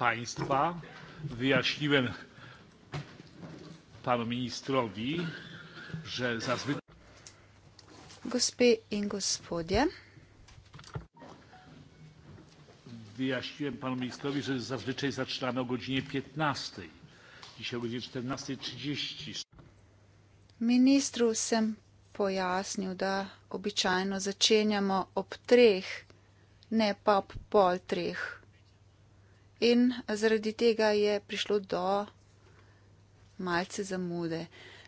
państwa wyjaśniłem panu ministrowi, że zazwyczaj. Gospi in gospodje. Wyjaśniłem panu ministrowi, że zazwyczaj zaczynamy o godzinie 15. Dzisiaj o godzinie 14.30. Ministru sem pojasnił, da obyczajno zaczynamy ob trech, nie pap pol trech in zaradi tega je prišlo do malce zamude.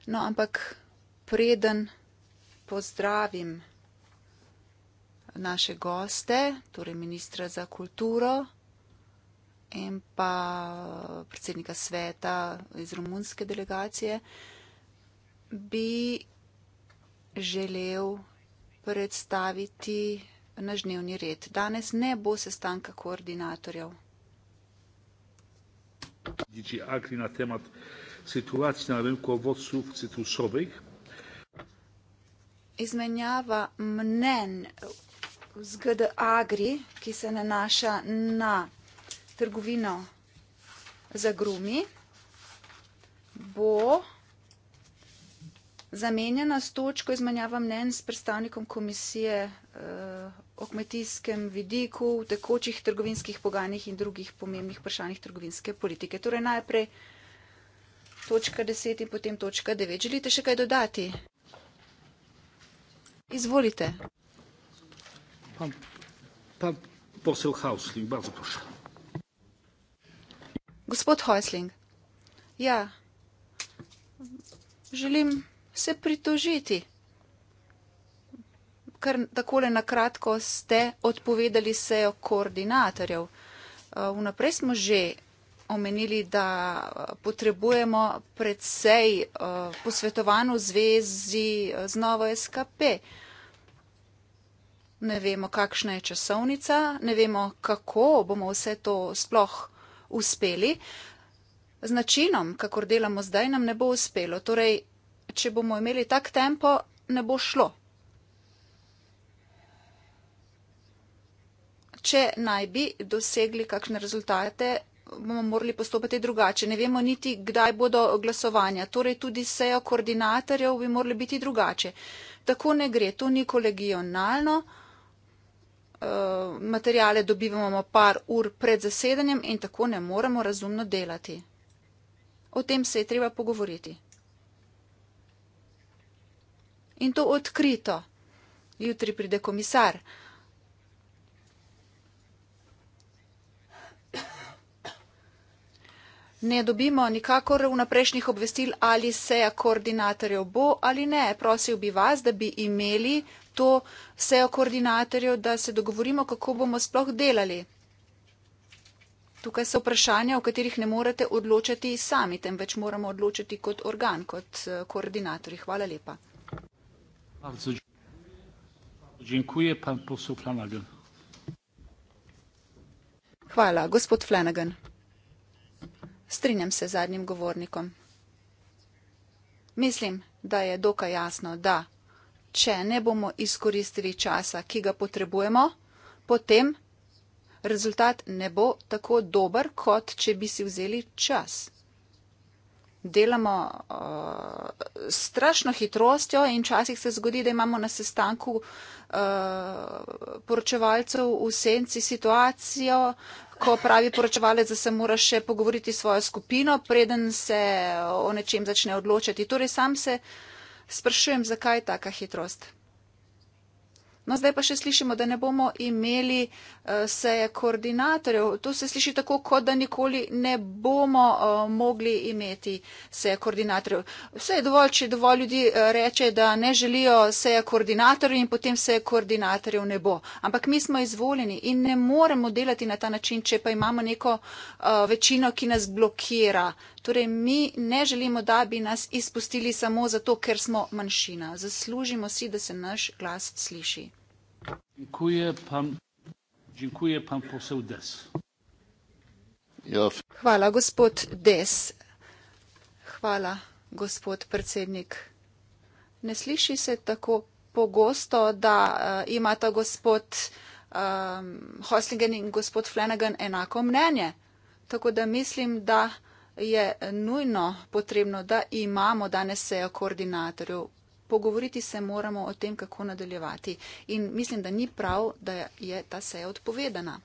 No, ampak preden pozdravim naše goste, torej ministra za kulturo in pa predsednika sveta iz romunske delegacije, bi želel predstaviti naš dnevni red. Danes ne bo sestanka koordinatorjev. DG Agri na temat sytuacji na rynku owoców cytrusowych. Izmenjava mnen z GD Agri, ki se nanaša na trgovino z agrumi, bo zamenjena s točko izmenjava mnen s predstavnikom komisije eh, o kmetijskem vidiku v tekočih trgovinskih pogajanjih in drugih pomembnih vprašanjih trgovinske politike. Torej najprej točka 10 in potem točka 9. Želite še kaj dodati? Izvolite. Pa, pa posel Hausling, bardzo proszę. Gospod Hausling, ja, želim se pritožiti. Ker takole na kratko ste odpovedali sejo koordinatorjev. Uh, vnaprej smo že omenili, da uh, potrebujemo predvsej uh, posvetovano zvezi z novo SKP. Ne vemo, kakšna je časovnica, ne vemo, kako bomo vse to sploh uspeli. Z načinom, kako delamo zdaj, nam ne bo uspelo. Torej, če bomo imeli tak tempo, ne bo šlo. Če naj bi dosegli kakšne rezultate, bomo morali postopati drugače. Ne vemo niti, kdaj bodo glasovanja. Torej tudi sejo koordinatorjev bi morali biti drugače. Tako ne gre. To ni kolegionalno. Eh, Materijale dobivamo par ur pred zasedanjem in tako ne moremo razumno delati. O tem se je treba pogovoriti in to odkrito. Jutri pride komisar. Ne dobimo nikakor vnaprejšnjih obvestil, ali seja koordinatorjev bo ali ne. Prosil bi vas, da bi imeli to sejo koordinatorjev, da se dogovorimo, kako bomo sploh delali. Tukaj so vprašanja, o katerih ne morete odločati sami, temveč moramo odločati kot organ, kot eh, koordinatorji. Hvala lepa. Bardzo dziękuję. Pan poseł Flanagan. Hvala, gospod Flanagan. Strinjam se z zadnjim govornikom. Mislim, da je dokaj jasno, da če ne bomo izkoristili časa, ki ga potrebujemo, potem rezultat ne bo tako dober, kot če bi si vzeli čas delamo uh, strašno hitrostjo in včasih se zgodi, da imamo na sestanku uh, poročevalcev v senci situacijo, ko pravi poročevalec, da se mora še pogovoriti s svojo skupino, preden se o nečem začne odločati. Torej sam se sprašujem, zakaj je taka hitrost. No, zdaj pa še slišimo, da ne bomo imeli uh, seje koordinatorjev. To se sliši tako, kot da nikoli ne bomo uh, mogli imeti seje koordinatorjev. Vse je dovolj, če dovolj ljudi uh, reče, da ne želijo seje koordinatorjev in potem seje koordinatorjev ne bo. Ampak mi smo izvoljeni in ne moremo delati na ta način, če pa imamo neko uh, večino, ki nas blokira. Torej, mi ne želimo, da bi nas izpustili samo zato, ker smo manjšina. Zaslužimo si, da se naš glas sliši. Thank you. Dziękuję pan, dziękuję pan poseł Des. Hvala, gospod Des. Hvala, gospod predsednik. Ne sliši se tako pogosto, da uh, imata gospod um, ehm, Hoslingen in gospod Flanagan enako mnenje. Tako da mislim, da je nujno potrebno, da imamo danes sejo koordinatorjev pogovoriti se moramo o tem, kako nadaljevati. In mislim, da ni prav, da je ta seja odpovedana.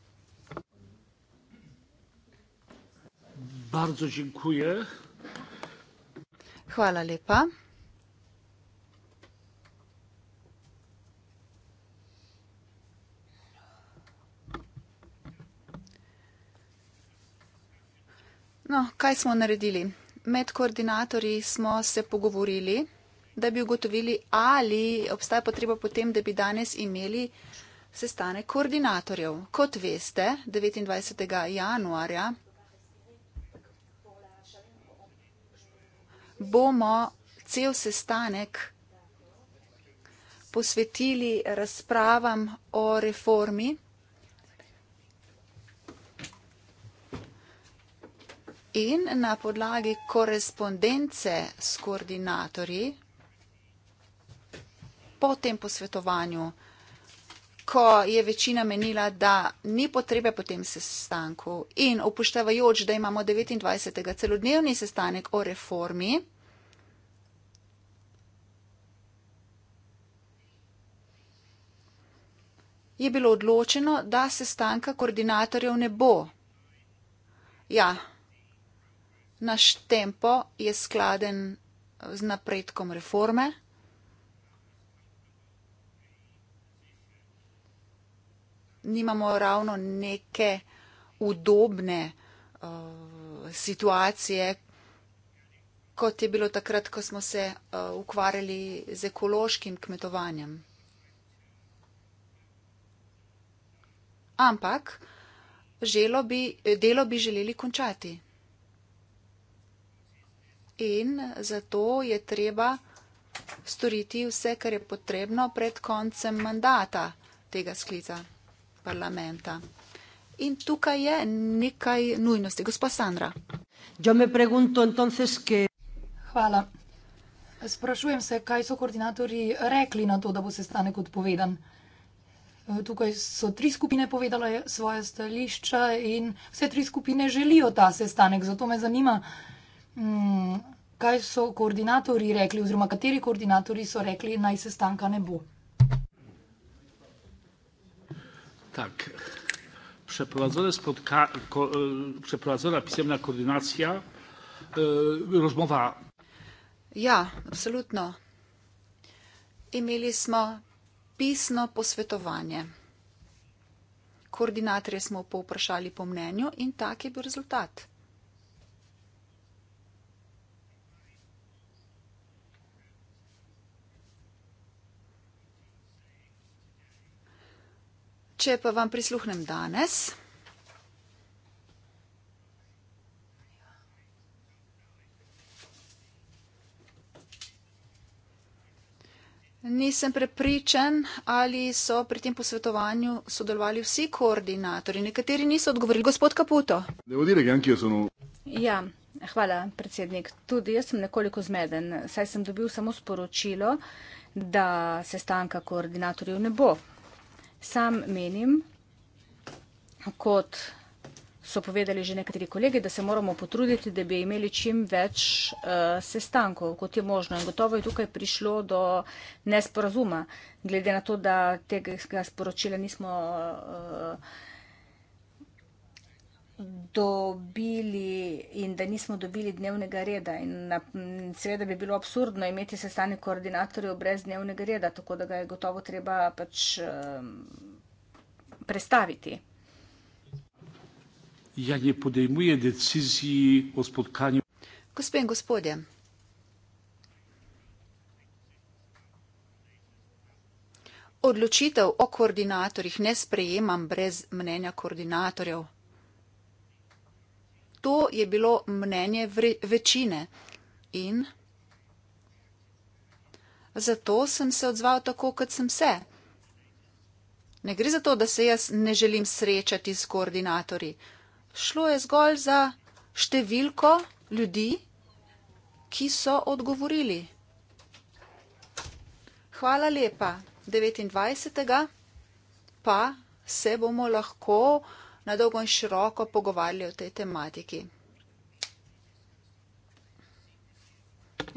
Bardzo dziękuję. Hvala lepa. No, kaj smo naredili? Med koordinatorji smo se pogovorili da bi ugotovili, ali obstaja potreba potem, da bi danes imeli sestane koordinatorjev. Kot veste, 29. januarja bomo cel sestanek posvetili razpravam o reformi. In na podlagi korespondence s koordinatorji po tem posvetovanju, ko je večina menila, da ni potrebe po tem sestanku in upoštevajoč, da imamo 29. celodnevni sestanek o reformi, je bilo odločeno, da sestanka koordinatorjev ne bo. Ja, naš tempo je skladen z napredkom reforme. nimamo ravno neke udobne uh, situacije, kot je bilo takrat, ko smo se uh, ukvarjali z ekološkim kmetovanjem. Ampak bi, delo bi želeli končati. In zato je treba storiti vse, kar je potrebno pred koncem mandata tega sklica parlamenta. In tukaj je nekaj nujnosti, gospa Sandra. Hvala. Sprašujem se, kaj so koordinatorji rekli na to, da bo sestanek odpovedan. E, tukaj so tri skupine povedale svoje stališča in vse tri skupine želijo ta sestanek. Zato me zanima, mm, kaj so koordinatorji rekli oziroma kateri koordinatorji so rekli, naj sestanka ne bo. tak. Przeprowadzone spotka- ko- e, przeprowadzona pisemna koordynacja, y- e, rozmowa. Ja, absolutno. Imeli smo pisno posvetovanje. Koordinatorje smo povprašali po mnenju in tak je bil rezultat. Drugače pa vam prisluhnem danes. Nisem prepričan, ali so pri tem posvetovanju sodelovali vsi koordinatori. Nekateri niso odgovorili. Gospod Kaputo. Ja, hvala, predsednik. Tudi jaz sem nekoliko zmeden, saj sem dobil samo sporočilo, da sestanka koordinatorjev ne bo. Sam menim, kot so povedali že nekateri kolegi, da se moramo potruditi, da bi imeli čim več uh, sestankov, kot je možno. In gotovo je tukaj prišlo do nesporazuma, glede na to, da tega sporočila nismo. Uh, dobili in da nismo dobili dnevnega reda. In na, seveda bi bilo absurdno imeti sestanek koordinatorjev brez dnevnega reda, tako da ga je gotovo treba pač um, prestaviti. Ja, ne podejmuje decizije o spotkanju. Gospe in gospodje, odločitev o koordinatorjih ne sprejemam brez mnenja koordinatorjev. To je bilo mnenje večine in zato sem se odzval tako, kot sem se. Ne gre za to, da se jaz ne želim srečati s koordinatorji. Šlo je zgolj za številko ljudi, ki so odgovorili. Hvala lepa. 29. pa se bomo lahko na dolgo in široko pogovarjali o tej tematiki.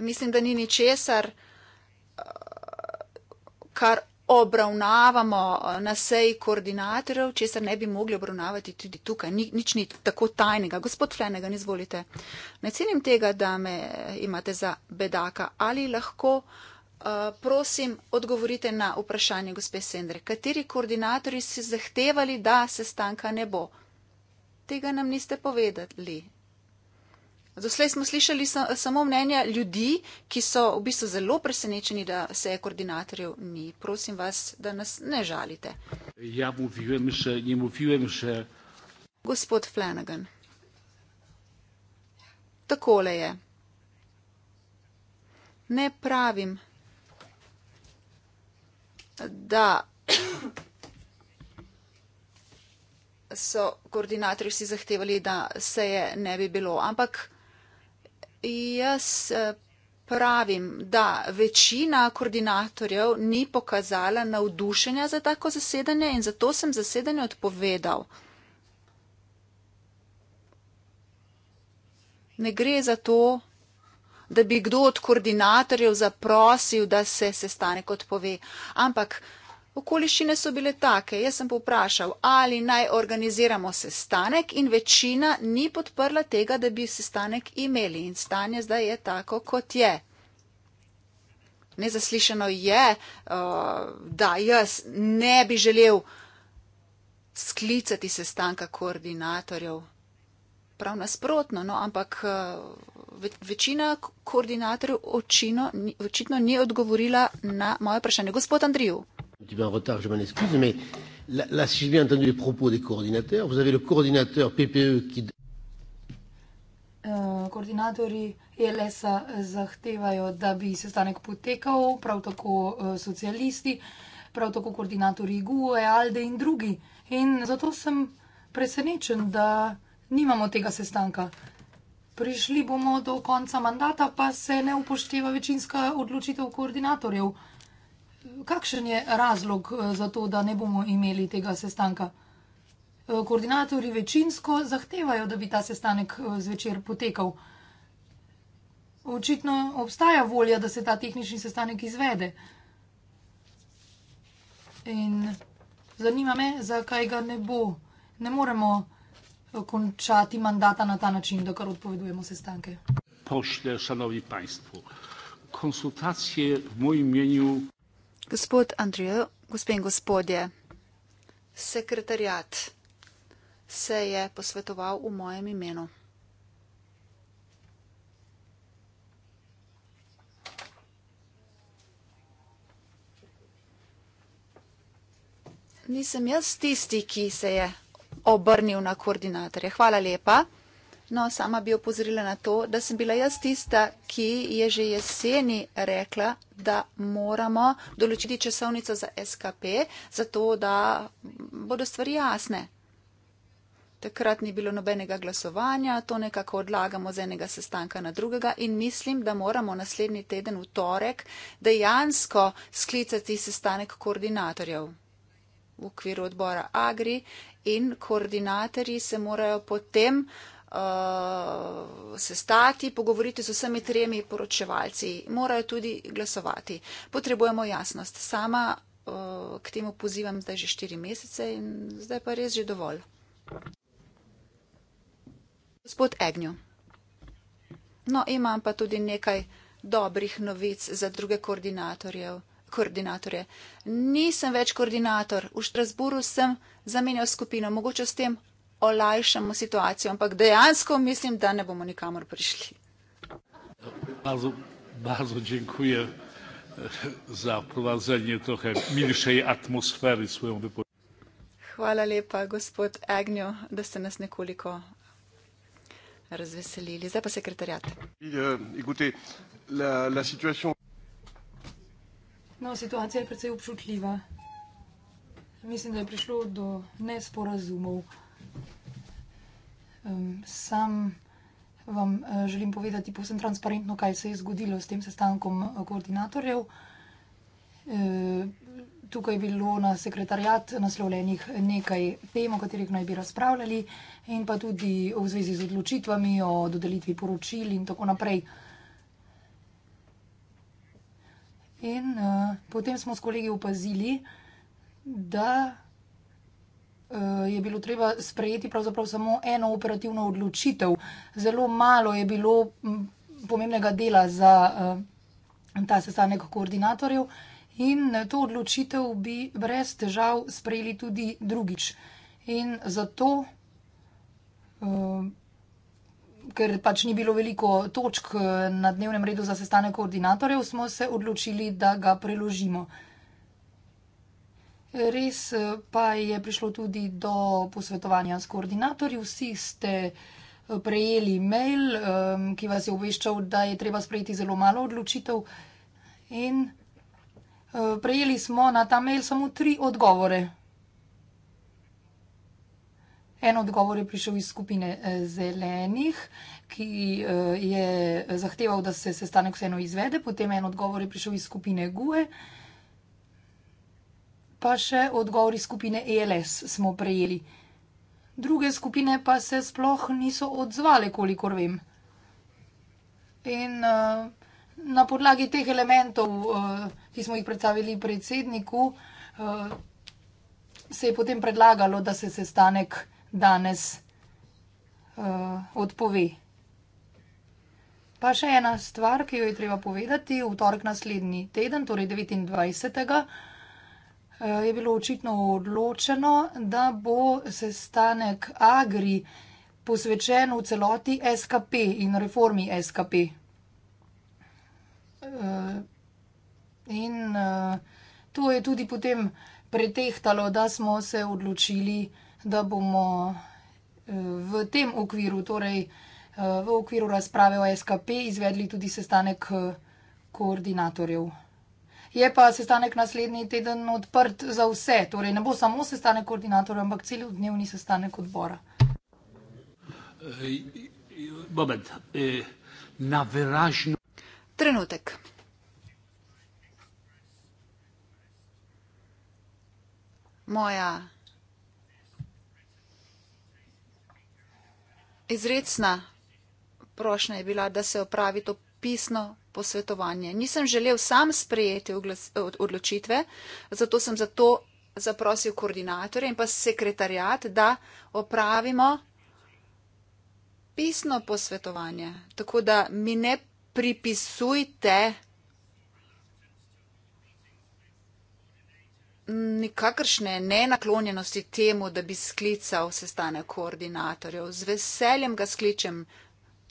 Mislim, da ni ničesar, eh, kar obravnavamo eh, na seji koordinatorjev, česar ne bi mogli obravnavati tudi tukaj. Ni, nič ni tako tajnega. Gospod Flenega, izvolite. Ne cenim tega, da me eh, imate za bedaka. Ali lahko uh, Eh, prosim, odgovorite na vprašanje gospe Sendre. Kateri koordinatorji si zahtevali, da se stanka ne bo? Tega nam niste povedali. Doslej smo slišali sa, samo mnenja ljudi, ki so v bistvu zelo presenečeni, da se je koordinatorjev ni. Prosim vas, da nas ne žalite. Ja, mufijem še, ne mufijem še. Gospod Flanagan. Takole je. Ne pravim, da so koordinatorji vsi zahtevali, da se je ne bi bilo. Ampak jaz eh, pravim, da večina koordinatorjev ni pokazala navdušenja za tako zasedanje in zato sem zasedanje odpovedal. Ne gre za to, da bi kdo od koordinatorjev zaprosil, da se sestanek odpove. Ampak okoliščine so bile take. Jaz sem povprašal, ali naj organiziramo sestanek in večina ni podprla tega, da bi sestanek imeli. In stanje zdaj je tako, kot je. Nezaslišano je, eh, da jaz ne bi želel sklicati sestanka koordinatorjev prav nasprotno, no, ampak eh, večina koordinatorjev očino, očitno ni odgovorila na moje vprašanje. Gospod Andriju. E eh, koordinatorji ELS-a zahtevajo, da bi sestanek potekal, prav tako eh, socialisti, prav tako koordinatorji GUE, ALDE in drugi. In zato sem presenečen, da nimamo tega sestanka. Prišli bomo do konca mandata, pa se ne upošteva večinska odločitev koordinatorjev. Kakšen je razlog eh, za to, da ne bomo imeli tega sestanka? Eh, Koordinatori večinsko zahtevajo, da bi ta sestanek eh, zvečer potekal. Očitno obstaja volja, da se ta tehnični sestanek izvede. In zanima me, zakaj ga ne bo. Ne moremo končati mandata na ta način, da kar odpovedujemo sestanke. Pošlje, šanovni panjstvo, konsultacije v mojem imenu. Gospod Andrijo, gospe in gospodje, sekretarjat se je posvetoval v mojem imenu. Nisem jaz tisti, ki se je obrnil na koordinatorje. Hvala lepa. No, sama bi opozorila na to, da sem bila jaz tista, ki je že jeseni rekla, da moramo določiti časovnico za SKP, zato da bodo stvari jasne. Takrat ni bilo nobenega glasovanja, to nekako odlagamo z enega sestanka na drugega in mislim, da moramo naslednji teden v torek dejansko sklicati sestanek koordinatorjev v okviru odbora Agri in koordinatorji se morajo potem uh, sestati, pogovoriti z vsemi tremi poročevalci. Morajo tudi glasovati. Potrebujemo jasnost. Sama uh, k temu pozivam zdaj že štiri mesece in zdaj pa res že dovolj. Gospod Egnjo. No, imam pa tudi nekaj dobrih novic za druge koordinatorjev koordinatorje. Nisem več koordinator, v Štrasburu sem zamenjal skupino, mogoče s tem olajšamo situacijo, ampak dejansko mislim, da ne bomo nikamor prišli. Bardzo, bardzo dziękuję e, za prowadzenie trochę milszej atmosfery swoją wypowiedzią. Hvala lepa, gospod Agnew, da ste nas nekoliko razveselili. Zdaj pa sekretarjate. E, uh, No, situacija je precej občutljiva. Mislim, da je prišlo do nesporazumov. Um, sam vam uh, želim povedati povsem transparentno, kaj se je zgodilo s tem sestankom eh, koordinatorjev. Uh, tukaj je bilo na sekretarjat naslovljenih nekaj tem, o katerih naj bi razpravljali, in pa tudi v zvezi z odločitvami o dodelitvi poročil in tako naprej. Uh, In uh, potem smo s kolegi opazili, da uh, je bilo treba sprejeti pravzaprav samo eno operativno odločitev. Zelo malo je bilo pomembnega dela za uh, ta sestanek koordinatorjev in to odločitev bi brez težav sprejeli tudi drugič. In zato. Uh, ker pač ni bilo veliko točk eh, na dnevnem redu za sestanek koordinatorjev, smo se odločili, da ga preložimo. Res eh, pa je prišlo tudi do posvetovanja s koordinatorji. Vsi ste eh, prejeli mail, ki vas je obveščal, da je treba sprejeti zelo malo odločitev. In prejeli smo na ta mail samo tri odgovore. En odgovor je prišel iz skupine eh, zelenih, ki eh, je zahteval, da se sestanek vseeno izvede, potem en odgovor je prišel iz skupine GUE, pa še odgovor iz skupine ELS smo prejeli. Druge skupine pa se sploh niso odzvale, kolikor vem. In eh, na podlagi teh elementov, ki smo jih predstavili predsedniku, se je potem predlagalo, da se sestanek izvede danes uh, odpove. Pa še ena stvar, ki jo je treba povedati. V torek naslednji teden, torej 29. Eh, je bilo očitno odločeno, da bo sestanek Agri posvečen v celoti SKP in reformi SKP. Eh, in to je tudi potem pretehtalo, da smo se odločili, da bomo eh, v tem okviru, torej eh, v okviru razprave o SKP, izvedli tudi sestanek eh, koordinatorjev. Je pa sestanek naslednji teden odprt za vse, torej ne bo samo sestanek koordinatorjev, ampak cel dnevni sestanek odbora. Moment. Na veražno. Trenutek. Moja Izredna prošnja je bila, da se opravi to pisno posvetovanje. Nisem želel sam sprejeti odločitve, zato sem zato zaprosil koordinatorje in pa sekretarjat, da opravimo pisno posvetovanje. Tako da mi ne pripisujte nikakršne nenaklonjenosti temu, da bi sklical sestanek koordinatorjev. Z veseljem ga skličem.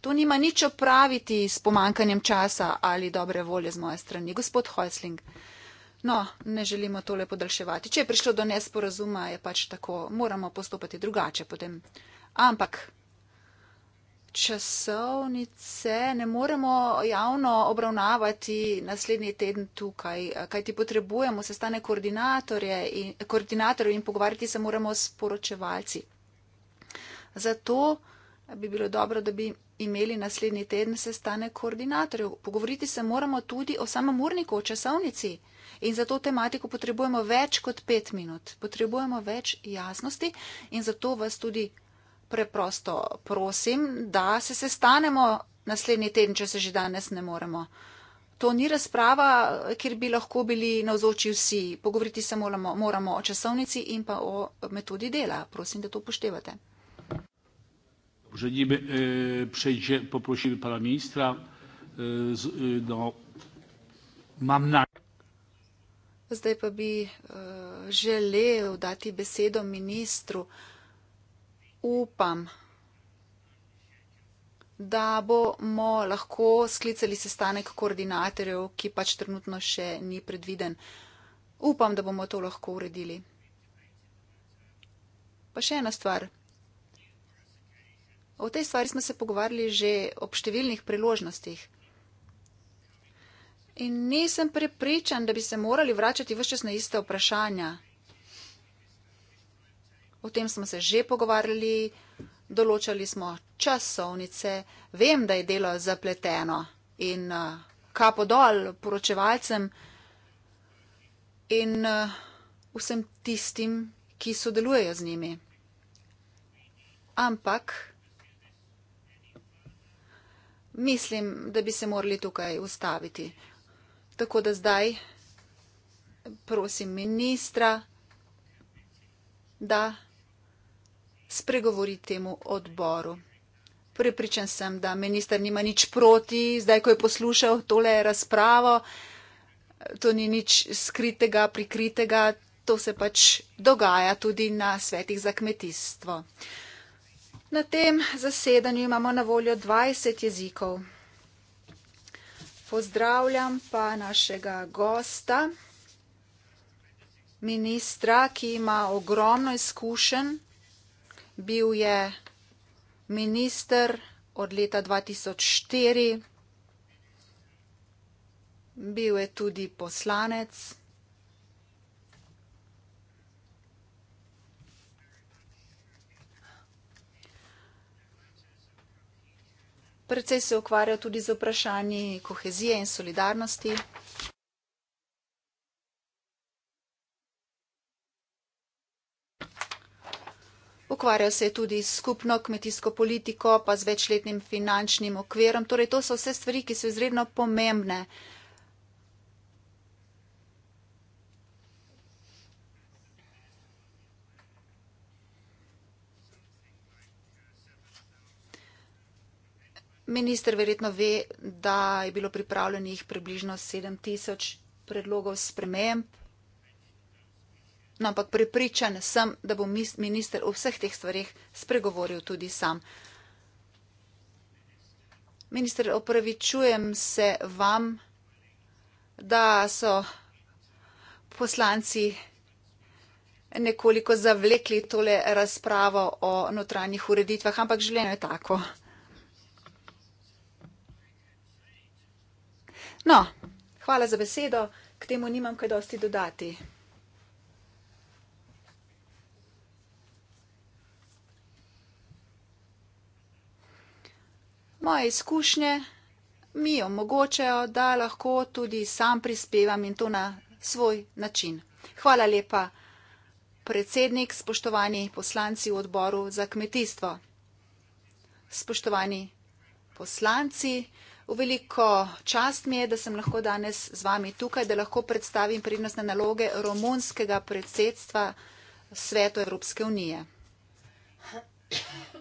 To nima nič opraviti s pomankanjem časa ali dobre volje z moje strani. Gospod Hojsling, no, ne želimo tole podaljševati. Če je prišlo do nesporazuma, je pač tako. Moramo postopati drugače potem. Ampak časovnice ne moremo javno obravnavati naslednji teden tukaj, kajti potrebujemo sestane koordinatorjev in pogovarjati se moramo s poročevalci. Zato bi bilo dobro, da bi imeli naslednji teden sestane koordinatorjev. Pogovoriti se moramo tudi o samem urniku, o časovnici. In za to tematiko potrebujemo več kot pet minut. Potrebujemo več jasnosti in zato vas tudi preprosto prosim, da se sestanemo naslednji teden, če se že danes ne moremo. To ni razprava, kjer bi lahko bili navzoči vsi. Pogovoriti se moramo, moramo o časovnici in pa o metodi dela. Prosim, da to upoštevate. Želim eh, poprositi pana ministra, eh, eh da imam na. Zdaj pa bi eh, želel dati besedo ministru. Eh, upam, da bomo lahko sklicali sestanek koordinatorjev, ki pač trenutno še ni predviden. Upam, da bomo to lahko uredili. Pa še ena stvar. O tej stvari smo se pogovarjali že ob številnih priložnostih. In nisem prepričan, da bi se morali vračati vse čas na iste vprašanja. O tem smo se že pogovarjali, določali smo časovnice, vem, da je delo zapleteno in eh, kapo dol poročevalcem in eh, vsem tistim, ki sodelujejo z njimi. Ampak mislim, da bi se morali tukaj ustaviti. Tako da zdaj prosim ministra, da spregovori temu odboru. Pripričan sem, da minister nima nič proti, zdaj, ko je poslušal tole razpravo, to ni nič skritega, prikritega, to se pač dogaja tudi na svetih za kmetijstvo. Na tem zasedanju imamo na voljo 20 jezikov. Pozdravljam pa našega gosta, ministra, ki ima ogromno izkušenj bil je minister od leta 2004, bil je tudi poslanec. Predvsej se je ukvarjal tudi z vprašanji kohezije in solidarnosti. ukvarjal se je tudi s skupno kmetijsko politiko, pa z večletnim finančnim okverom. Torej, to so vse stvari, ki so izredno pomembne. Minister verjetno ve, da je bilo pripravljenih približno 7 tisoč predlogov sprememb. No, ampak prepričan sem, da bo minister o vseh teh stvarih spregovoril tudi sam. Minister, opravičujem se vam, da so poslanci nekoliko zavlekli tole razpravo o notranjih ureditvah, ampak življenje je tako. No, hvala za besedo, k temu nimam kaj dosti dodati. moje izkušnje mi omogočajo, da lahko tudi sam prispevam in to na svoj način. Hvala lepa, predsednik, spoštovani poslanci v odboru za kmetijstvo. Spoštovani poslanci, v veliko čast mi je, da sem lahko danes z vami tukaj, da lahko predstavim prednostne naloge romunskega predsedstva Svetu Evropske unije. Hvala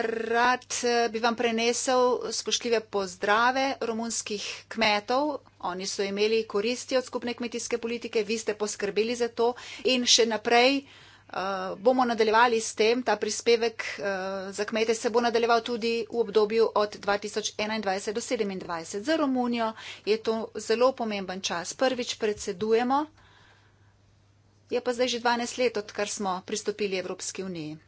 rad eh, bi vam prenesel spoštljive pozdrave romunskih kmetov. Oni so imeli koristi od skupne kmetijske politike, vi ste poskrbeli za to in še naprej eh, bomo nadaljevali s tem, ta prispevek eh, za kmete se bo nadaljeval tudi v obdobju od 2021 do 2027. Za Romunijo je to zelo pomemben čas. Prvič predsedujemo, je pa zdaj že 12 let, odkar smo pristopili Evropski uniji.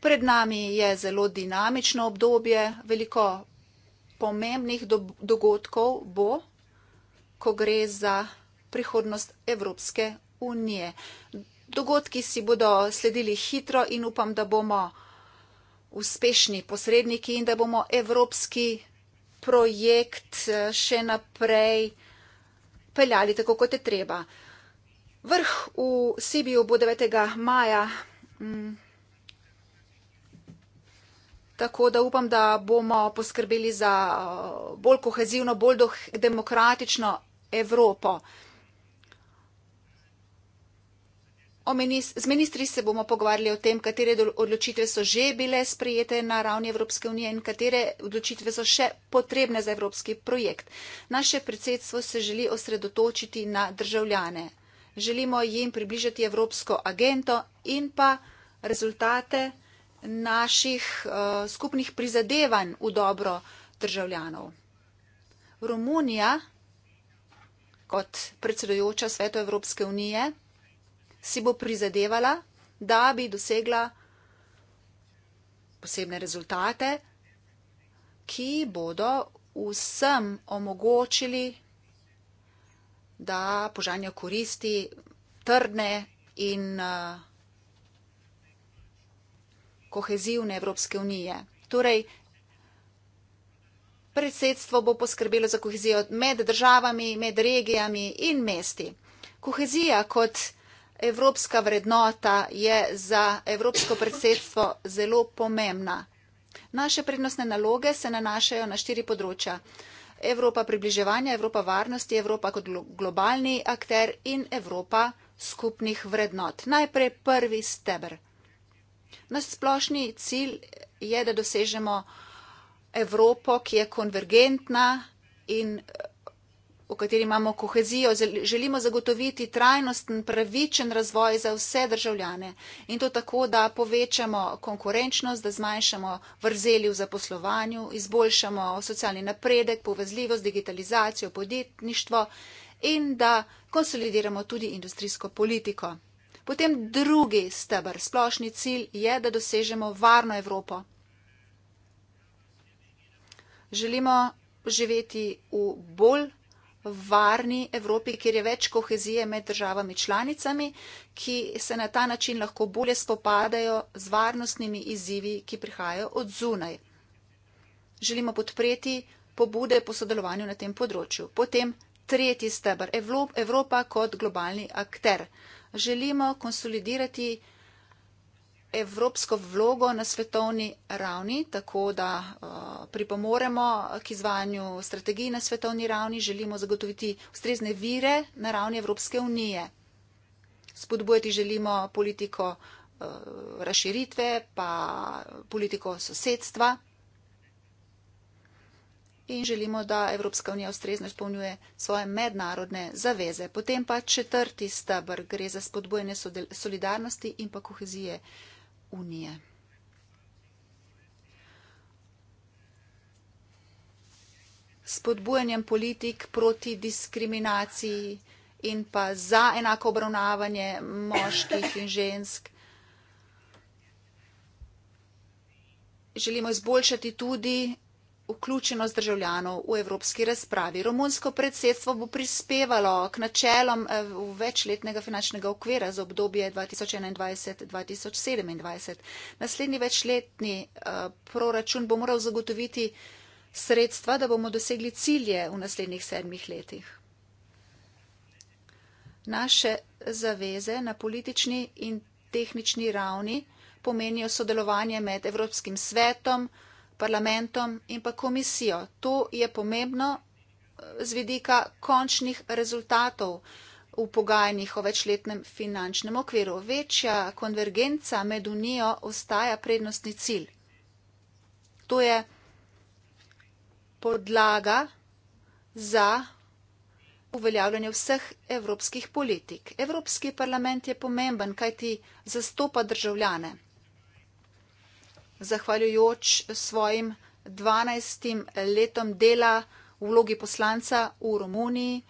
Pred nami je zelo dinamično obdobje, veliko pomembnih dogodkov bo, ko gre za prihodnost Evropske unije. Dogodki si bodo sledili hitro in upam, da bomo uspešni posredniki in da bomo evropski projekt eh, še naprej peljali tako, kot je treba. Vrh v Sibiju bo 9. maja. Mm, Tako da upam, da bomo poskrbeli za uh, bolj kohezivno, bolj demokratično Evropo. Z ministri se bomo pogovarjali o tem, katere odločitve so že bile sprejete na ravni Evropske unije in katere odločitve so še potrebne za evropski projekt. Naše predsedstvo se želi osredotočiti na državljane. Želimo jim približati evropsko agento in pa rezultate naših uh, skupnih prizadevanj v dobro državljanov. Romunija, kot predsedujoča Sveto Evropske unije, si bo prizadevala, da bi dosegla posebne rezultate, ki bodo vsem omogočili, da požanja koristi trdne in uh, kohezivne Evropske unije. Torej, predsedstvo bo poskrbelo za kohezijo med državami, med regijami in mesti. Kohezija kot evropska vrednota je za evropsko predsedstvo zelo pomembna. Naše prednostne naloge se nanašajo na štiri področja. Evropa približevanja, Evropa varnosti, Evropa kot globalni akter in Evropa skupnih vrednot. Najprej prvi stebr. Naš splošni cilj je, da dosežemo Evropo, ki je konvergentna in v kateri imamo kohezijo. Želimo zagotoviti trajnosten, pravičen razvoj za vse državljane in to tako, da povečamo konkurenčnost, da zmanjšamo vrzeli v zaposlovanju, izboljšamo socialni napredek, povezljivost, digitalizacijo, podjetništvo in da konsolidiramo tudi industrijsko politiko. Potem drugi stebr, splošni cilj je, da dosežemo varno Evropo. Želimo živeti v bolj varni Evropi, kjer je več kohezije med državami članicami, ki se na ta način lahko bolje spopadajo z varnostnimi izzivi, ki prihajajo od zunaj. Želimo podpreti pobude po sodelovanju na tem področju. Potem tretji stebr, Evropa kot globalni akter želimo konsolidirati evropsko vlogo na svetovni ravni, tako da eh, pripomoremo k izvajanju strategij na svetovni ravni, želimo zagotoviti ustrezne vire na ravni Evropske unije. Spodbujati želimo politiko eh, razširitve, pa politiko sosedstva in želimo, da Evropska unija ustrezno izpolnjuje svoje mednarodne zaveze. Potem pa četrti stebr gre za spodbojene solidarnosti in pa kohezije unije. Spodbujanjem politik proti diskriminaciji in pa za enako obravnavanje moških in žensk. Želimo izboljšati tudi vključenost državljanov v evropski razpravi. Romunsko predsedstvo bo prispevalo k načelom eh, večletnega finančnega okvira za obdobje 2021-2027. Naslednji večletni eh, proračun bo moral zagotoviti sredstva, da bomo dosegli cilje v naslednjih sedmih letih. Naše zaveze na politični in tehnični ravni pomenijo sodelovanje med Evropskim svetom, parlamentom in pa komisijo. To je pomembno eh, z vidika končnih rezultatov v pogajanjih o večletnem finančnem okviru. Večja konvergenca med unijo ostaja prednostni cilj. To je podlaga za uveljavljanje vseh evropskih politik. Evropski parlament je pomemben, kaj ti zastopa državljane zahvaljujoč svojim 12 letom dela v vlogi poslanca v Romuniji.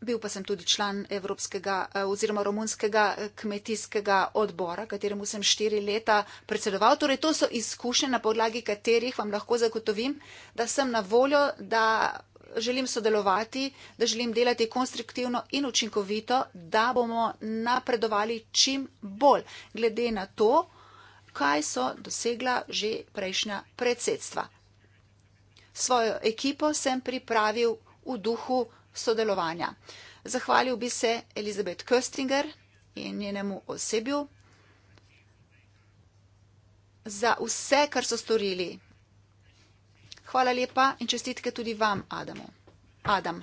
Bil pa sem tudi član Evropskega eh, oziroma Romunskega eh, kmetijskega odbora, kateremu sem štiri leta predsedoval. Torej, to so izkušnje, na podlagi katerih vam lahko zagotovim, da sem na voljo, da želim sodelovati, da želim delati konstruktivno in učinkovito, da bomo napredovali čim bolj, glede na to, kaj so dosegla že prejšnja predsedstva. Svojo ekipo sem pripravil v duhu sodelovanja. Zahvalil bi se Elizabet Köstringer in njenemu osebju za vse, kar so storili. Hvala lepa in čestitke tudi vam, Adamu. Adam.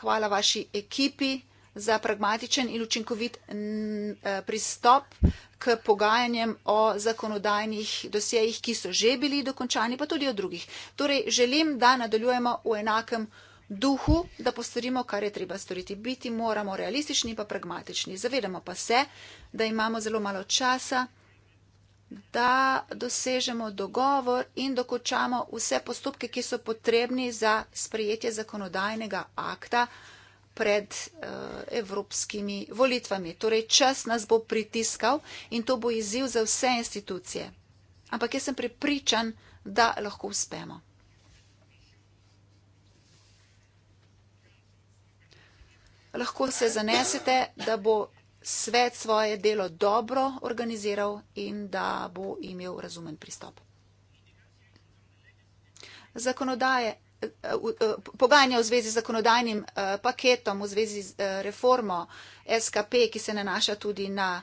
Hvala vaši ekipi za pragmatičen in učinkovit mm, eh, pristop k pogajanjem o zakonodajnih dosejih, ki so že bili dokončani, pa tudi o drugih. Torej, želim, da nadaljujemo v enakem duhu, da postorimo, kar je treba storiti. Biti moramo realistični in pa pragmatični. Zavedamo pa se, da imamo zelo malo časa da dosežemo dogovor in dokončamo vse postopke, ki so potrebni za sprejetje zakonodajnega akta pred uh, evropskimi volitvami. Torej, čas nas bo pritiskal in to bo izziv za vse institucije. Ampak jaz sem prepričan, da lahko uspemo. Lahko se zanesete, da bo svet svoje delo dobro organiziral in da bo imel razumen pristop. Zakonodaje, eh, eh, pogajanja v zvezi z zakonodajnim eh, paketom, v zvezi z reformo SKP, ki se nanaša tudi na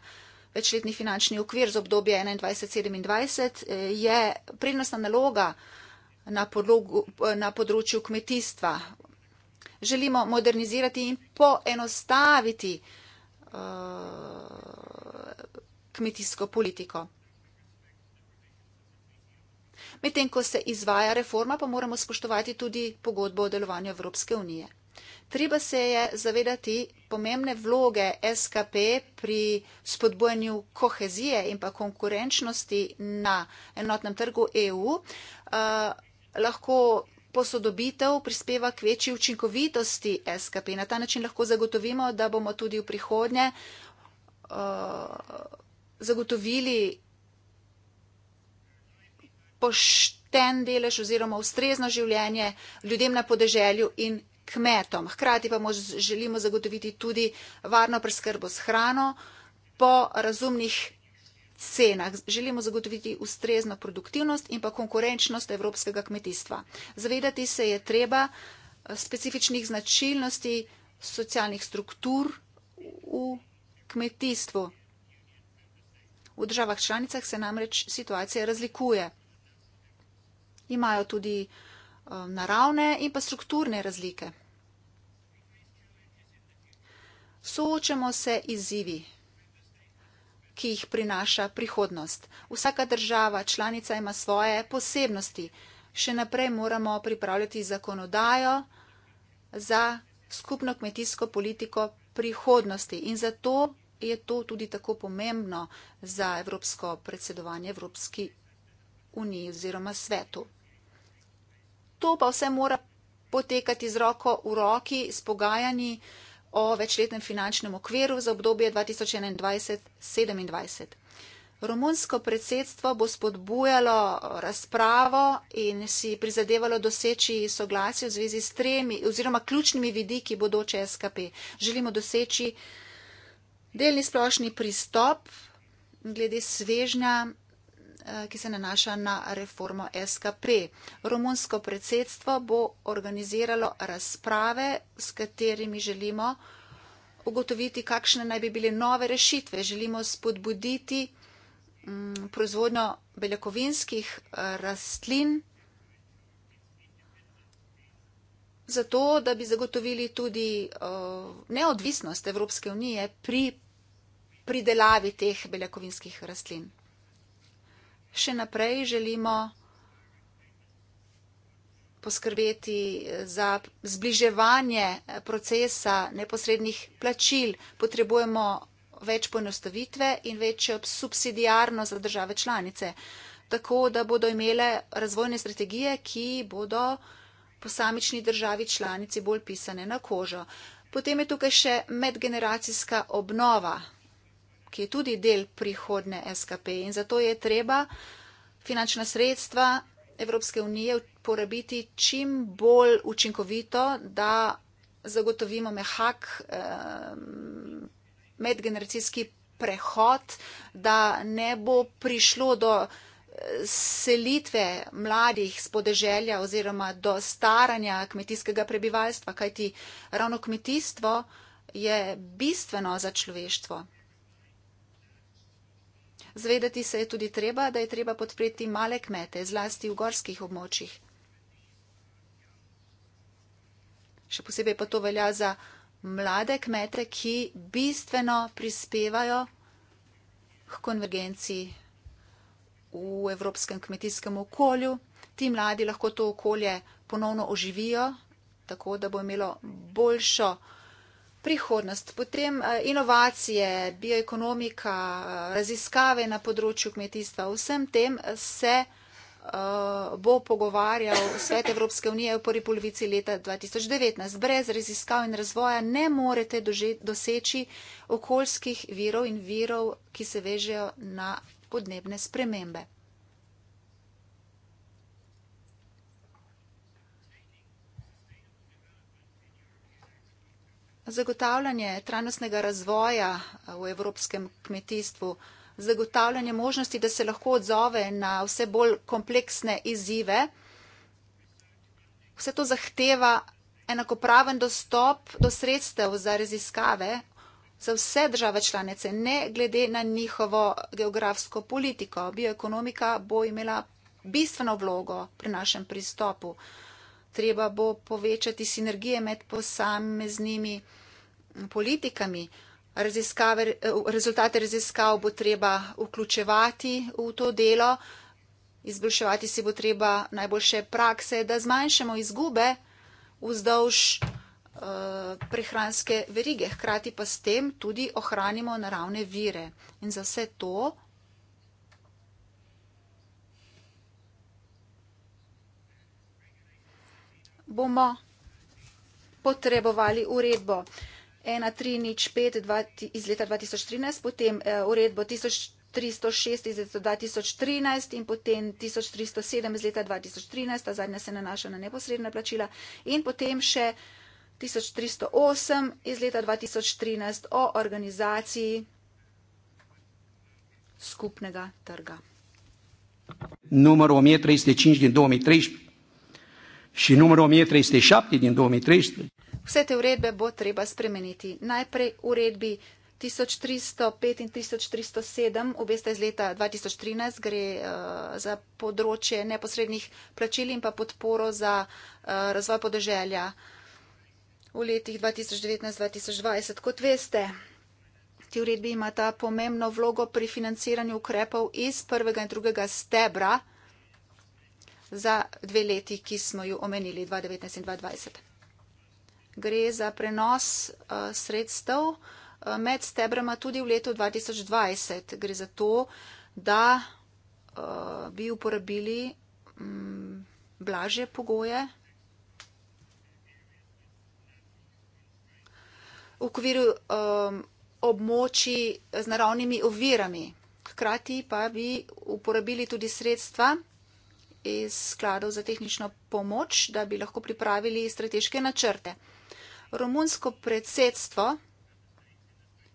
večletni finančni okvir za obdobje 2021-2027, je prednostna naloga na, podlogu, na področju kmetijstva. Želimo modernizirati in poenostaviti uh, Eh, kmetijsko politiko. Medtem, ko se izvaja reforma, pa moramo spoštovati tudi pogodbo o delovanju Evropske unije. Treba se je zavedati pomembne vloge SKP pri spodbojanju kohezije in pa konkurenčnosti na enotnem trgu EU. Uh, eh, lahko posodobitev prispeva k večji učinkovitosti SKP. Na ta način lahko zagotovimo, da bomo tudi v prihodnje uh, zagotovili pošten delež oziroma ustrezno življenje ljudem na podeželju in kmetom. Hkrati pa želimo zagotoviti tudi varno preskrbo s hrano po razumnih cenah. Želimo zagotoviti ustrezno produktivnost in pa konkurenčnost evropskega kmetijstva. Zavedati se je treba eh, specifičnih značilnosti socialnih struktur v kmetijstvu. V državah članicah se namreč situacija razlikuje. Imajo tudi eh, naravne in pa strukturne razlike. Soočamo se izzivi ki jih prinaša prihodnost. Vsaka država članica ima svoje posebnosti. Še naprej moramo pripravljati zakonodajo za skupno kmetijsko politiko prihodnosti in zato je to tudi tako pomembno za evropsko predsedovanje Evropski uniji oziroma svetu. To pa vse mora potekati z roko v roki, s pogajanji o večletnem finančnem okviru za obdobje 2021-2027. Romunsko predsedstvo bo spodbujalo eh, razpravo in si prizadevalo doseči soglasje v zvezi s tremi oziroma ključnimi vidiki bodoče SKP. Želimo doseči delni splošni pristop glede svežnja Eh, ki se nanaša na reformo SKP. Romunsko predsedstvo bo organiziralo razprave, s katerimi želimo ugotoviti, kakšne naj bi bile nove rešitve. Želimo spodbuditi m, mm, proizvodnjo beljakovinskih eh, rastlin. Zato, da bi zagotovili tudi uh, neodvisnost Evropske unije pri pridelavi teh beljakovinskih rastlin še naprej želimo poskrbeti za zbliževanje procesa neposrednih plačil. Potrebujemo več poenostavitve in večjo subsidijarnost za države članice, tako da bodo imele razvojne strategije, ki bodo posamični državi članici bolj pisane na kožo. Potem je tukaj še medgeneracijska obnova ki je tudi del prihodne SKP in zato je treba finančna sredstva Evropske unije porabiti čim bolj učinkovito, da zagotovimo mehak eh, medgeneracijski prehod, da ne bo prišlo do eh, selitve mladih z podeželja oziroma do staranja kmetijskega prebivalstva, kajti ravno kmetijstvo je bistveno za človeštvo. Zvedeti se je tudi treba, da je treba podpreti male kmete, zlasti v gorskih območjih. Še posebej pa to velja za mlade kmete, ki bistveno prispevajo k konvergenci v evropskem kmetijskem okolju. Ti mladi lahko to okolje ponovno oživijo, tako da bo imelo boljšo prihodnost, potem eh, inovacije, bioekonomika, eh, raziskave na področju kmetijstva, vsem tem se eh, bo pogovarjal svet Evropske unije v prvi polovici leta 2019. Brez raziskav in razvoja ne morete doseči okoljskih virov in virov, ki se vežejo na podnebne spremembe. zagotavljanje trajnostnega razvoja eh, v evropskem kmetijstvu, zagotavljanje možnosti, da se lahko odzove na vse bolj kompleksne izzive. Vse to zahteva enakopraven dostop do sredstev za raziskave za vse države članice, ne glede na njihovo geografsko politiko. Bioekonomika bo imela bistveno vlogo pri našem pristopu. Treba bo povečati sinergije med posameznimi državami politikami. Raziskave, rezultate raziskav bo treba vključevati v to delo, izboljševati si bo treba najboljše prakse, da zmanjšamo izgube vzdolž uh, prehranske verige. Hkrati pa s tem tudi ohranimo naravne vire. In za vse to bomo potrebovali uredbo. 1305 iz leta 2013, potem eh, uredbo 1306 iz leta 2013 in potem 1307 iz leta 2013, ta zadnja se nanaša na neposredna plačila, in potem še 1308 iz leta 2013 o organizaciji skupnega trga. Numărul 1305 din 2013 și numărul 1307 din 2013. Vse te uredbe bo treba spremeniti. Najprej uredbi 1305 in 1307, obesta iz leta 2013, gre uh, za področje neposrednih plačil in pa podporo za uh, razvoj podeželja v letih 2019-2020. Kot veste, ti uredbi imata pomembno vlogo pri financiranju ukrepov iz prvega in drugega stebra za dve leti, ki smo ju omenili, 2019 in 2020 gre za prenos eh, sredstev eh, med stebrama tudi v letu 2020. Gre za to, da eh, bi uporabili mm, blaže pogoje. v okviru um, območji z naravnimi ovirami. Hkrati pa bi uporabili tudi sredstva iz skladov za tehnično pomoč, da bi lahko pripravili strateške načrte. Romunsko predsedstvo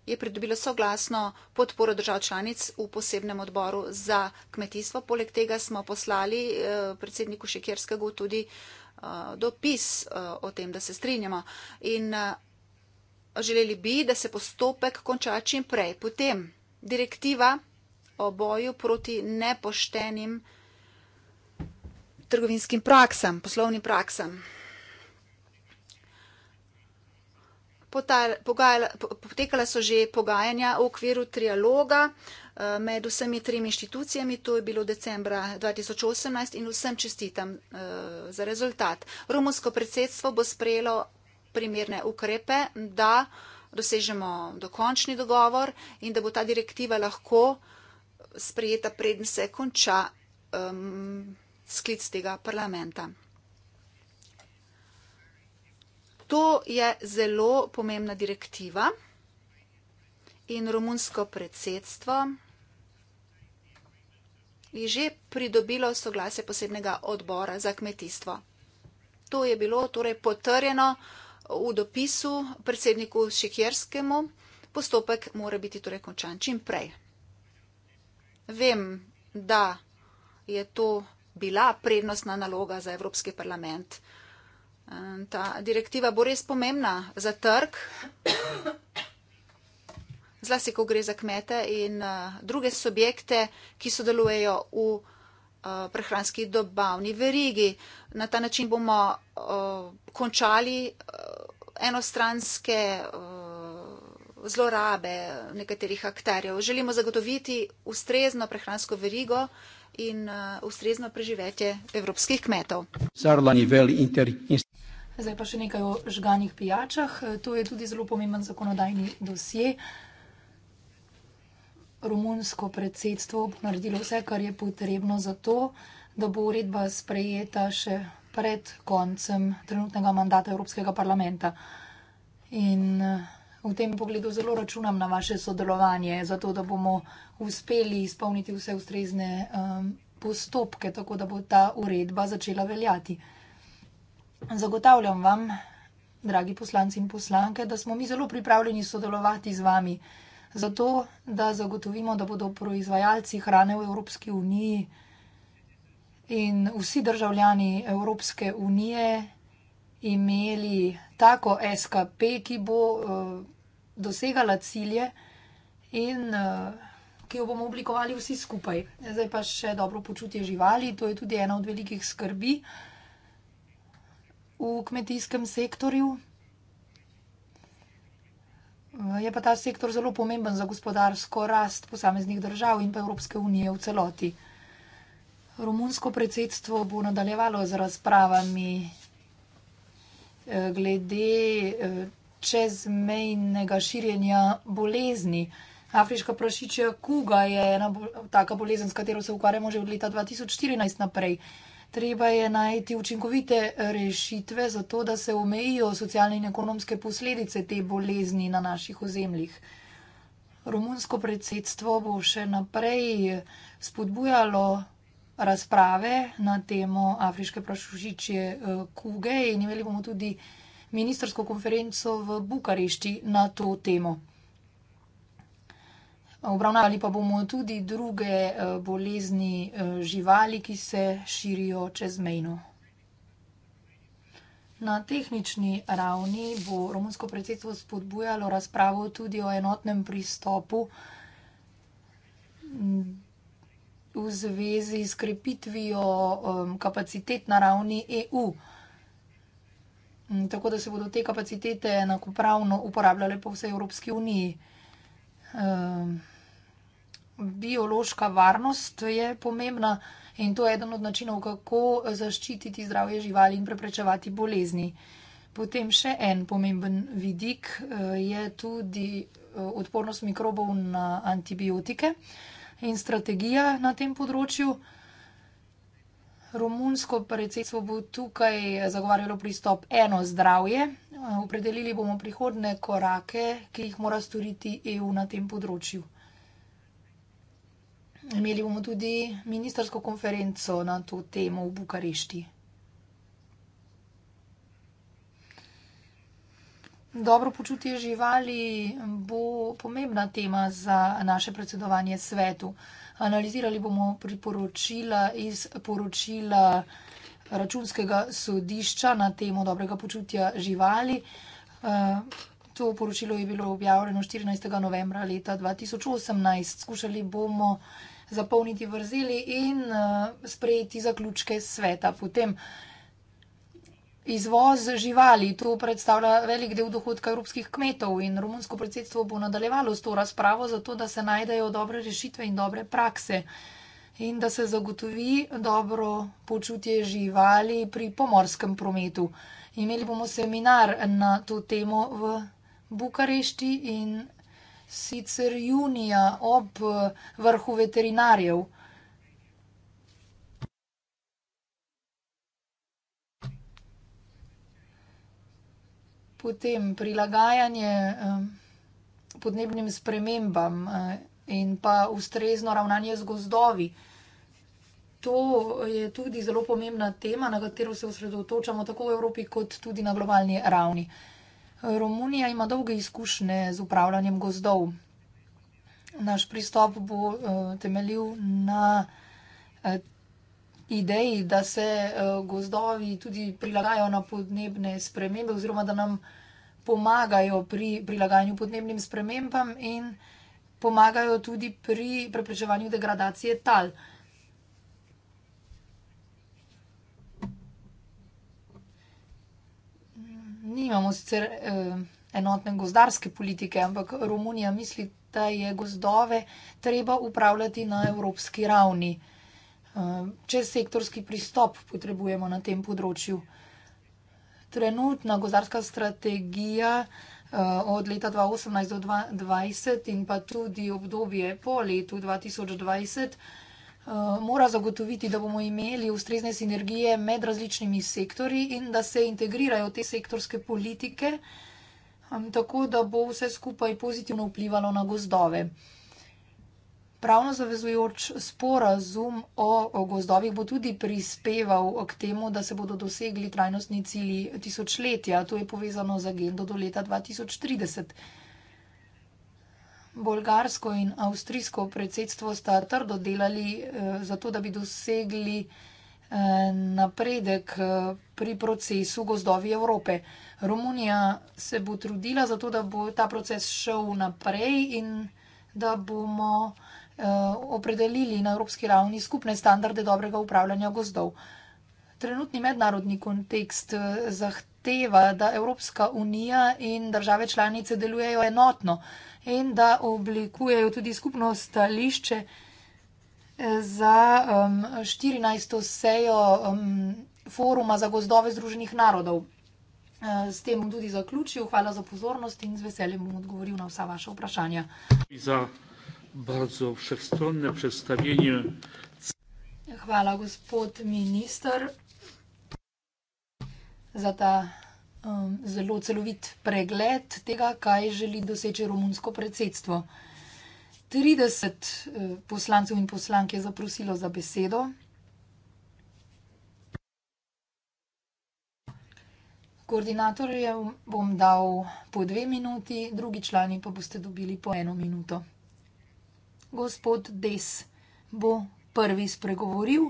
je pridobilo soglasno podporo držav članic v posebnem odboru za kmetijstvo. Poleg tega smo poslali eh, predsedniku Šekerskega tudi eh, dopis eh, o tem, da se strinjamo. In želeli bi, da se postopek konča čim prej. Potem direktiva o boju proti nepoštenim trgovinskim praksam, poslovnim praksam. potekala so že pogajanja v okviru trialoga eh, med vsemi tremi inštitucijami, to je bilo decembra 2018 in vsem čestitam eh, za rezultat. Romunsko predsedstvo bo sprejelo primerne ukrepe, da dosežemo dokončni dogovor in da bo ta direktiva lahko sprejeta predn se konča um, sklic tega parlamenta. to je zelo pomembna direktiva in romunsko predsedstvo je že pridobilo soglase posebnega odbora za kmetijstvo. To je bilo torej potrjeno v dopisu predsedniku Šekjerskemu. Postopek mora biti torej končan čim prej. Vem, da je to bila prednostna naloga za Evropski parlament. Uh, Um, ta direktiva bo res pomembna za trg, zlasti, ko gre za kmete in uh, druge subjekte, ki sodelujejo v uh, prehranski dobavni verigi. Na ta način bomo uh, končali enostranske zlorabe nekaterih akterjev. Želimo zagotoviti ustrezno prehransko verigo in ustrezno preživetje evropskih kmetov. Zdaj pa še nekaj o žganih pijačah. To je tudi zelo pomemben zakonodajni dosje. Romunsko predsedstvo bo naredilo vse, kar je potrebno za to, da bo uredba sprejeta še pred koncem trenutnega mandata Evropskega parlamenta. In v tem pogledu zelo računam na vaše sodelovanje, zato da bomo uspeli izpolniti vse ustrezne um, postopke, tako da bo ta uredba začela veljati. Zagotavljam vam, dragi poslanci in poslanke, da smo mi zelo pripravljeni sodelovati z vami, zato da zagotovimo, da bodo proizvajalci hrane v Evropski uniji in vsi državljani Evropske unije imeli tako SKP, ki bo uh, dosegala cilje in uh, ki jo bomo oblikovali vsi skupaj. Zdaj pa še dobro počutje živali, to je tudi ena od velikih skrbi. Uh, v kmetijskem sektorju. Je pa ta sektor zelo pomemben za gospodarsko rast posameznih držav in pa Evropske unije v celoti. Romunsko predsedstvo bo nadaljevalo z razpravami eh, glede eh, čezmejnega širjenja bolezni. Afriška prašičja kuga je ena taka bolezen, s katero se ukvarjamo že od leta 2014 naprej. Treba je najti učinkovite rešitve za to, da se omejijo socialne in ekonomske posledice te bolezni na naših ozemljih. Romunsko predsedstvo bo še naprej spodbujalo razprave na temo afriške prašušičje eh, kuge in imeli bomo tudi ministersko konferenco v Bukarešti na to temo. Obravnavali pa bomo tudi druge eh, bolezni eh, živali, ki se širijo čez mejno. Na tehnični ravni bo romunsko predsedstvo spodbujalo razpravo tudi o enotnem pristopu mm, v zvezi s krepitvijo kapacitet na ravni EU. Mm, tako da se bodo te kapacitete enakopravno uporabljale po vsej Evropski uniji. Um biološka varnost je pomembna in to je eden od načinov, kako zaščititi zdravje živali in preprečevati bolezni. Potem še en pomemben vidik eh, je tudi eh, odpornost mikrobov na antibiotike in strategija na tem področju. Romunsko predsedstvo bo tukaj zagovarjalo pristop eno zdravje. Eh, opredelili bomo prihodne korake, ki jih mora storiti EU na tem področju. Imeli bomo tudi ministersko konferenco na to temo v Bukarešti. Dobro počutje živali bo pomembna tema za naše predsedovanje svetu. Analizirali bomo priporočila iz poročila računskega sodišča na temo dobrega počutja živali. Eh, to poročilo je bilo objavljeno 14. novembra leta 2018. Skušali bomo zapolniti vrzeli in uh, sprejeti zaključke sveta. Potem izvoz živali, to predstavlja velik del dohodka evropskih kmetov in romunsko predsedstvo bo nadaljevalo s to razpravo, zato da se najdejo dobre rešitve in dobre prakse in da se zagotovi dobro počutje živali pri pomorskem prometu. Imeli bomo seminar na to temo v Bukarešti in sicer junija ob eh, vrhu veterinarjev. Potem prilagajanje eh, podnebnim spremembam eh, in pa ustrezno ravnanje z gozdovi. To je tudi zelo pomembna tema, na katero se osredotočamo tako v Evropi kot tudi na globalni ravni. Romunija ima dolge izkušnje z upravljanjem gozdov. Naš pristop bo eh, temeljil na eh, ideji, da se eh, gozdovi tudi prilagajajo na podnebne spremembe oziroma da nam pomagajo pri prilagajanju podnebnim spremembam in pomagajo tudi pri preprečevanju degradacije tal. nimamo sicer eh, enotne gozdarske politike, ampak Romunija misli, da je gozdove treba upravljati na evropski ravni. Eh, če sektorski pristop potrebujemo na tem področju. Trenutna gozdarska strategija eh, od leta 2018 do 2020 in pa tudi obdobje po letu 2020. Eh, mora zagotoviti, da bomo imeli ustrezne sinergije med različnimi sektori in da se integrirajo te sektorske politike, tako da bo vse skupaj pozitivno vplivalo na gozdove. Pravno zavezujoč sporazum o, o gozdovih bo tudi prispeval k temu, da se bodo dosegli trajnostni cilji tisočletja. To je povezano z agendo do leta 2030. Bolgarsko in avstrijsko predsedstvo sta trdo delali eh, za to, da bi dosegli eh, napredek eh, pri procesu gozdovi Evrope. Romunija se bo trudila za to, da bo ta proces šel naprej in da bomo eh, opredelili na evropski ravni skupne standarde dobrega upravljanja gozdov. Trenutni mednarodni kontekst eh, zahteva, da Evropska unija in države članice delujejo enotno in da oblikujejo tudi skupno stališče eh, za um, 14. sejo um, foruma za gozdove Združenih narodov. Eh, s tem bom tudi zaključil. Hvala za pozornost in z veseljem bom odgovoril na vsa vaša vprašanja. Za bardzo všestronne predstavljenje. Hvala, gospod minister, za ta. Um, zelo celovit pregled tega, kaj želi doseči romunsko predsedstvo. 30 eh, poslancev in poslank je zaprosilo za besedo. Koordinatorjev bom dal po dve minuti, drugi člani pa boste dobili po eno minuto. Gospod Des bo prvi spregovoril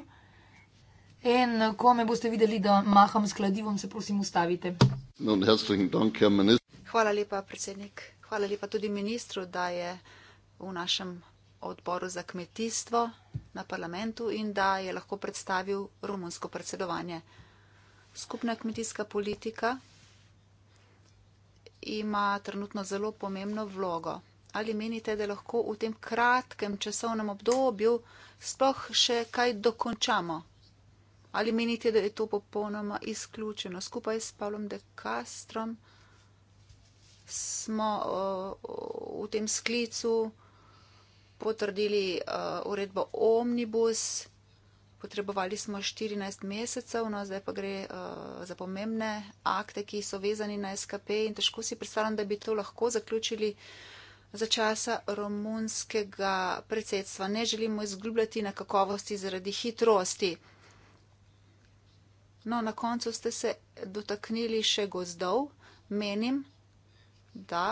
in ko me boste videli, da maham s kladivom, se prosim ustavite. No, herzlichen Dank, Herr Minister. Hvala lepa, predsednik. Hvala lepa tudi ministru, da je v našem odboru za kmetijstvo na parlamentu in da je lahko predstavil romunsko predsedovanje. Skupna kmetijska politika ima trenutno zelo pomembno vlogo. Ali menite, da lahko v tem kratkem časovnem obdobju sploh še kaj dokončamo? Ali menite, da je to popolnoma izključeno? Skupaj s Pavlom de Castrom smo uh, v tem sklicu potrdili uh, uredbo Omnibus. Potrebovali smo 14 mesecev, no zdaj pa gre uh, za pomembne akte, ki so vezani na SKP in težko si predstavljam, da bi to lahko zaključili za časa romunskega predsedstva. Ne želimo izgubljati na kakovosti zaradi hitrosti. No, na koncu ste se dotaknili še gozdov. Menim, da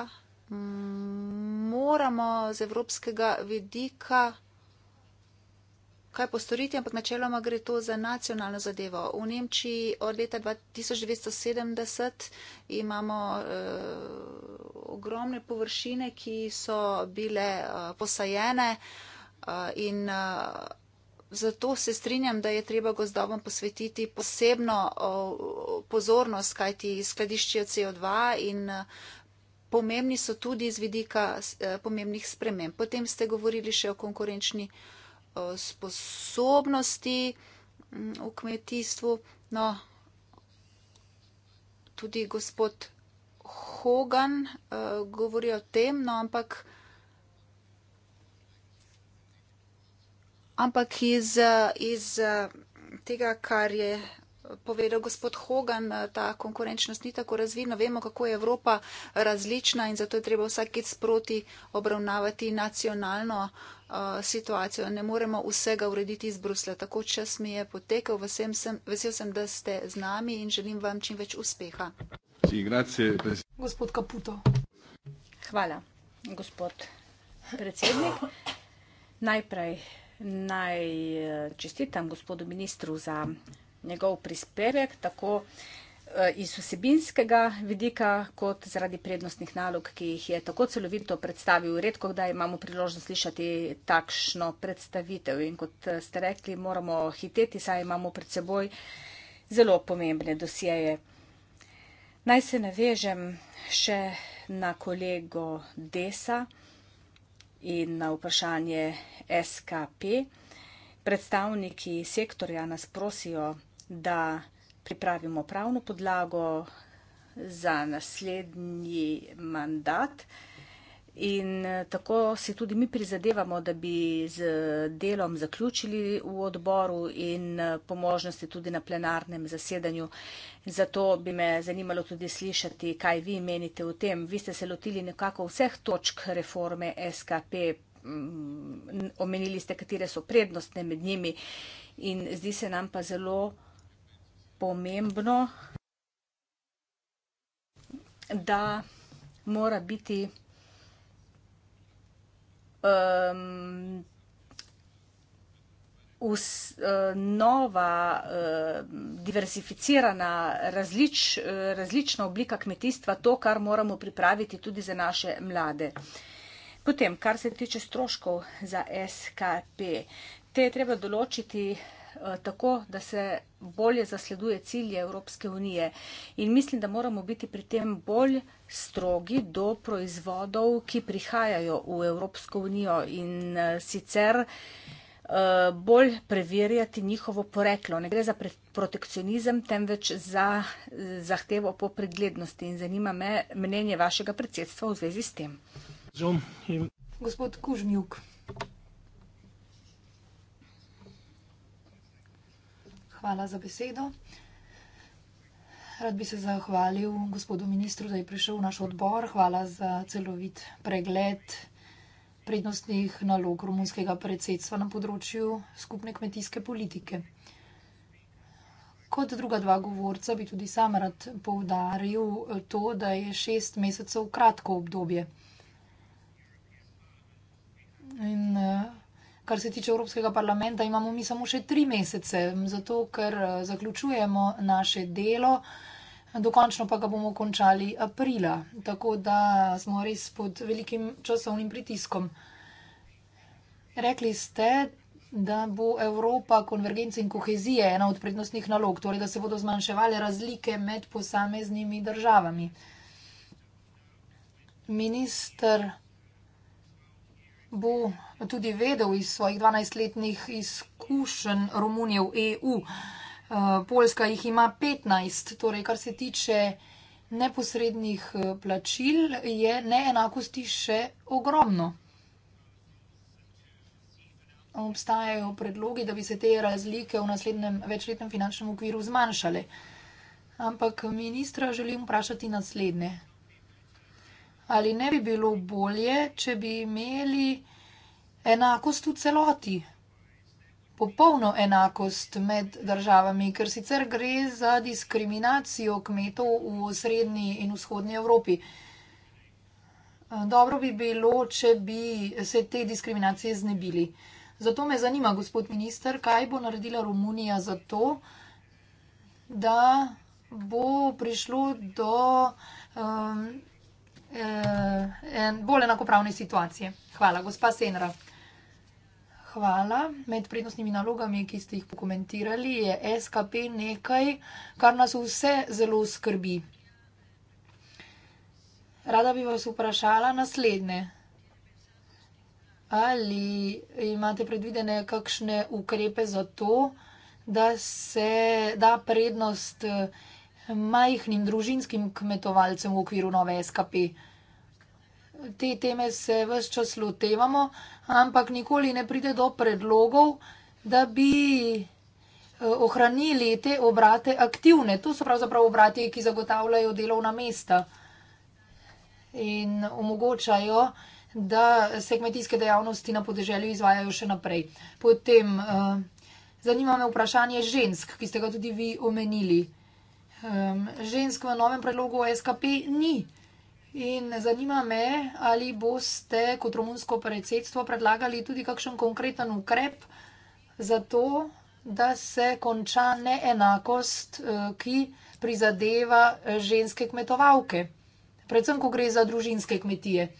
moramo z evropskega vidika kaj postoriti, ampak načeloma gre to za nacionalno zadevo. V Nemčiji od leta 1970 imamo eh, ogromne površine, ki so bile eh, posajene eh, in. Eh, Zato se strinjam, da je treba gozdovom posvetiti posebno pozornost, kajti skladiščijo CO2 in eh, pomembni so tudi z vidika eh, pomembnih sprememb. Potem ste govorili še o konkurenčni sposobnosti mm, v kmetijstvu. No, tudi gospod Hogan eh, govori o tem, no, ampak. ampak iz, iz tega, kar je povedal gospod Hogan, ta konkurenčnost ni tako razvidna. Vemo, kako je Evropa različna in zato je treba vsakeč sproti obravnavati nacionalno uh, situacijo. Ne moremo vsega urediti iz Brusla. Tako čas mi je potekal. Vesel sem, vesel sem da ste z nami in želim vam čim več uspeha. Gospod Kaputo. Hvala, gospod predsednik. Najprej Naj eh, čestitam gospodu ministru za njegov prispevek, tako eh, iz vsebinskega vidika, kot zaradi prednostnih nalog, ki jih je tako celovito predstavil. Redko, da imamo priložnost slišati takšno predstavitev in kot eh, ste rekli, moramo hiteti, saj imamo pred seboj zelo pomembne dosjeje. Naj se navežem še na kolego Desa in na vprašanje SKP. Predstavniki sektorja nas prosijo, da pripravimo pravno podlago za naslednji mandat. In eh, tako si tudi mi prizadevamo, da bi z delom zaključili v odboru in eh, po možnosti tudi na plenarnem zasedanju. Zato bi me zanimalo tudi slišati, kaj vi menite o tem. Vi ste se lotili nekako vseh točk reforme SKP, mm, omenili ste, katere so prednostne med njimi in zdi se nam pa zelo pomembno, da mora biti um, us, uh, nova, uh, eh, diverzificirana, različ, uh, različna oblika kmetijstva, to, kar moramo pripraviti tudi za naše mlade. Potem, kar se tiče stroškov za SKP, te je treba določiti uh, Eh, tako, da se bolje zasleduje cilje Evropske unije. In mislim, da moramo biti pri tem bolj strogi do proizvodov, ki prihajajo v Evropsko unijo in eh, sicer eh, bolj preverjati njihovo poreklo. Ne gre za protekcionizem, temveč za zahtevo po preglednosti. In zanima me mnenje vašega predsedstva v zvezi s tem. Gospod Kužnjuk. Hvala za besedo. Rad bi se zahvalil gospodu ministru, da je prišel v naš odbor. Hvala za celovit pregled prednostnih nalog rumunskega predsedstva na področju skupne kmetijske politike. Kot druga dva govorca bi tudi sam rad povdaril to, da je šest mesecev kratko obdobje. In kar se tiče Evropskega parlamenta, imamo mi samo še tri mesece, zato ker eh, zaključujemo naše delo. Dokončno pa ga bomo končali aprila, tako da smo res pod velikim časovnim pritiskom. Rekli ste, da bo Evropa konvergence in kohezije ena od prednostnih nalog, torej da se bodo zmanjševale razlike med posameznimi državami. Ministr bo tudi vedel iz svojih 12-letnih izkušenj Romunije v EU. Eh, Poljska jih ima 15, torej kar se tiče neposrednih eh, plačil, je neenakosti še ogromno. Obstajajo predlogi, da bi se te razlike v naslednjem večletnem finančnem okviru zmanjšale. Ampak ministra želim vprašati naslednje ali ne bi bilo bolje, če bi imeli enakost v celoti, popolno enakost med državami, ker sicer gre za diskriminacijo kmetov v srednji in vzhodnji Evropi. Dobro bi bilo, če bi se te diskriminacije znebili. Zato me zanima, gospod minister, kaj bo naredila Romunija za to, da bo prišlo do um, eh, en, bolj enakopravne situacije. Hvala, gospa Senra. Hvala. Med prednostnimi nalogami, ki ste jih pokomentirali, je SKP nekaj, kar nas vse zelo skrbi. Rada bi vas vprašala naslednje. Ali imate predvidene kakšne ukrepe za to, da se da prednost. Eh, majhnim družinskim kmetovalcem v okviru nove SKP. Te teme se vse čas lotevamo, ampak nikoli ne pride do predlogov, da bi eh, ohranili te obrate aktivne. To so pravzaprav obrate, ki zagotavljajo delovna mesta in omogočajo, da se kmetijske dejavnosti na podeželju izvajajo še naprej. Potem eh, zanima me vprašanje žensk, ki ste ga tudi vi omenili um, žensk v novem predlogu SKP ni. In zanima me, ali boste kot romunsko predsedstvo predlagali tudi kakšen konkreten ukrep za to, da se konča neenakost, eh, ki prizadeva ženske kmetovalke, predvsem, ko gre za družinske kmetije.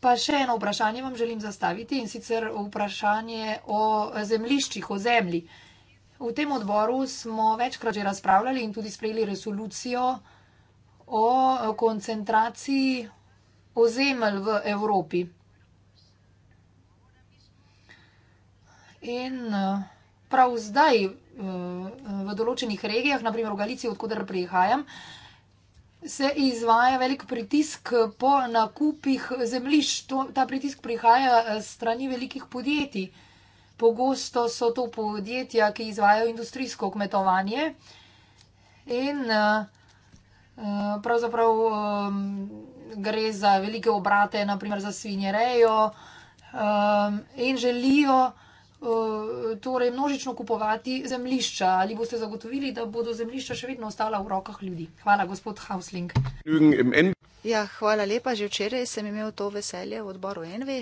Pa še eno vprašanje vam želim zastaviti in sicer vprašanje o zemliščih, o zemlji. V tem odboru smo večkrat že razpravljali in tudi sprejeli resolucijo o koncentraciji ozemelj v Evropi. In eh, prav zdaj eh, v določenih regijah, naprimer v Galiciji, odkudar prihajam, se izvaja velik pritisk po nakupih zemlišč. Ta pritisk prihaja eh, strani velikih podjetij. Pogosto so to podjetja, ki izvajo industrijsko kmetovanje in eh, eh, pravzaprav eh, gre za velike obrate, naprimer za svinjerejo in želijo torej množično kupovati zemlišča. Ali boste zagotovili, da bodo zemlišča še vedno ostala v rokah ljudi? Hvala, gospod Hausling. Ja, hvala lepa, že včeraj sem imel to veselje v odboru Envi.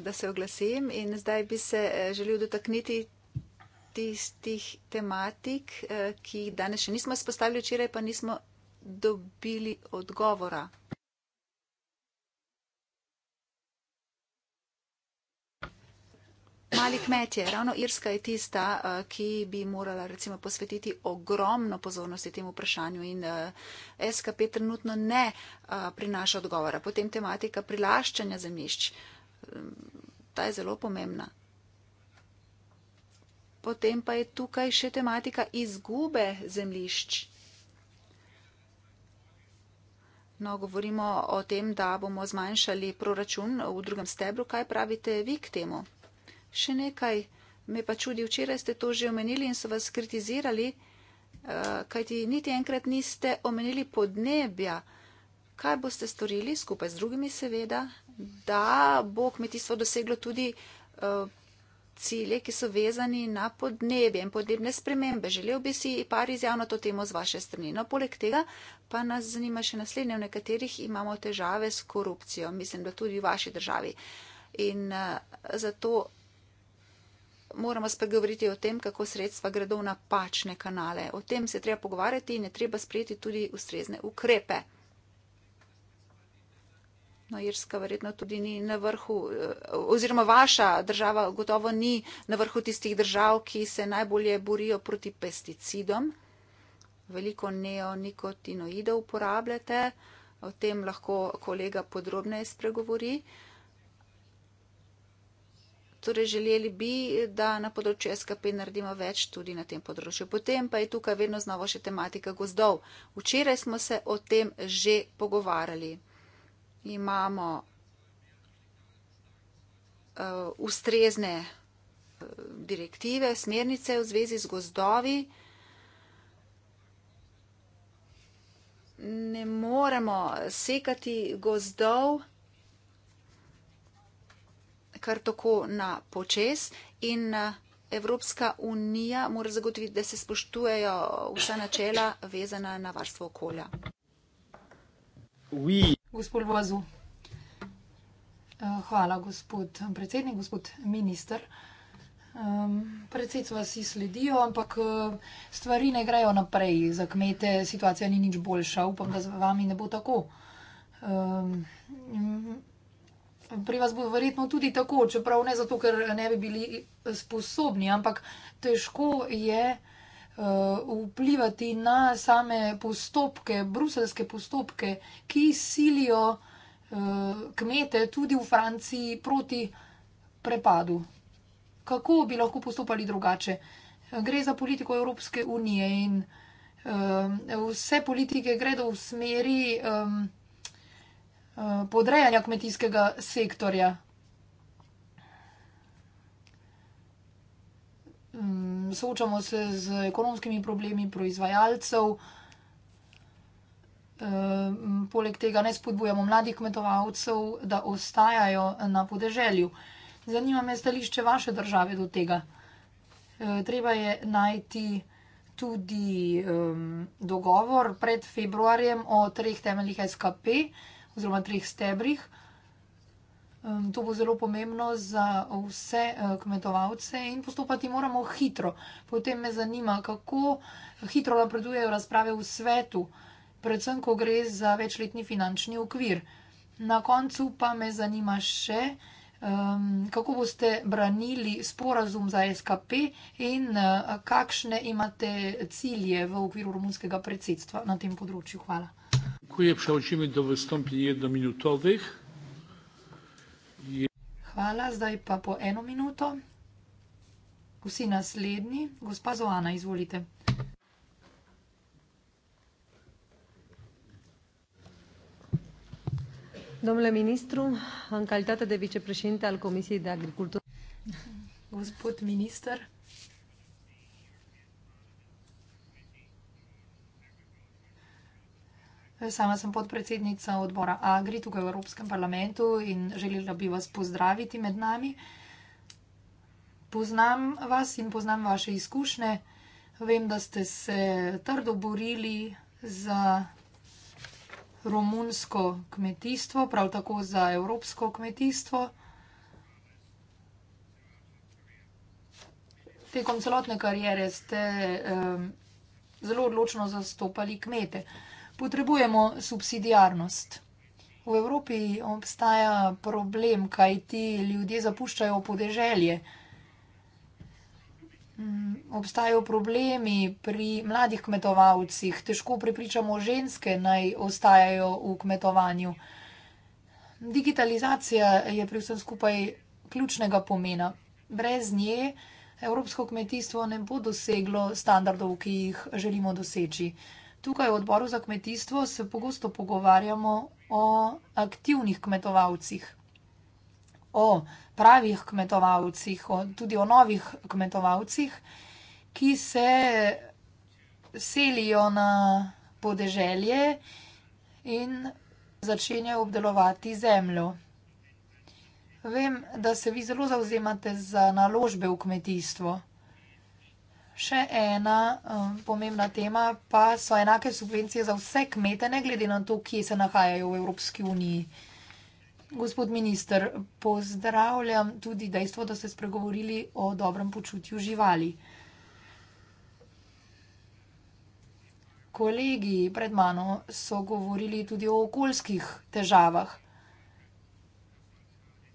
da se oglasim in zdaj bi se eh, želel dotakniti tistih tematik, eh, ki jih danes še nismo spostavili, včeraj pa nismo dobili odgovora. Mali kmetje, ravno Irska je tista, eh, ki bi morala recimo posvetiti ogromno pozornosti temu vprašanju in SKP trenutno ne prinaša odgovora. Potem tematika prilaščanja zemljišč ta je zelo pomembna. Potem pa je tukaj še tematika izgube zemlišč. No, govorimo o tem, da bomo zmanjšali proračun v drugem stebru. Kaj pravite vi k temu? Še nekaj me pa čudi. Včeraj ste to že omenili in so vas kritizirali, eh, kajti niti enkrat niste omenili podnebja. Kaj boste storili skupaj z drugimi, seveda? da bo kmetijstvo doseglo tudi eh, cilje, ki so vezani na podnebje in podnebne spremembe. Želel bi si par izjav na to temo z vaše strani. No, poleg tega pa nas zanima še naslednje, v nekaterih imamo težave s korupcijo, mislim, da tudi v vaši državi. In uh, zato moramo spregovoriti o tem, kako sredstva gredo v napačne kanale. O tem se treba pogovarjati in je treba sprejeti tudi ustrezne ukrepe. No, Irska verjetno tudi ni na vrhu, eh, oziroma vaša država gotovo ni na vrhu tistih držav, ki se najbolje borijo proti pesticidom. Veliko neonikotinoidov uporabljate, o tem lahko kolega podrobneje spregovori. Torej, želeli bi, da na področju SKP naredimo več tudi na tem področju. Potem pa je tukaj vedno znova še tematika gozdov. Včeraj smo se o tem že pogovarjali imamo uh, ustrezne eh, direktive, smernice v zvezi z gozdovi. Ne moremo sekati gozdov kar tako na počes in eh, Evropska unija mora zagotoviti, da se spoštujejo vsa načela vezana na varstvo okolja. Oui. Gospod Loazu. Eh, hvala, gospod predsednik, gospod minister. Um, Predsedstva si sledijo, ampak eh, stvari ne grejo naprej. Za kmete situacija ni nič boljša. Upam, da z vami ne bo tako. Um, pri vas bo verjetno tudi tako, čeprav ne zato, ker ne bi bili eh, sposobni, ampak težko je. Eh, vplivati na same postopke, bruselske postopke, ki silijo eh, kmete tudi v Franciji proti prepadu. Kako bi lahko postopali drugače? Gre za politiko Evropske unije in eh, vse politike gredo v smeri podrejanja kmetijskega sektorja. Mm, soočamo se z ekonomskimi problemi proizvajalcev. Ehm, poleg tega ne spodbujamo mladih kmetovalcev, da ostajajo na podeželju. Zanima me stališče vaše države do tega. Ehm, treba je najti tudi um, dogovor pred februarjem o treh temeljih SKP oziroma treh stebrih. To bo zelo pomembno za vse eh, kmetovalce in postopati moramo hitro. Potem me zanima, kako hitro napredujejo razprave v svetu, predvsem, ko gre za večletni finančni okvir. Na koncu pa me zanima še, kako boste branili sporazum za SKP in eh, kakšne imate cilje v okviru rumunskega predsedstva na tem področju. Hvala. Dziękuję, przechodzimy do wystąpień jednominutowych. Hvala, zdaj pa po eno minuto. Vsi naslednji, gospa Zoana, izvolite. Domnule ministru, in kvaliteta, da bi če prešinte ali komisiji, da agrikulturo. Gospod minister. Sama sem podpredsednica odbora Agri tukaj v Evropskem parlamentu in želela bi vas pozdraviti med nami. Poznam vas in poznam vaše izkušnje. Vem, da ste se trdo borili za romunsko kmetijstvo, prav tako za evropsko kmetijstvo. Tekom celotne karijere ste um, zelo odločno zastopali kmete. Uh, potrebujemo subsidijarnost. V Evropi obstaja problem, kaj ti ljudje zapuščajo podeželje. Mm, obstajajo problemi pri mladih kmetovalcih, težko prepričamo ženske naj ostajajo v kmetovanju. Digitalizacija je pri vsem skupaj ključnega pomena. Brez nje evropsko kmetijstvo ne bo doseglo standardov, ki jih želimo doseči. Tukaj v odboru za kmetijstvo se pogosto pogovarjamo o aktivnih kmetovalcih, o pravih kmetovalcih, o, tudi o novih kmetovalcih, ki se selijo na podeželje in začenjajo obdelovati zemljo. Vem, da se vi zelo zauzemate za naložbe v kmetijstvo. Še ena um, pomembna tema pa so enake subvencije za vse kmete, ne glede na to, kje se nahajajo v Evropski uniji. Gospod minister, pozdravljam tudi dejstvo, da ste spregovorili o dobrem počutju živali. Kolegi pred mano so govorili tudi o okoljskih težavah.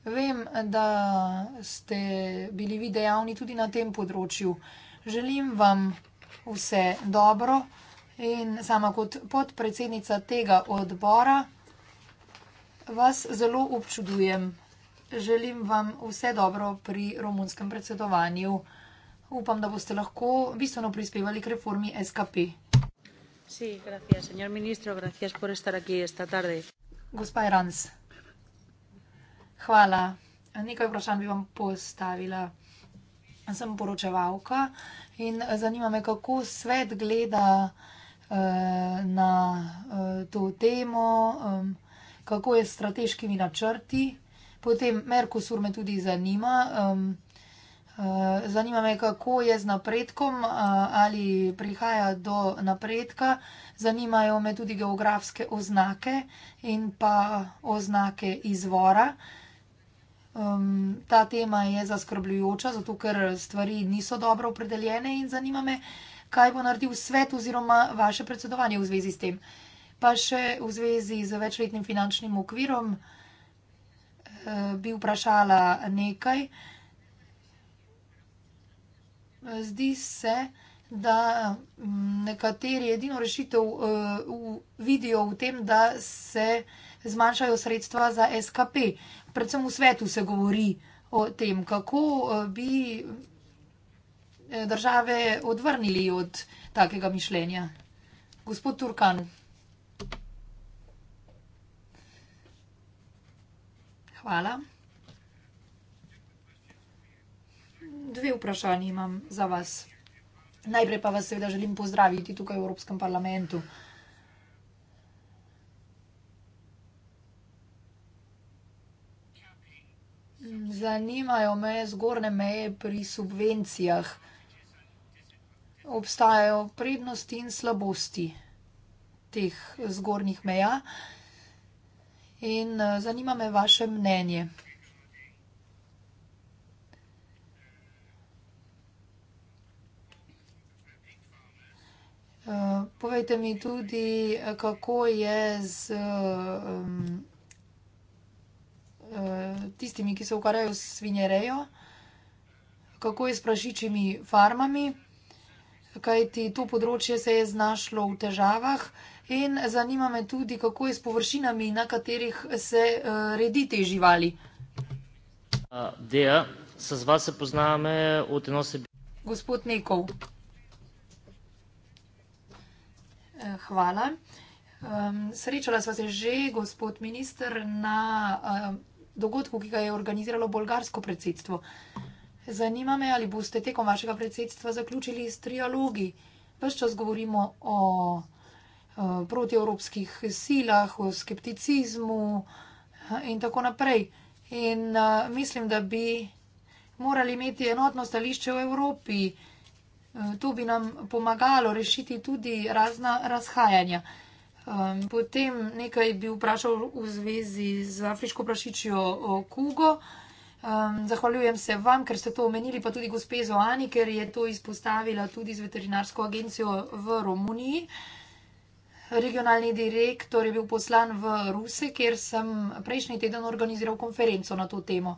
Vem, da ste bili vi dejavni tudi na tem področju. Želim vam vse dobro in sama kot podpredsednica tega odbora vas zelo občudujem. Želim vam vse dobro pri romunskem predsedovanju. Upam, da boste lahko bistveno prispevali k reformi SKP. Sí, gracias, señor ministro, gracias por estar aquí esta tarde. Gospa Irans, hvala. Nekaj vprašanj bi vam postavila sem poročevalka in zanima me, kako svet gleda eh, na eh, to temo, eh, kako je s strateškimi načrti. Potem Merkusur me tudi zanima. Eh, eh, zanima me, kako je z napredkom eh, ali prihaja do napredka. Zanimajo me tudi geografske oznake in pa oznake izvora. Eh, Um, ta tema je zaskrbljujoča, zato ker stvari niso dobro opredeljene in zanima me, kaj bo naredil svet oziroma vaše predsedovanje v zvezi s tem. Pa še v zvezi z večletnim finančnim okvirom uh, bi vprašala nekaj. Zdi se, da nekateri edino rešitev uh, vidijo v tem, da se zmanjšajo sredstva za SKP. Uh, predvsem v svetu se govori o tem, kako eh, bi eh, države odvrnili od takega mišljenja. Gospod Turkan. Hvala. Dve vprašanji imam za vas. Najprej pa vas seveda želim pozdraviti tukaj v Evropskem parlamentu. Zanimajo me zgornje meje pri subvencijah. Obstajajo prednosti in slabosti teh zgornjih meja. In, eh, zanima me vaše mnenje. Eh, povejte mi tudi, eh, kako je z, Eh, tistimi, ki se ukvarjajo s svinjerejo, kako je s prašičimi farmami, kajti to področje se je znašlo v težavah. In zanima me tudi, kako je s površinami, na katerih se uh, redi te živali. Uh, Deja, se z vas poznamo od enose. Gospod Nekov. Uh, hvala. Um, srečala sva se že, gospod minister, na. Uh, dogodku, ki ga je organiziralo bolgarsko predsedstvo. Zanima me, ali boste tekom vašega predsedstva zaključili s trialogi. Ves čas govorimo o, o protievropskih silah, o skepticizmu eh, in tako naprej. In a, eh, mislim, da bi morali imeti enotno stališče v Evropi. Eh, to bi nam pomagalo rešiti tudi razna razhajanja. Um, potem nekaj bi vprašal v zvezi z afriško prašičjo kugo. Um, zahvaljujem se vam, ker ste to omenili, pa tudi gospe Zoani, ker je to izpostavila tudi z veterinarsko agencijo v Romuniji. Regionalni direktor je bil poslan v Ruse, kjer sem prejšnji teden organiziral konferenco na to temo.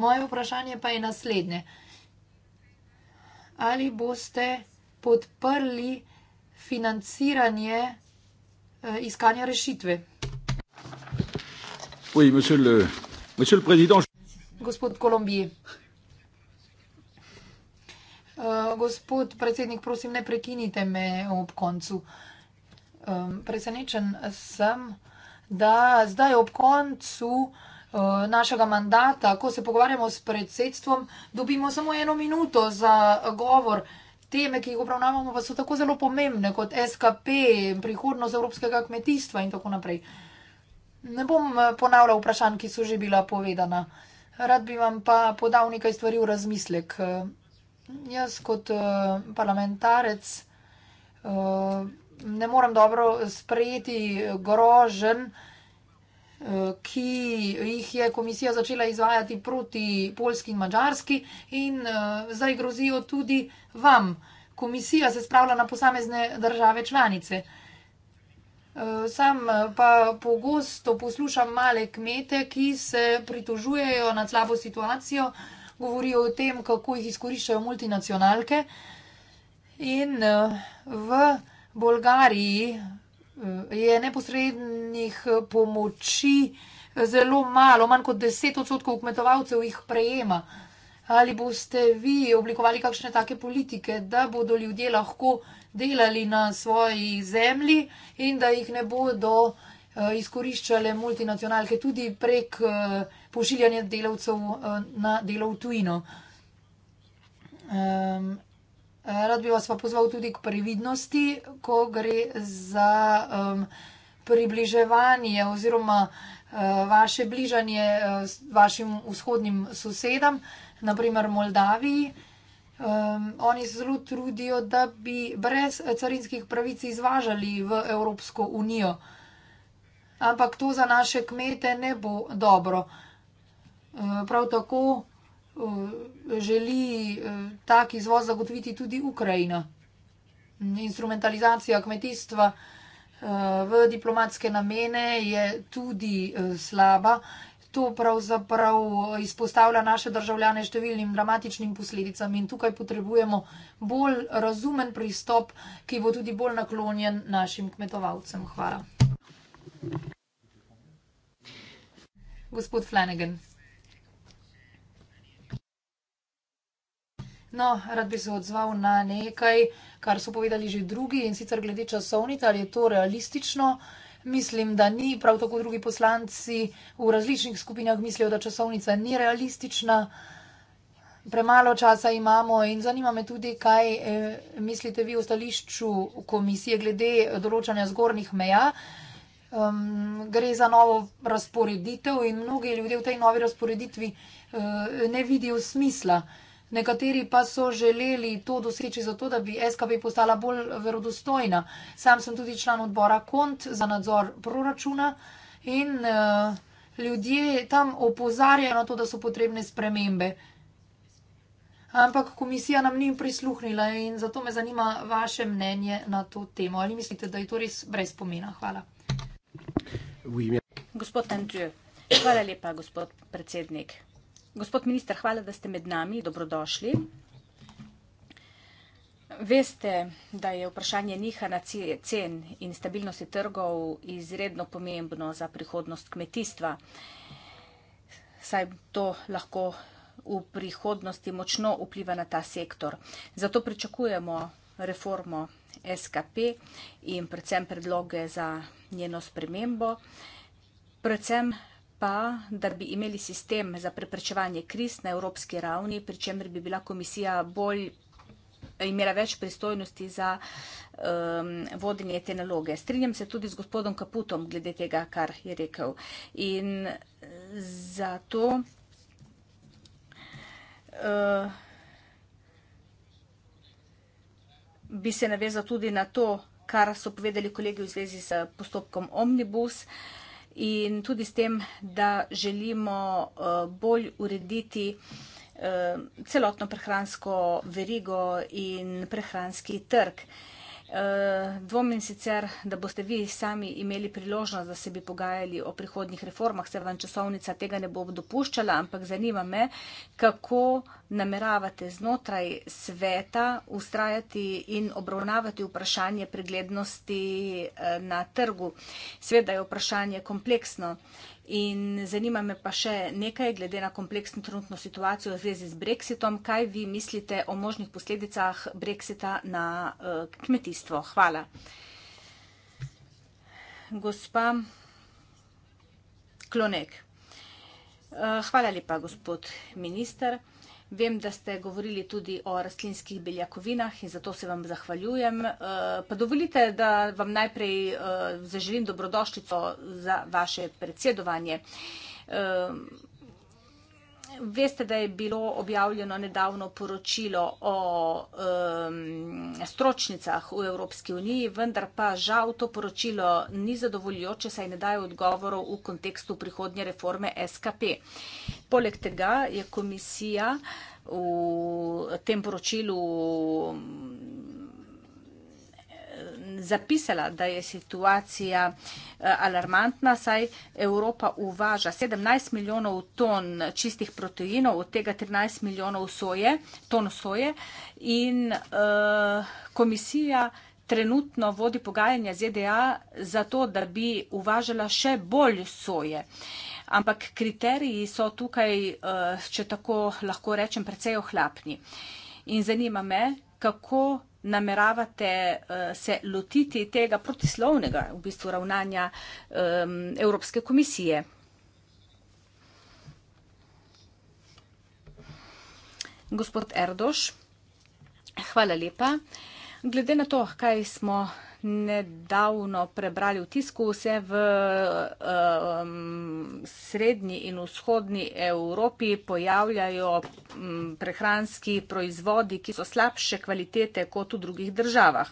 Moje vprašanje pa je naslednje. Ali boste podprli financiranje euh, iskanja rešitve. Oui, monsieur le, monsieur le président. Gospod Kolombije. Uh, gospod predsednik, prosim, ne prekinite me ob koncu. Um, presenečen sem, da zdaj ob koncu uh, našega mandata, ko se pogovarjamo s predsedstvom, dobimo samo eno minuto za govor. Uh, teme, ki jih obravnavamo, pa so tako zelo pomembne kot SKP, prihodnost evropskega kmetijstva in tako naprej. Ne bom eh, ponavljal vprašanj, ki so že bila povedana. Rad bi vam pa podal nekaj stvari v razmislek. Eh, jaz kot eh, parlamentarec ne morem dobro sprejeti groženj, ki jih je komisija začela izvajati proti Polski in Mačarski in eh, zdaj grozijo tudi vam. Komisija se spravlja na posamezne države članice. Eh, sam eh, pa pogosto poslušam male kmete, ki se pritožujejo nad slabo situacijo, govorijo o tem, kako jih izkoriščajo multinacionalke. In v Bolgariji je neposrednih eh, pomoči eh, zelo malo, manj kot deset odstotkov kmetovalcev jih prejema. Ali boste vi oblikovali kakšne take politike, da bodo ljudje lahko delali na svoji zemlji in da jih ne bodo eh, izkoriščale multinacionalke tudi prek pošiljanja delavcev na delov tujino? Ehm, Eh, rad bi vas pa pozval tudi k previdnosti, ko gre za um, približevanje oziroma uh, vaše bližanje uh, vašim vzhodnim sosedam, naprimer Moldaviji. Um, oni se zelo trudijo, da bi brez carinskih pravic izvažali v Evropsko unijo. Ampak to za naše kmete ne bo dobro. Uh, prav tako. Eh, želi eh, tak izvoz zagotoviti tudi Ukrajina. Instrumentalizacija kmetijstva eh, v diplomatske namene je tudi slaba. To pravzaprav izpostavlja naše državljane številnim dramatičnim posledicam in tukaj potrebujemo bolj razumen pristop, ki bo tudi bolj naklonjen našim kmetovalcem. Hvala. Gospod Flanagan. No, rad bi se odzval na nekaj, kar so povedali že drugi in sicer glede časovnice, ali je to realistično. Mislim, da ni, prav tako drugi poslanci v različnih skupinah mislijo, da časovnica ni realistična. Premalo časa imamo in zanima me tudi, kaj e, mislite vi o stališču komisije glede določanja zgornjih meja. Um, gre za novo razporeditev in mnogi ljudje v tej novi razporeditvi uh, ne vidijo smisla. Uh, Nekateri pa so želeli to doseči zato, da bi SKB postala bolj verodostojna. Sam sem tudi član odbora KONT za nadzor proračuna in uh, ljudje tam opozarjajo na to, da so potrebne spremembe. Ampak komisija nam ni prisluhnila in zato me zanima vaše mnenje na to temo. Ali mislite, da je to res brez pomena? Hvala. Gospod Andrzej, hvala lepa, gospod predsednik. Gospod minister, hvala, da ste med nami. Dobrodošli. Veste, da je vprašanje niha na cen in stabilnosti trgov izredno pomembno za prihodnost kmetijstva. Saj to lahko v prihodnosti močno vpliva na ta sektor. Zato pričakujemo reformo SKP in predvsem predloge za njeno spremembo. Predvsem pa, da bi imeli sistem za preprečevanje kriz na evropski ravni, pri čemer bi bila komisija bolj imela več pristojnosti za um, vodenje te naloge. Strinjam se tudi z gospodom Kaputom glede tega, kar je rekel. In zato uh, bi se navezal tudi na to, kar so povedali kolegi v zvezi s postopkom Omnibus. Uh, in tudi s tem, da želimo eh, bolj urediti eh, celotno prehransko verigo in prehranski trg. Eh, dvomim sicer, da boste vi sami imeli priložnost, da se bi pogajali o prihodnih reformah, se vam časovnica tega ne bo dopuščala, ampak zanima me, kako nameravate znotraj sveta ustrajati in obravnavati vprašanje preglednosti eh, na trgu. Sveda je vprašanje kompleksno. In zanima me pa še nekaj, glede na kompleksno trenutno situacijo v zvezi z brexitom. Kaj vi mislite o možnih posledicah brexita na eh, kmetijstvo? Hvala. Gospa Klonek. Eh, hvala lepa, gospod minister. Vem, da ste govorili tudi o rastlinskih beljakovinah in zato se vam zahvaljujem. Eh, pa dovolite, da vam najprej eh, zaželim dobrodošljico za vaše predsedovanje. Eh, Veste, da je bilo objavljeno nedavno poročilo o um, stročnicah v Evropski uniji, vendar pa žal to poročilo ni zadovoljujoče, saj ne daje odgovorov v kontekstu prihodnje reforme SKP. Poleg tega je komisija v tem poročilu. Um, zapisala, da je situacija eh, alarmantna, saj Evropa uvaža 17 milijonov ton čistih proteinov, od tega 13 milijonov soje, ton soje in eh, komisija trenutno vodi pogajanja ZDA za to, da bi uvažala še bolj soje. Ampak kriteriji so tukaj, eh, če tako lahko rečem, precej ohlapni. In zanima me, kako nameravate uh, se lotiti tega protislovnega v bistvu ravnanja um, Evropske komisije? Gospod Erdoš, hvala lepa. Glede na to, kaj smo nedavno prebrali v tisku, se v um, srednji in vzhodni Evropi pojavljajo um, prehranski proizvodi, ki so slabše kvalitete kot v drugih državah.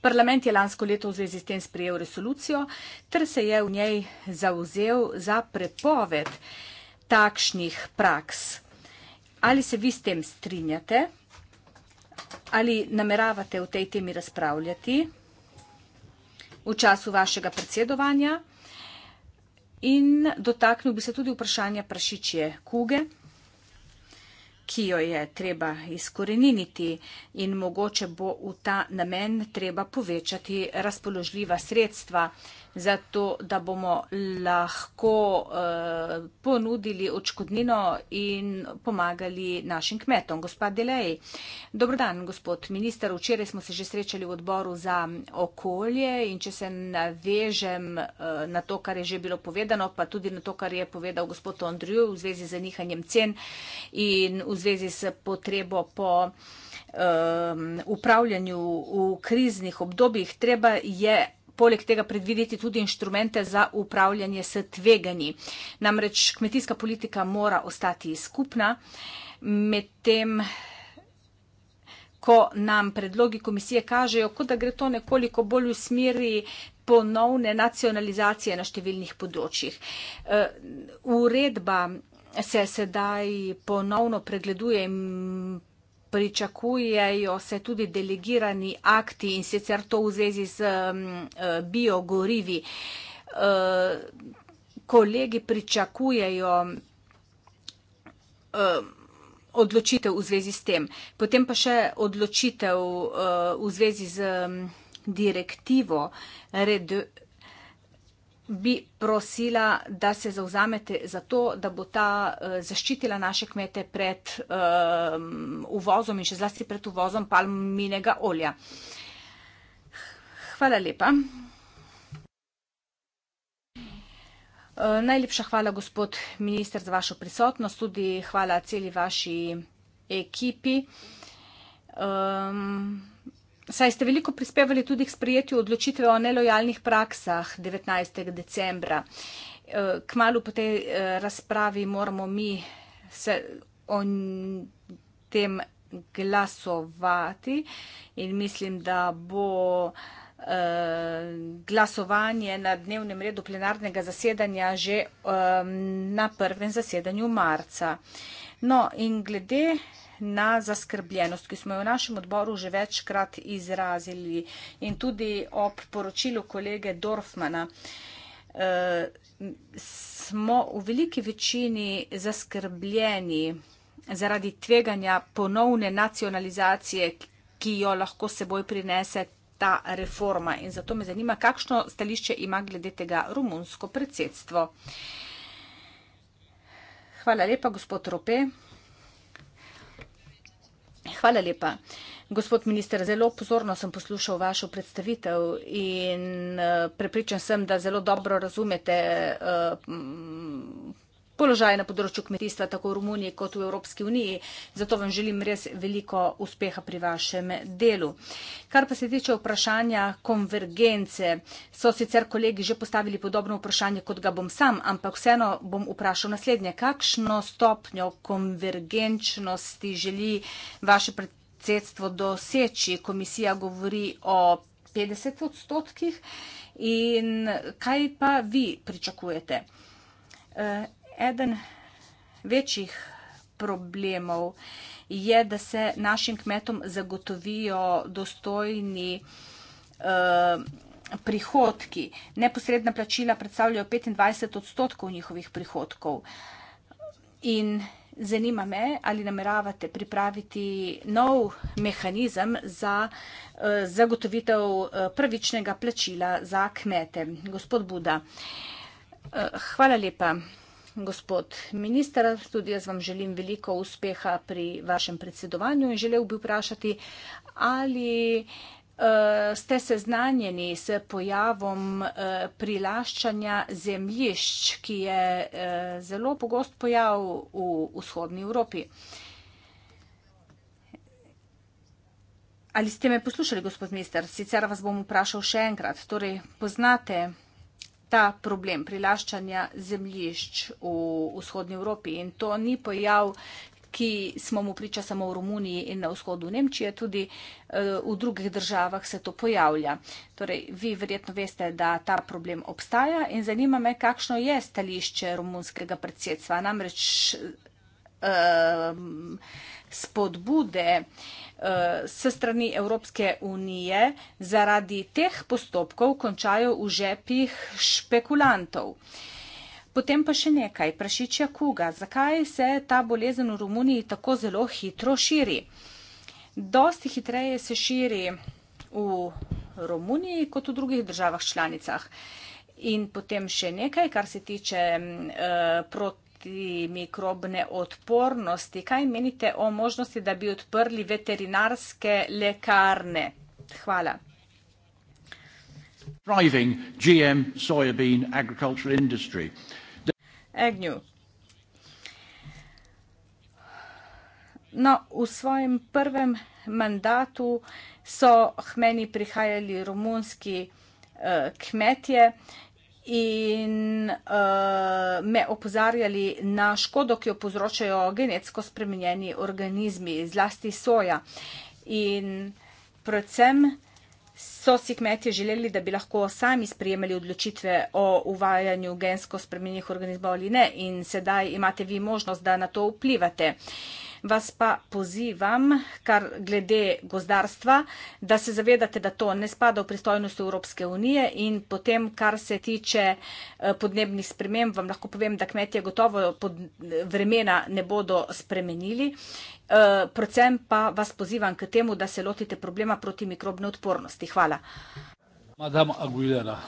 Parlament je lansko leto v zvezi s tem sprejel resolucijo, ter se je v njej zauzel za prepoved takšnih praks. Ali se vi s tem strinjate? ali nameravate v tej temi razpravljati v času vašega predsedovanja. In dotaknil bi se tudi vprašanja prašičje kuge, ki jo je treba izkoreniniti in mogoče bo v ta namen treba povečati razpoložljiva sredstva, zato da bomo lahko eh, ponudili očkodnino in pomagali našim kmetom. Gospod Delej, dobrodan, gospod minister. Včeraj smo se že srečali v odboru za okolje in če se navežem eh, na to, kar je že bilo povedano, pa tudi na to, kar je povedal gospod Andrju v zvezi z nihanjem cen in v zvezi s potrebo po eh, upravljanju v kriznih obdobjih. Treba je poleg tega predvideti tudi inštrumente za upravljanje s tveganji. Namreč kmetijska politika mora ostati skupna, medtem ko nam predlogi komisije kažejo, kot da gre to nekoliko bolj v smeri ponovne nacionalizacije na številnih področjih. E, uredba se sedaj ponovno pregleduje in pričakujejo se tudi delegirani akti in sicer to v zvezi z um, biogorivi. Uh, kolegi pričakujejo uh, odločitev v zvezi s tem. Potem pa še odločitev uh, v zvezi z um, direktivo. Red, bi prosila, da se zauzamete za to, da bo ta uh, zaščitila naše kmete pred um, uvozom in še zlasti pred uvozom palminega olja. Hvala lepa. Uh, najlepša hvala, gospod minister, za vašo prisotnost, tudi hvala celi vaši ekipi. Um, Saj ste veliko prispevali tudi k sprejetju odločitve o nelojalnih praksah 19. decembra. E, Kmalo po tej e, razpravi moramo mi se o tem glasovati in mislim, da bo e, glasovanje na dnevnem redu plenarnega zasedanja že na prvem zasedanju marca. No in glede na zaskrbljenost, ki smo jo v našem odboru že večkrat izrazili in tudi ob poročilu kolege Dorfmana. Eh, smo v veliki večini zaskrbljeni zaradi tveganja ponovne nacionalizacije, ki jo lahko seboj prinese ta reforma. In zato me zanima, kakšno stališče ima glede tega rumunsko predsedstvo. Hvala lepa, gospod Rope. Hvala lepa. Gospod minister, zelo pozorno sem poslušal vašo predstavitev in eh, prepričan sem, da zelo dobro razumete uh, položaj na področju kmetijstva tako v Romuniji kot v Evropski uniji. Zato vam želim res veliko uspeha pri vašem delu. Kar pa se tiče vprašanja konvergence, so sicer kolegi že postavili podobno vprašanje, kot ga bom sam, ampak vseeno bom vprašal naslednje. Kakšno stopnjo konvergenčnosti želi vaše predsedstvo doseči? Komisija govori o 50 odstotkih. In kaj pa vi pričakujete? Eh, eden večjih problemov je, da se našim kmetom zagotovijo dostojni uh, prihodki. Neposredna plačila predstavljajo 25 odstotkov njihovih prihodkov. In zanima me, ali nameravate pripraviti nov mehanizem za uh, zagotovitev uh, pravičnega plačila za kmete. Gospod Buda, uh, hvala lepa gospod minister. Tudi jaz vam želim veliko uspeha pri vašem predsedovanju in želel bi vprašati, ali uh, ste seznanjeni s pojavom uh, prilaščanja zemljišč, ki je uh, zelo pogost pojav v vzhodni Evropi. Ali ste me poslušali, gospod minister? Sicer vas bom vprašal še enkrat. Torej, poznate ta problem prilaščanja zemljišč v vzhodnji Evropi in to ni pojav, ki smo mu priča samo v Romuniji in na vzhodu Nemčije, tudi eh, v drugih državah se to pojavlja. Torej, vi verjetno veste, da ta problem obstaja in zanima me, kakšno je stališče romunskega predsedstva. Namreč eh, spodbude uh, Eh, se strani Evropske unije zaradi teh postopkov končajo v žepih špekulantov. Potem pa še nekaj, prašičja kuga. Zakaj se ta bolezen v Romuniji tako zelo hitro širi? Dosti hitreje se širi v Romuniji kot v drugih državah članicah. In potem še nekaj, kar se tiče uh, eh, proti protimikrobne odpornosti. Kaj menite o možnosti, da bi odprli veterinarske lekarne? Hvala. Driving GM soybean agricultural industry. The... Agnew. No, v svojem prvem mandatu so k meni prihajali romunski uh, kmetje. Uh, in uh, me opozarjali na škodo, ki jo povzročajo genetsko spremenjeni organizmi, zlasti soja. In predvsem so si kmetje želeli, da bi lahko sami sprejemali odločitve o uvajanju gensko spremenjenih organizmov ali ne. In sedaj imate vi možnost, da na to vplivate. Uh, vas pa pozivam, kar glede gozdarstva, da se zavedate, da to ne spada v pristojnost Evropske unije in potem, kar se tiče eh, podnebnih sprememb, vam lahko povem, da kmetje gotovo vremena ne bodo spremenili. Eh, predvsem pa vas pozivam k temu, da se lotite problema proti mikrobne odpornosti. Hvala. Madam Aguilera.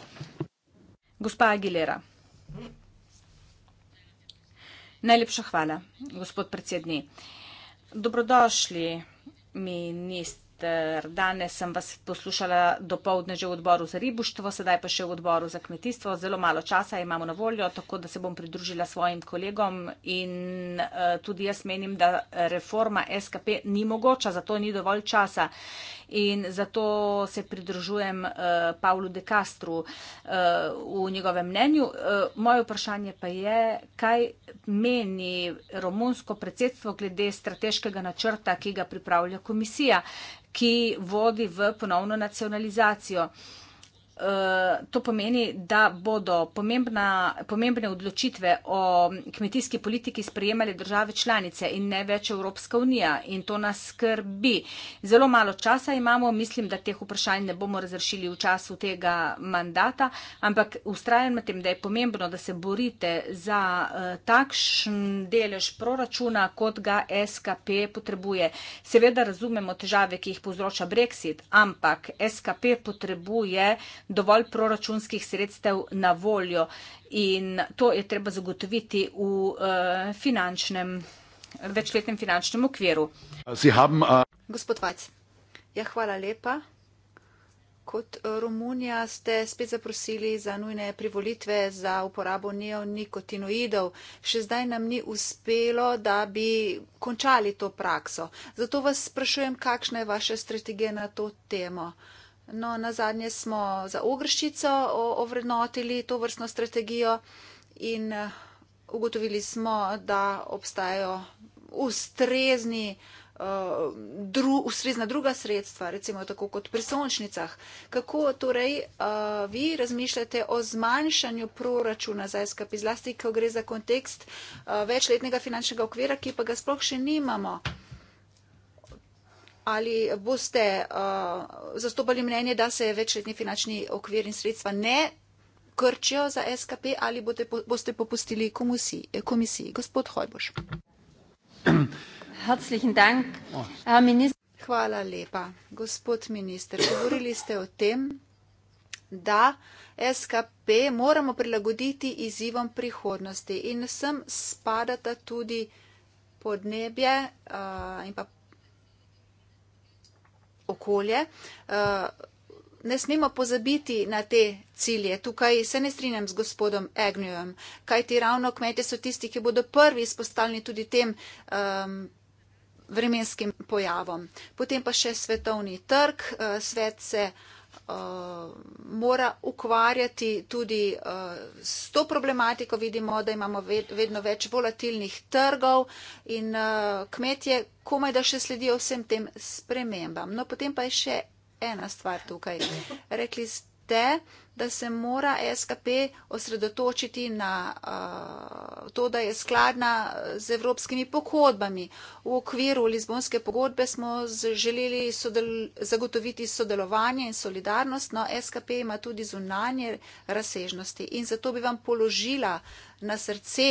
Gospa Aguilera. Najlepša hvala, gospod predsednik. Dobrodošli, minister. Danes sem vas poslušala do povdne že v odboru za ribuštvo, sedaj pa še v odboru za kmetijstvo. Zelo malo časa imamo na voljo, tako da se bom pridružila svojim kolegom in uh, tudi jaz menim, da eh, reforma SKP ni mogoča, zato ni dovolj časa in zato se pridružujem uh, Pavlu De Castru uh, v njegovem mnenju. Uh, moje vprašanje pa je, kaj meni romunsko predsedstvo glede strateškega načrta, ki ga pripravlja komisija, ki vodi v ponovno nacionalizacijo. Uh, Eh, to pomeni, da bodo pomembna, pomembne odločitve o kmetijski politiki sprejemali države članice in ne več Evropska unija. In to nas skrbi. Zelo malo časa imamo, mislim, da teh vprašanj ne bomo razrešili v času tega mandata, ampak ustrajam na tem, da je pomembno, da se borite za uh, takšen delež proračuna, kot ga SKP potrebuje. Seveda razumemo težave, ki jih povzroča Brexit, ampak SKP potrebuje dovolj proračunskih sredstev na voljo in to je treba zagotoviti v eh, finančnem, večletnem finančnem okviru. Haben, uh... Gospod Vac, ja hvala lepa. Kot eh, Romunija ste spet zaprosili za nujne privolitve za uporabo neonikotinoidov. Še zdaj nam ni uspelo, da bi končali to prakso. Zato vas sprašujem, kakšna je vaša strategija na to temo. Uh, No, na zadnje smo za ogrščico ovrednotili to vrstno strategijo in eh, ugotovili smo, da obstajajo ustrezni, eh, dru, ustrezna druga sredstva, recimo tako kot pri sončnicah. Kako torej eh, vi razmišljate o zmanjšanju proračuna za SKP, zlasti, ko gre za kontekst večletnega finančnega okvira, ki pa ga sploh še nimamo? ali boste uh, zastopali mnenje, da se večletni finančni okvir in sredstva ne krčijo za SKP ali boste, boste popustili komisiji, komisiji. Gospod Hojboš. Hvala lepa, gospod minister. Govorili ste o tem, da SKP moramo prilagoditi izzivom prihodnosti in sem spadata tudi podnebje uh, in pa okolje. Eh, ne smemo pozabiti na te cilje. Tukaj se ne strinjam z gospodom Agnewem, kajti ravno kmetje so tisti, ki bodo prvi izpostavljeni tudi tem um, vremenskim pojavom. Potem pa še svetovni trg. Eh, svet se Eh, mora ukvarjati tudi eh, s to problematiko. Vidimo, da imamo vedno več volatilnih trgov in eh, kmetje komaj da še sledijo vsem tem spremembam. No, potem pa je še ena stvar tukaj. Rekli ste, te, da se mora SKP osredotočiti na uh, to, da je skladna z evropskimi pogodbami. V okviru Lizbonske pogodbe smo želeli sodel zagotoviti sodelovanje in solidarnost, no SKP ima tudi zunanje razsežnosti in zato bi vam položila na srce,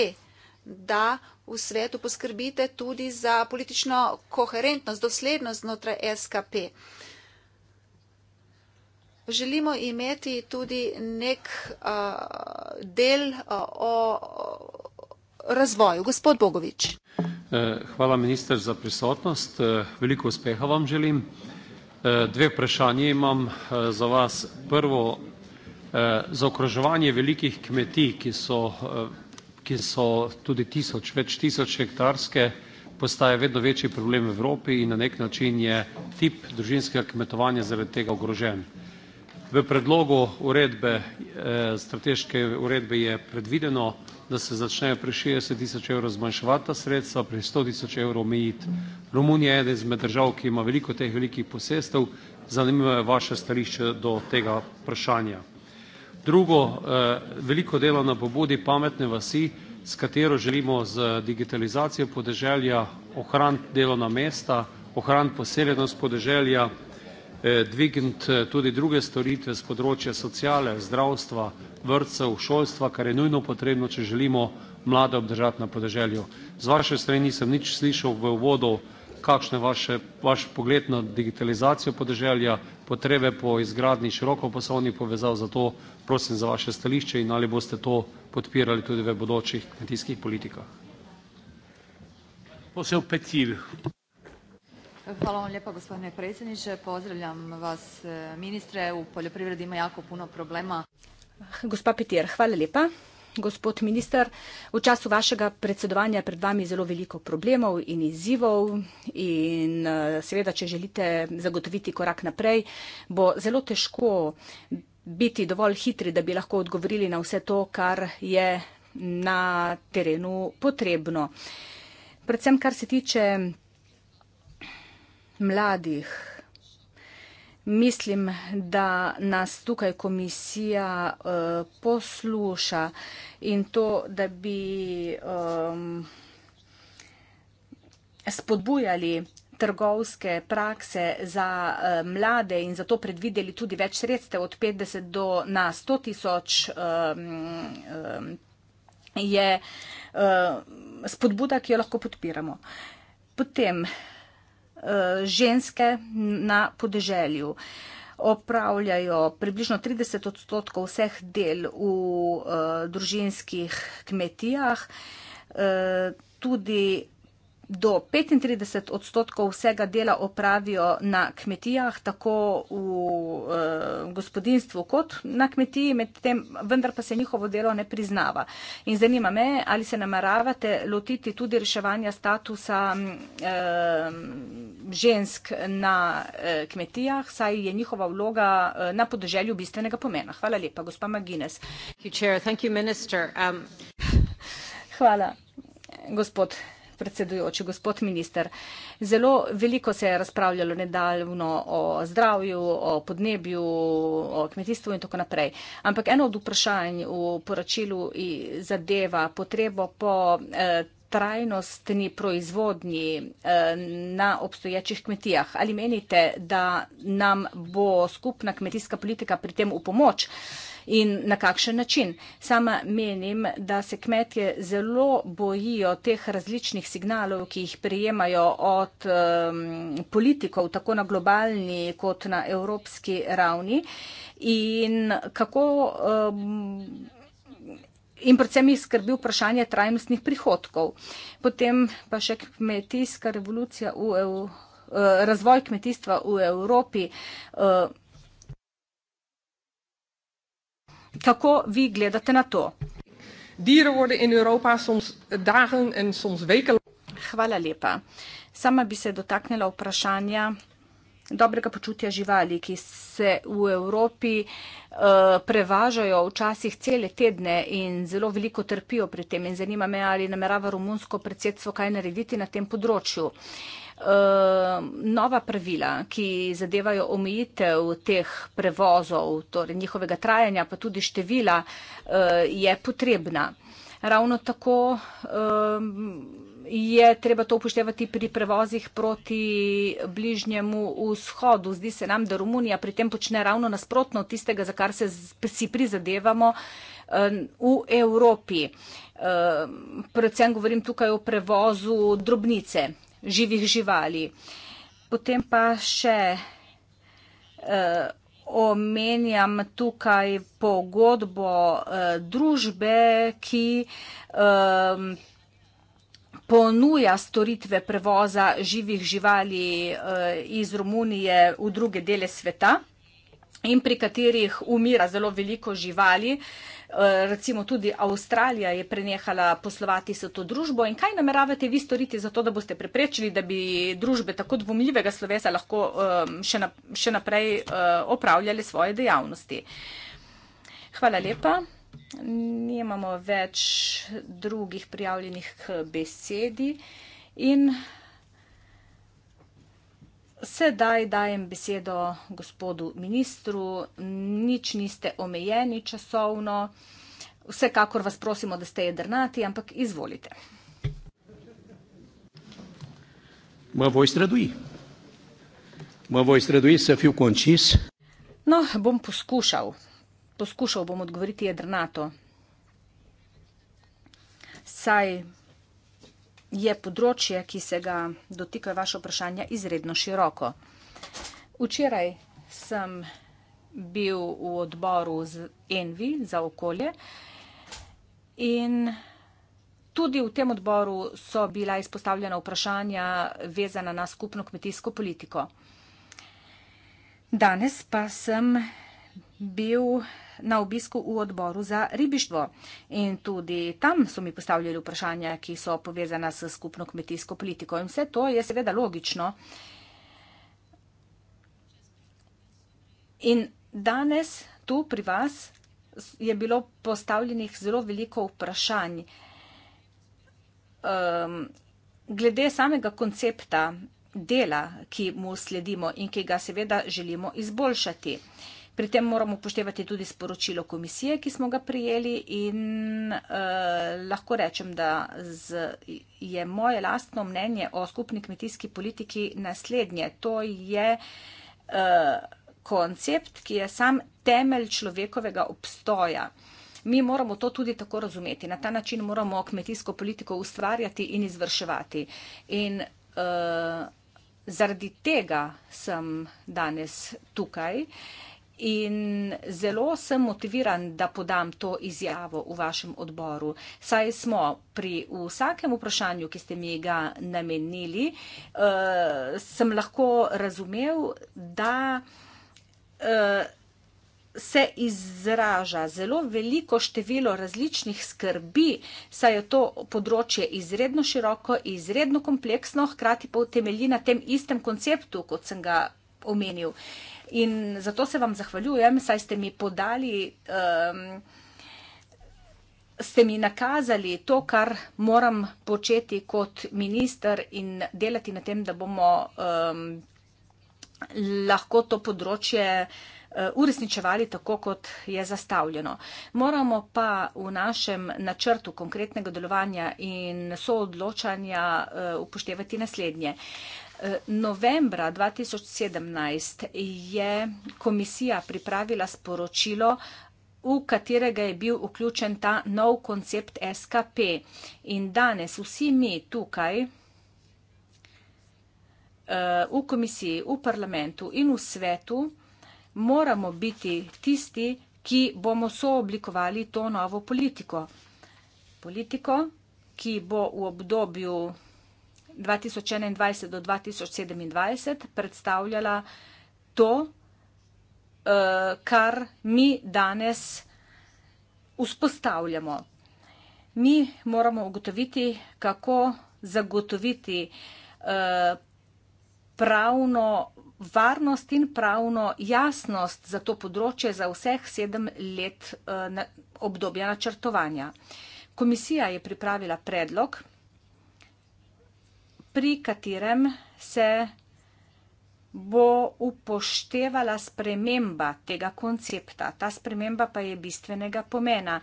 da v svetu poskrbite tudi za politično koherentnost, doslednost znotraj SKP. Uh, želimo imeti tudi nek a, del a, o razvoju. Gospod Bogovič. Eh, hvala, minister, za prisotnost. Eh, veliko uspeha vam želim. Eh, dve vprašanje imam za vas. Prvo, za okroževanje velikih kmetij, ki so, ki so tudi tisoč, več tisoč hektarske, postaje vedno večji problem v Evropi in na nek način je tip družinskega kmetovanja zaradi tega ogrožen. V predlogu uredbe, eh, strateške uredbe je predvideno, da se začnejo pri 60 tisoč evrov zmanjševati ta sredstva, pri 100 tisoč evrov omejiti. Romunija je ena izmed držav, ki ima veliko teh velikih posestev. Zanimivo je vaše stališče do tega vprašanja. Drugo, eh, veliko dela na pobudi pametne vasi, s katero želimo z digitalizacijo podeželja ohraniti delovna mesta, ohraniti poseljenost podeželja, Eh, dvigniti eh, tudi druge storitve s področja sociale, zdravstva, vrtcev, šolstva, kar je nujno potrebno, če želimo mlade obdržati na podeželju. Z vaše strani sem nič slišal v uvodu, kakšen je vaše, vaš pogled na digitalizacijo podeželja, potrebe po izgradnji širokopasovnih povezav, zato prosim za vaše stališče in ali boste to podpirali tudi v bodočih kmetijskih politikah. Posel petir. Hvala vam lijepa gospodine predsjedniče. Pozdravljam vas e, ministre. U poljoprivredi ima jako puno problema. Gospa Petir, hvala lijepa. Gospod minister, v času vašega predsedovanja pred vami je zelo veliko problemov in izzivov in e, seveda, če želite zagotoviti korak naprej, bo zelo težko biti dovolj hitri, da bi lahko odgovorili na vse to, kar je na terenu potrebno. Predvsem, kar se tiče mladih. Mislim, da nas tukaj komisija uh, posluša in to, da bi um, spodbujali trgovske prakse za uh, mlade in zato predvideli tudi več sredstev od 50 do na 100 tisoč um, um, je uh, spodbuda, ki jo lahko podpiramo. Potem uh, Eh, ženske na podeželju opravljajo približno 30 odstotkov vseh del v eh, družinskih kmetijah. Eh, tudi do 35 odstotkov vsega dela opravijo na kmetijah, tako v e, eh, gospodinstvu kot na kmetiji, tem, vendar pa se njihovo delo ne priznava. In zanima me, ali se nameravate lotiti tudi reševanja statusa e, žensk na e, kmetijah, saj je njihova vloga na podeželju bistvenega pomena. Hvala lepa, gospa Magines. Um, Hvala, gospod predsedujoči, gospod minister. Zelo veliko se je razpravljalo nedaljno o zdravju, o podnebju, o kmetijstvu in tako naprej. Ampak eno od vprašanj v poročilu zadeva potrebo po eh, trajnostni proizvodnji eh, na obstoječih kmetijah. Ali menite, da nam bo skupna kmetijska politika pri tem v pomoč? in na kakšen način. Sama menim, da se kmetje zelo bojijo teh različnih signalov, ki jih prijemajo od um, politikov, tako na globalni kot na evropski ravni. In kako. Um, In predvsem jih skrbi vprašanje trajnostnih prihodkov. Potem pa še kmetijska revolucija, v EU, eh, razvoj kmetijstva v Evropi. Eh, Kako vi gledate na to? Dieren worden in Europa soms dagen en soms weken. Hvala lepa. Sama bi se dotaknila vprašanja dobrega počutja živali, ki se v Evropi uh, prevažajo včasih cele tedne in zelo veliko trpijo pri tem. In zanima me, ali namerava romunsko predsedstvo kaj narediti na tem področju. Uh, Ehm, nova pravila, ki zadevajo omejitev teh prevozov, torej njihovega trajanja, pa tudi števila, eh, je potrebna. Ravno tako ehm, je treba to upoštevati pri prevozih proti bližnjemu vzhodu. Zdi se nam, da Romunija pri tem počne ravno nasprotno od tistega, za kar se si prizadevamo ehm, v Evropi. Predvsem govorim tukaj o prevozu drobnice živih živali. Potem pa še eh, omenjam tukaj pogodbo eh, družbe, ki eh, ponuja storitve prevoza živih živali eh, iz Romunije v druge dele sveta in pri katerih umira zelo veliko živali. Eh, Eh, recimo tudi Avstralija je prenehala poslovati s to družbo in kaj nameravate vi storiti za to, da boste preprečili, da bi družbe tako dvomljivega slovesa lahko ehm, še, na, še naprej eh, opravljali svoje dejavnosti. Hvala lepa. Nimamo več drugih prijavljenih k besedi. In uh, Sedaj dajem besedo gospodu ministru. Nič niste omejeni časovno. Vsekakor vas prosimo, da ste jedrnati, ampak izvolite. Moj voj straduji. Moj voj straduji, se fil končis. No, bom poskušal. Poskušal bom odgovoriti jedrnato. Saj je področje, ki se ga dotika vaše vprašanje, izredno široko. Včeraj sem bil v odboru z Envi za okolje in tudi v tem odboru so bila izpostavljena vprašanja vezana na skupno kmetijsko politiko. Danes pa sem bil na obisku v odboru za ribištvo. In tudi tam so mi postavljali vprašanja, ki so povezana s skupno kmetijsko politiko. In vse to je seveda logično. In danes tu pri vas je bilo postavljenih zelo veliko vprašanj. Um, glede samega koncepta dela, ki mu sledimo in ki ga seveda želimo izboljšati. Uh, Pri tem moramo upoštevati tudi sporočilo komisije, ki smo ga prijeli in eh, lahko rečem, da z, je moje lastno mnenje o skupni kmetijski politiki naslednje. To je eh, koncept, ki je sam temelj človekovega obstoja. Mi moramo to tudi tako razumeti. Na ta način moramo kmetijsko politiko ustvarjati in izvrševati. In eh, zaradi tega sem danes tukaj. In zelo sem motiviran, da podam to izjavo v vašem odboru. Saj smo pri vsakem vprašanju, ki ste mi ga namenili, uh, sem lahko razumel, da uh, se izraža zelo veliko število različnih skrbi, saj je to področje izredno široko, izredno kompleksno, hkrati pa temelji na tem istem konceptu, kot sem ga omenil. Uh, In zato se vam zahvaljujem, saj ste mi podali, um, ste mi nakazali to, kar moram početi kot minister in delati na tem, da bomo um, lahko to področje e, uresničevali tako, kot je zastavljeno. Moramo pa v našem načrtu konkretnega delovanja in soodločanja e, upoštevati naslednje. Uh, Eh, novembra 2017 je komisija pripravila sporočilo, v katerega je bil vključen ta nov koncept SKP. In danes vsi mi tukaj eh, v komisiji, v parlamentu in v svetu moramo biti tisti, ki bomo sooblikovali to novo politiko. Politiko, ki bo v obdobju 2021 do 2027 predstavljala to, eh, kar mi danes vzpostavljamo. Mi moramo ugotoviti, kako zagotoviti eh, pravno varnost in pravno jasnost za to področje za vseh sedem let eh, obdobja načrtovanja. Komisija je pripravila predlog, pri katerem se bo upoštevala sprememba tega koncepta. Ta sprememba pa je bistvenega pomena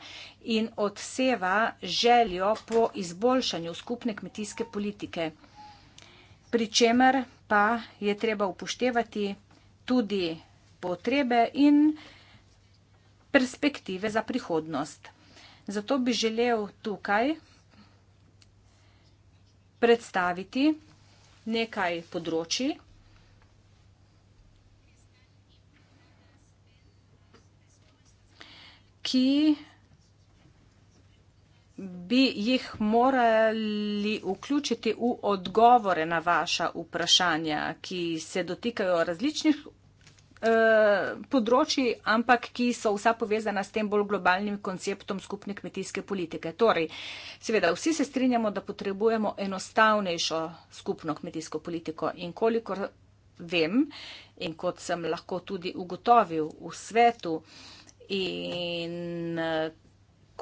in odseva željo po izboljšanju skupne kmetijske politike, pri čemer pa je treba upoštevati tudi potrebe in perspektive za prihodnost. Zato bi želel tukaj predstaviti nekaj področji, ki bi jih morali vključiti v odgovore na vaša vprašanja, ki se dotikajo različnih Eh, področji, ampak ki so vsa povezana s tem bolj globalnim konceptom skupne kmetijske politike. Torej, seveda, vsi se strinjamo, da potrebujemo enostavnejšo skupno kmetijsko politiko in kolikor vem in kot sem lahko tudi ugotovil v svetu in eh,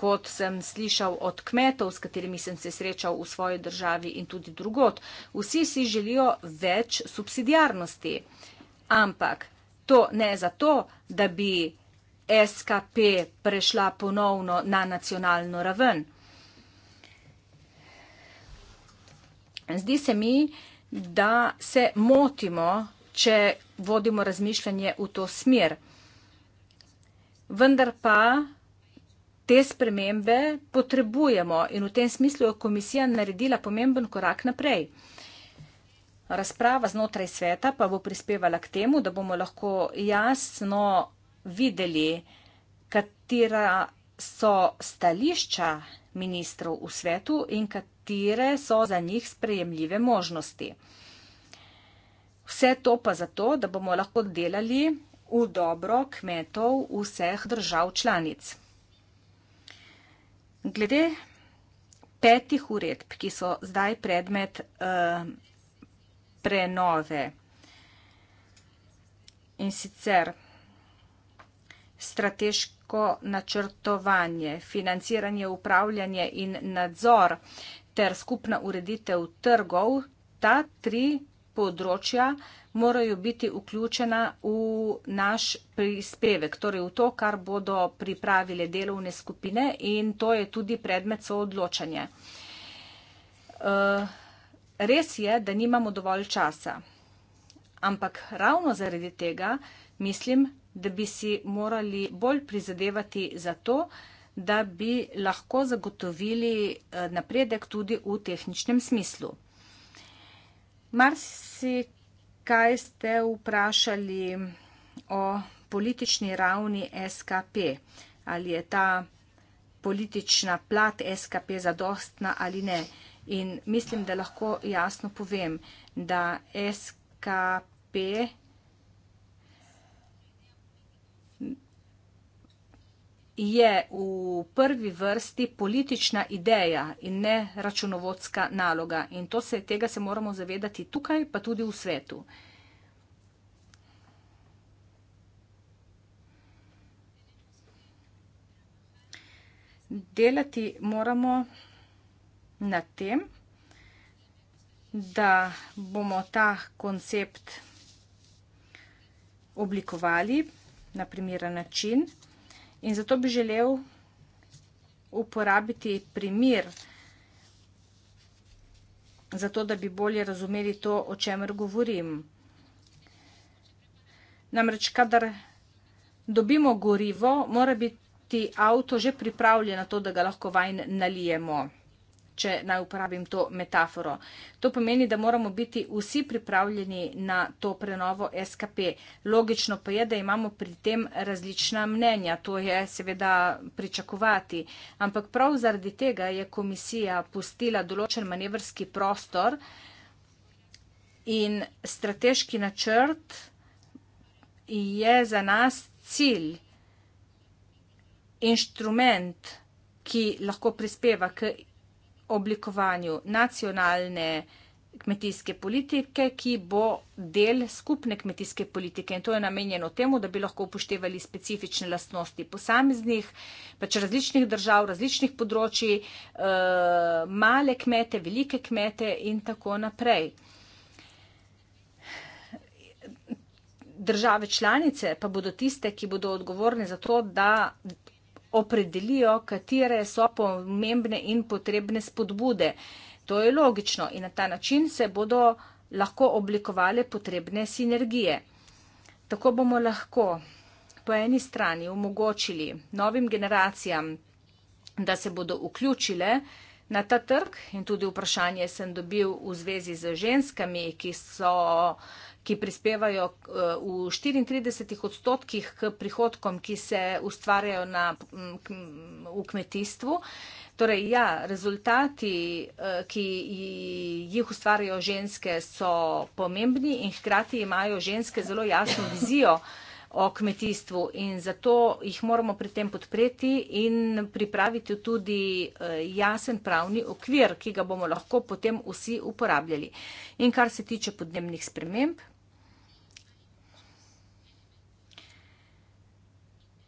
kot sem slišal od kmetov, s katerimi sem se srečal v svoji državi in tudi drugot, vsi si želijo več subsidijarnosti. Ampak to ne zato, da bi SKP prešla ponovno na nacionalno raven. Zdi se mi, da se motimo, če vodimo razmišljanje v to smer. Vendar pa te spremembe potrebujemo in v tem smislu je komisija naredila pomemben korak naprej. Razprava znotraj sveta pa bo prispevala k temu, da bomo lahko jasno videli, katera so stališča ministrov v svetu in katere so za njih sprejemljive možnosti. Vse to pa zato, da bomo lahko delali v dobro kmetov vseh držav članic. Glede petih uredb, ki so zdaj predmet uh, prenove. In sicer strateško načrtovanje, financiranje, upravljanje in nadzor ter skupna ureditev trgov, ta tri področja morajo biti vključena v naš prispevek, torej v to, kar bodo pripravile delovne skupine in to je tudi predmet soodločanja. Uh, Res je, da nimamo dovolj časa. Ampak ravno zaradi tega mislim, da bi si morali bolj prizadevati za to, da bi lahko zagotovili eh, napredek tudi v tehničnem smislu. Marsi, kaj ste vprašali o politični ravni SKP? Ali je ta politična plat SKP zadostna ali ne? In mislim, da lahko jasno povem, da SKP je v prvi vrsti politična ideja in ne računovodska naloga. In to se, tega se moramo zavedati tukaj, pa tudi v svetu. Delati moramo na tem, da bomo ta koncept oblikovali na primeren način in zato bi želel uporabiti primer, zato da bi bolje razumeli to, o čemer govorim. Namreč, kadar dobimo gorivo, mora biti avto že pripravljeno na to, da ga lahko vanj nalijemo če naj uporabim to metaforo. To pomeni, da moramo biti vsi pripravljeni na to prenovo SKP. Logično pa je, da imamo pri tem različna mnenja, to je seveda pričakovati. Ampak prav zaradi tega je komisija pustila določen manevrski prostor in strateški načrt je za nas cilj, inštrument, ki lahko prispeva k oblikovanju nacionalne kmetijske politike, ki bo del skupne kmetijske politike. In to je namenjeno temu, da bi lahko upoštevali specifične lastnosti posameznih, pač različnih držav, različnih področji, eh, male kmete, velike kmete in tako naprej. Države članice pa bodo tiste, ki bodo odgovorne za to, da opredelijo, katere so pomembne in potrebne spodbude. To je logično in na ta način se bodo lahko oblikovale potrebne sinergije. Tako bomo lahko po eni strani omogočili novim generacijam, da se bodo vključile na ta trg in tudi vprašanje sem dobil v zvezi z ženskami, ki so ki prispevajo eh, v 34 odstotkih k prihodkom, ki se ustvarjajo na, v kmetijstvu. Torej, ja, rezultati, eh, ki jih ustvarjajo ženske, so pomembni in hkrati imajo ženske zelo jasno vizijo o kmetijstvu in zato jih moramo pri tem podpreti in pripraviti tudi eh, jasen pravni okvir, ki ga bomo lahko potem vsi uporabljali. In kar se tiče podnebnih sprememb,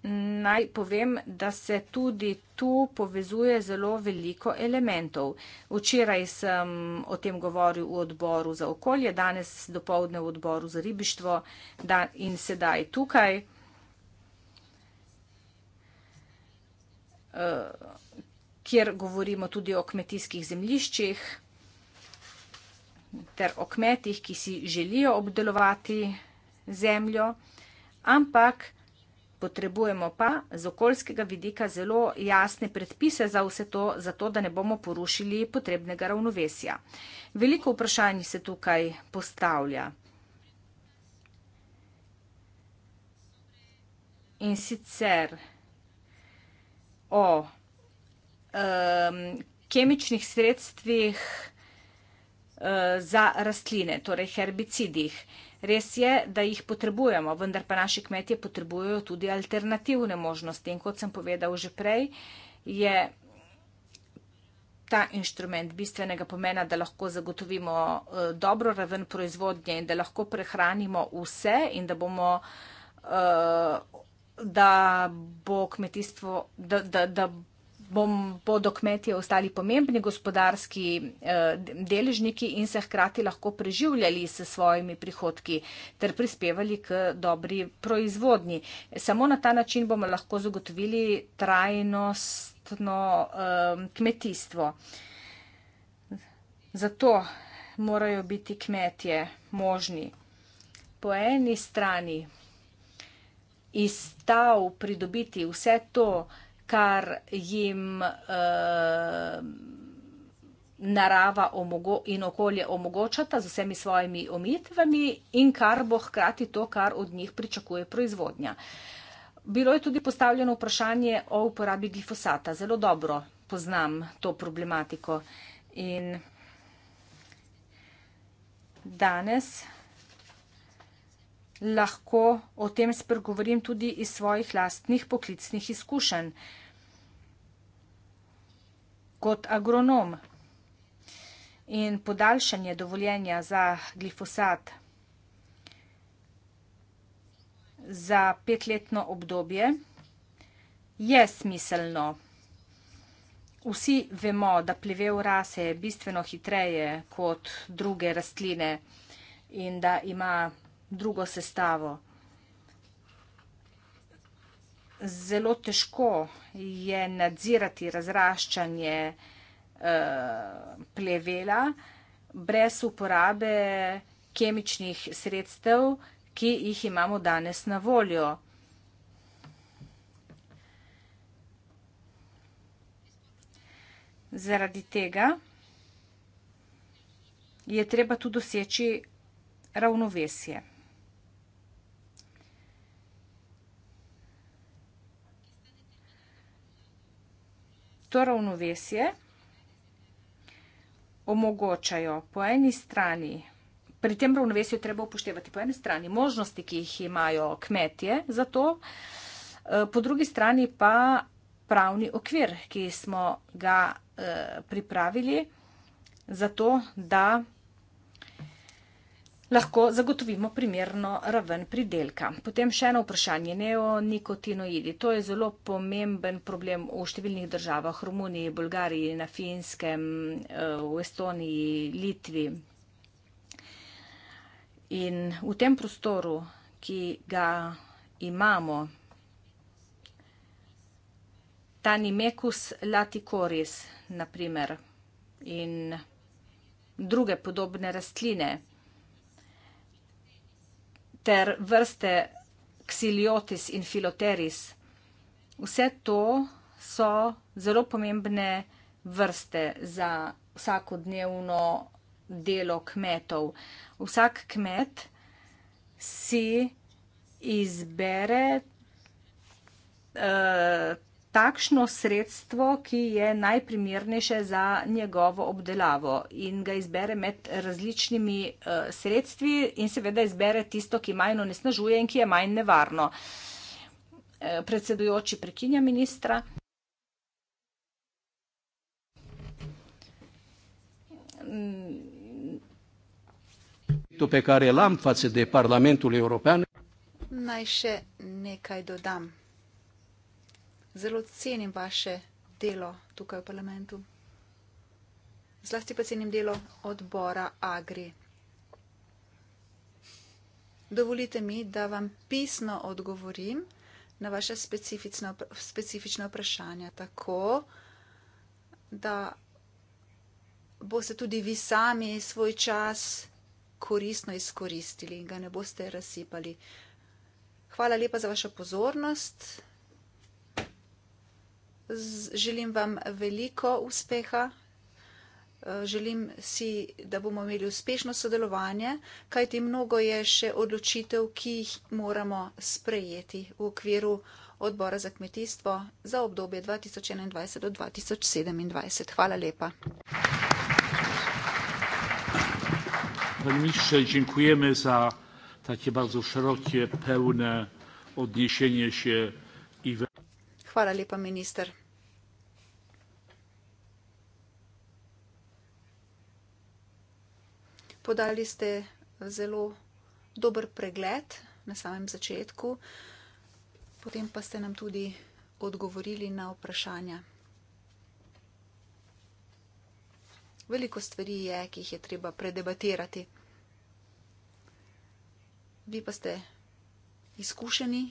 Naj povem, da se tudi tu povezuje zelo veliko elementov. Včeraj sem o tem govoril v odboru za okolje, danes dopoledne v odboru za ribištvo in sedaj tukaj. Eh, kjer govorimo tudi o kmetijskih zemljiščih ter o kmetih, ki si želijo obdelovati zemljo, ampak Potrebujemo pa z okoljskega vidika zelo jasne predpise za vse to, zato da ne bomo porušili potrebnega ravnovesja. Veliko vprašanj se tukaj postavlja. In sicer o um, kemičnih sredstvih uh, za rastline, torej herbicidih. Uh, Res je, da jih potrebujemo, vendar pa naši kmetje potrebujejo tudi alternativne možnosti. In kot sem povedal že prej, je ta inštrument bistvenega pomena, da lahko zagotovimo eh, dobro raven proizvodnje in da lahko prehranimo vse in da bomo. Eh, da bo kmetijstvo, da, da, da bom, bodo kmetje ostali pomembni gospodarski eh, deležniki in se hkrati lahko preživljali s svojimi prihodki ter prispevali k dobri proizvodnji. Samo na ta način bomo lahko zagotovili trajnostno eh, kmetijstvo. Zato morajo biti kmetje možni po eni strani iz stav pridobiti vse to, kar kar jim uh, narava omogo in okolje omogočata z vsemi svojimi omitvami in kar bo hkrati to, kar od njih pričakuje proizvodnja. Bilo je tudi postavljeno vprašanje o uporabi glifosata. Zelo dobro poznam to problematiko in danes lahko o tem spregovorim tudi iz svojih lastnih poklicnih izkušenj. Kot agronom in podaljšanje dovoljenja za glifosat za petletno obdobje je smiselno. Vsi vemo, da plevel rase bistveno hitreje kot druge rastline in da ima drugo sestavo. Zelo težko je nadzirati razraščanje eh, plevela brez uporabe kemičnih sredstev, ki jih imamo danes na voljo. Zaradi tega je treba tudi doseči ravnovesje. to ravnovesje omogočajo po eni strani, pri tem ravnovesju treba upoštevati po eni strani možnosti, ki jih imajo kmetje za to, eh, po drugi strani pa pravni okvir, ki smo ga eh, pripravili za to, da lahko zagotovimo primerno raven pridelka. Potem še eno vprašanje, neonikotinoidi. To je zelo pomemben problem v številnih državah, Romuniji, Bolgariji, na Finskem, eh, v Estoniji, Litvi. In v tem prostoru, ki ga imamo, Tanimekus laticoris, naprimer, in druge podobne rastline, ter vrste Xiliotis in Filoteris. Vse to so zelo pomembne vrste za vsakodnevno delo kmetov. Vsak kmet si izbere uh, takšno sredstvo, ki je najprimernejše za njegovo obdelavo in ga izbere med različnimi uh, sredstvi in seveda izbere tisto, ki manj onesnažuje in ki je manj nevarno. Uh, predsedujoči prekinja ministra. Naj še nekaj dodam zelo cenim vaše delo tukaj v parlamentu. Zlasti pa cenim delo odbora Agri. Dovolite mi, da vam pisno odgovorim na vaše specifične vprašanja, tako da boste tudi vi sami svoj čas koristno izkoristili in ga ne boste razsipali. Hvala lepa za vašo pozornost. Želim vam veliko uspeha. Eh, želim si, da bomo imeli uspešno sodelovanje, kajti mnogo je še odločitev, ki jih moramo sprejeti v okviru odbora za kmetijstvo za obdobje 2021 do 2027. Hvala lepa. Panie ministrze, dziękujemy za takie bardzo szerokie, pełne odniesienie się Hvala lepa, minister. Podali ste zelo dober pregled na samem začetku, potem pa ste nam tudi odgovorili na vprašanja. Veliko stvari je, ki jih je treba predebatirati. Vi pa ste izkušeni,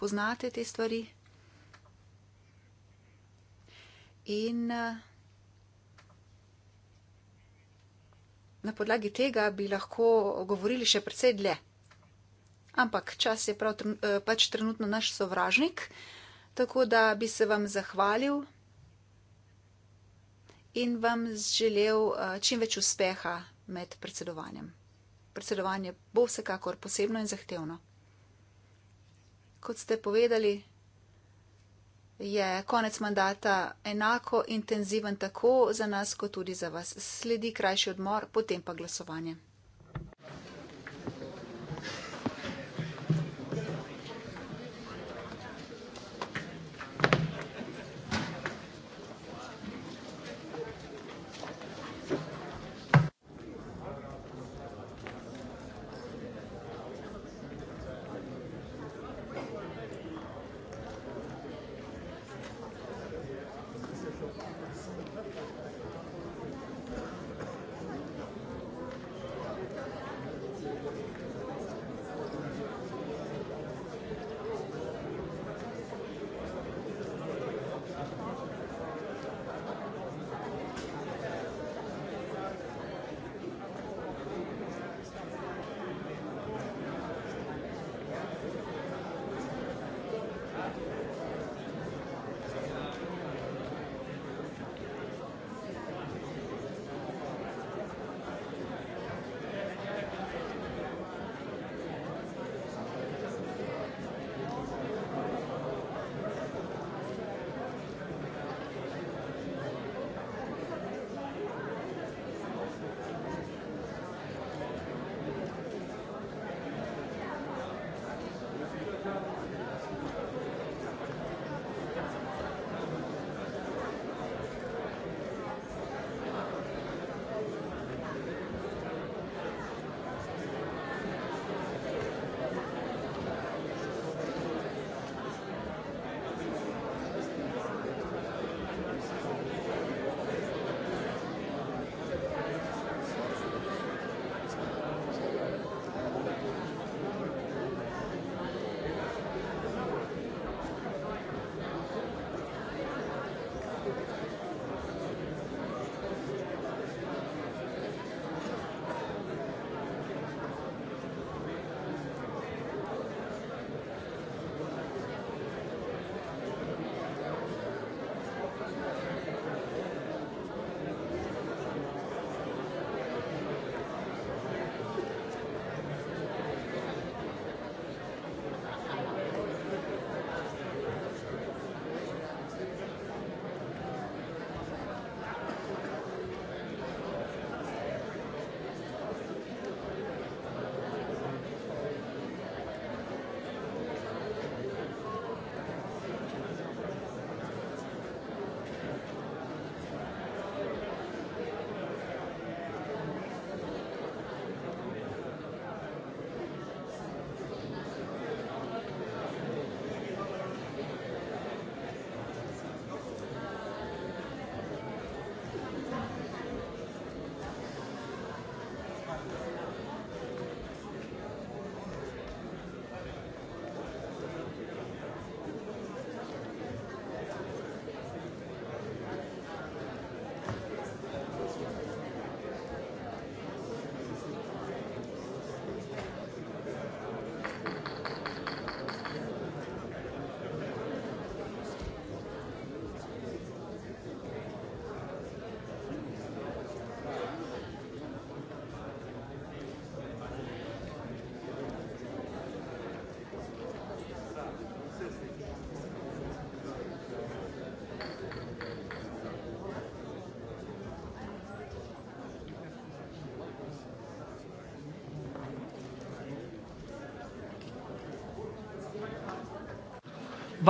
poznate te stvari. In eh, na podlagi tega bi lahko govorili še predvsej dlje. Ampak čas je prav, eh, pač trenutno naš sovražnik, tako da bi se vam zahvalil in vam želel eh, čim več uspeha med predsedovanjem. Predsedovanje bo vsekakor posebno in zahtevno. Kot ste povedali, je konec mandata enako intenziven tako za nas, kot tudi za vas. Sledi krajši odmor, potem pa glasovanje.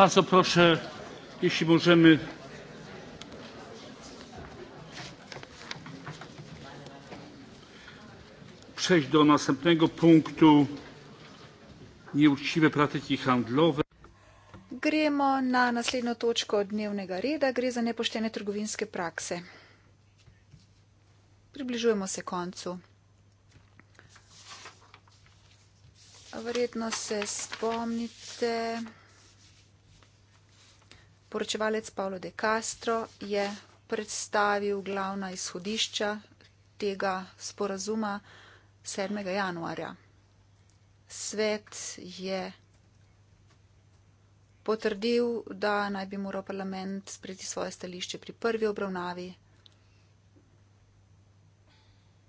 Bardzo proszę, jeśli możemy. Przejść do następnego punktu. Nieuczciwe praktyki handlowe. Gremo na następną toczkę dniewnego reda. Gry za niepoczciane trgowinskie prakse. Približujemo se koncu. Verjetno se spomnite. Poročevalec Pavlo de Castro je predstavil glavna izhodišča tega sporazuma 7. januarja. Svet je potrdil, da naj bi moral parlament sprejeti svoje stališče pri prvi obravnavi.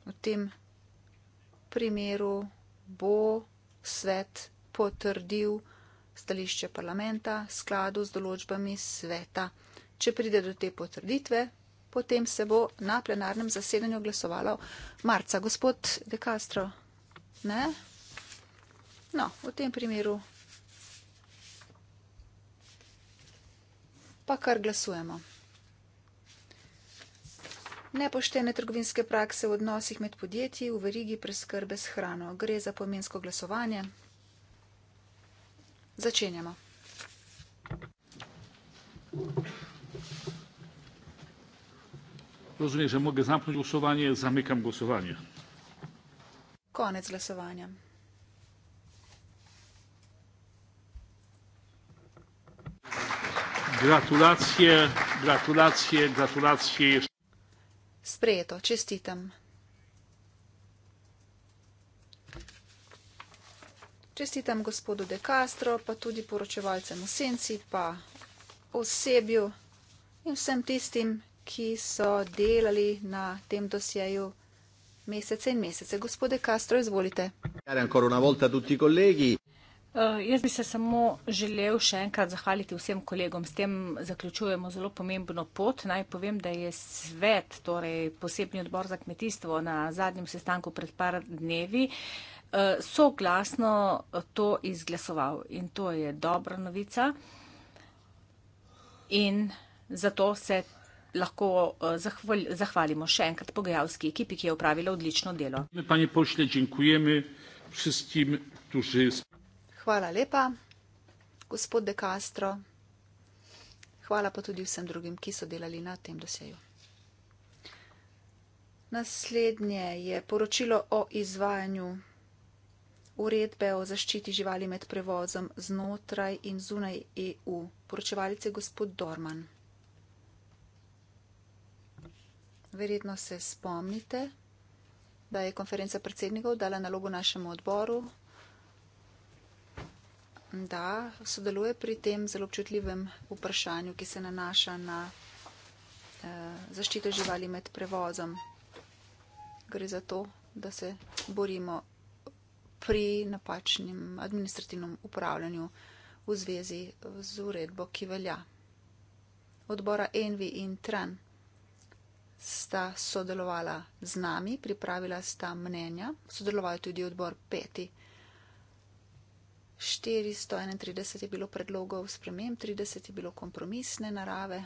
V tem primeru bo svet potrdil, da stališče parlamenta skladu z določbami sveta. Če pride do te potrditve, potem se bo na plenarnem zasedanju glasovalo marca. Gospod De Castro, ne? No, v tem primeru pa kar glasujemo. Nepoštene trgovinske prakse v odnosih med podjetji v verigi preskrbe s hrano. Gre za pomensko glasovanje. Začenjamo. Rozumem, že mogę zamknąć głosowanie. Zamykam głosowanie. Koniec głosowania. Gratulacje, gratulacje, gratulacje. Sprejeto, czystitam. čestitam gospodu De Castro, pa tudi poročevalcem v senci, pa osebju in vsem tistim, ki so delali na tem dosjeju mesece in mesece. Gospode Castro, izvolite. Uh, jaz bi se samo želel še enkrat zahvaliti vsem kolegom. S tem zaključujemo zelo pomembno pot. Naj povem, da je svet, torej posebni odbor za kmetijstvo na zadnjem sestanku pred par dnevi, uh, Eh, soglasno to izglasoval in to je dobra novica. In zato se lahko eh, zahval, zahvalimo še enkrat pogajalski ekipi, ki je upravila odlično delo. Hvala lepa, gospod De Castro. Hvala pa tudi vsem drugim, ki so delali na tem doseju. Naslednje je poročilo o izvajanju uredbe o zaščiti živali med prevozom znotraj in zunaj EU. Poročevalec je gospod Dorman. Verjetno se spomnite, da je konferenca predsednikov dala nalogo našemu odboru, da sodeluje pri tem zelo občutljivem vprašanju, ki se nanaša na eh, zaščito živali med prevozom. Gre za to, da se borimo pri napačnem administrativnem upravljanju v zvezi z uredbo, ki velja. Odbora Envi in Tren sta sodelovala z nami, pripravila sta mnenja, sodelovala tudi odbor peti. 431 je bilo predlogov sprememb, 30 je bilo kompromisne narave.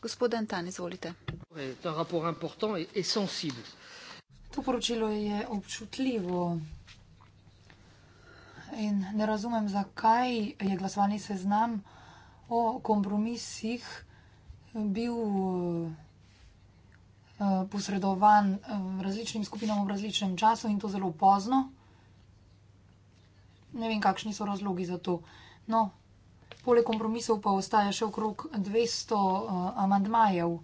Gospod Antan, izvolite. Oui, To poročilo je občutljivo in ne razumem, zakaj je glasovalni seznam o kompromisih bil eh, posredovan eh, različnim skupinam v različnem času in to zelo pozno. Ne vem, kakšni so razlogi za to. No, poleg kompromisov pa ostaja še okrog 200 eh, amandmajev.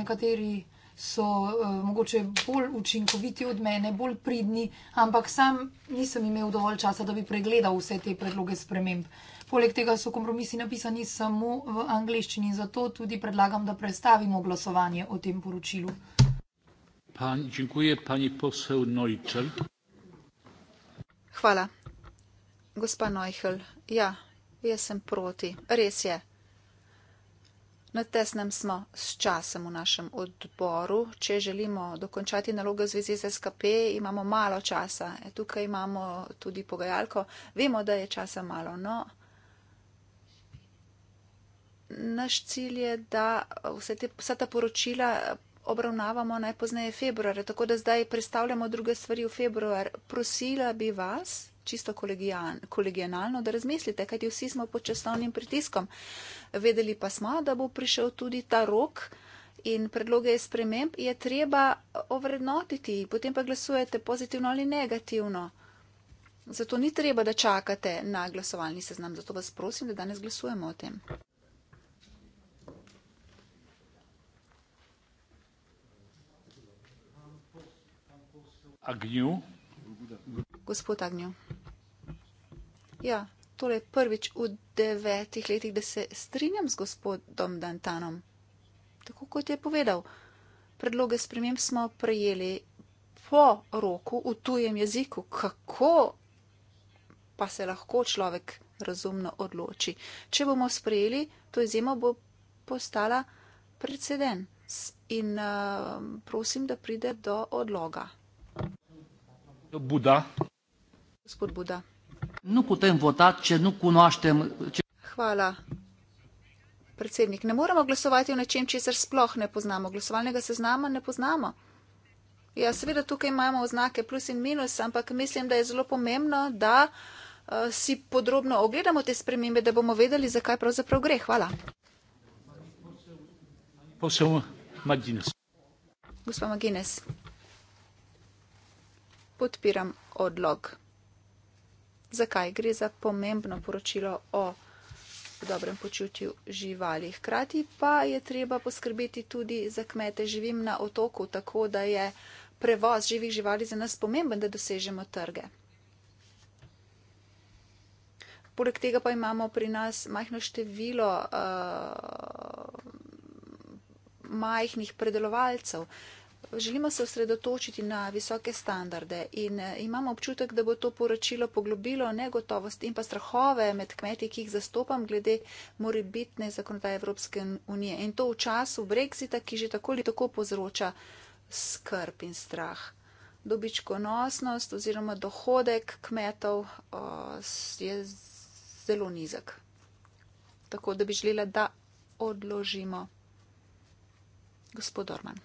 Nekateri razlogi so uh, mogoče bolj učinkoviti od mene, bolj pridni, ampak sam nisem imel dovolj časa, da bi pregledal vse te predloge sprememb. Poleg tega so kompromisi napisani samo v angleščini in zato tudi predlagam, da predstavimo glasovanje o tem poročilu. Pan, dziękuję, pani posel Neuchel. Hvala. Gospa Neuchel, ja, jaz sem proti. Res je. Na tesnem smo s časem v našem odboru. Če želimo dokončati nalogo v zvezi z SKP, imamo malo časa. E, tukaj imamo tudi pogajalko. Vemo, da je časa malo. No. Naš cilj je, da vse te, vsa ta poročila obravnavamo najpoznaje februarja, tako da zdaj predstavljamo druge stvari v februar. Prosila bi vas, čisto kolegijalno, da razmislite, kajti vsi smo pod časovnim pritiskom. Vedeli pa smo, da bo prišel tudi ta rok in predloge sprememb je treba ovrednotiti, potem pa glasujete pozitivno ali negativno. Zato ni treba, da čakate na glasovalni seznam. Zato vas prosim, da danes glasujemo o tem. Agnew. Gospod Agnew. Ja, tole je prvič v devetih letih, da se strinjam z gospodom Dantanom. Tako kot je povedal, predloge sprememb smo prejeli po roku v tujem jeziku. Kako pa se lahko človek razumno odloči? Če bomo sprejeli, to izjemo bo postala precedens in uh, prosim, da pride do odloga. Buda. Gospod Buda. Nu putem vota, če nu cunoaștem... Če... Hvala. Predsednik, ne moremo glasovati o nečem, če se sploh ne poznamo. Glasovalnega seznama ne poznamo. Ja, seveda tukaj imamo oznake plus in minus, ampak mislim, da je zelo pomembno, da uh, si podrobno ogledamo te spremembe, da bomo vedeli, zakaj pravzaprav gre. Hvala. Posel Magines. Gospa Magines, podpiram odlog zakaj gre za pomembno poročilo o dobrem počutju živali. Hkrati pa je treba poskrbeti tudi za kmete. Živim na otoku, tako da je prevoz živih živali za nas pomemben, da dosežemo trge. Poleg tega pa imamo pri nas majhno število uh, majhnih predelovalcev. Želimo se osredotočiti na visoke standarde in eh, imamo občutek, da bo to poročilo poglobilo negotovost in pa strahove med kmeti, ki jih zastopam, glede morebitne zakonodaje Evropske unije. In to v času brexita, ki že tako ali tako povzroča skrb in strah. Dobičkonosnost oziroma dohodek kmetov o, je zelo nizek. Tako da bi želela, da odložimo. Gospod Orman.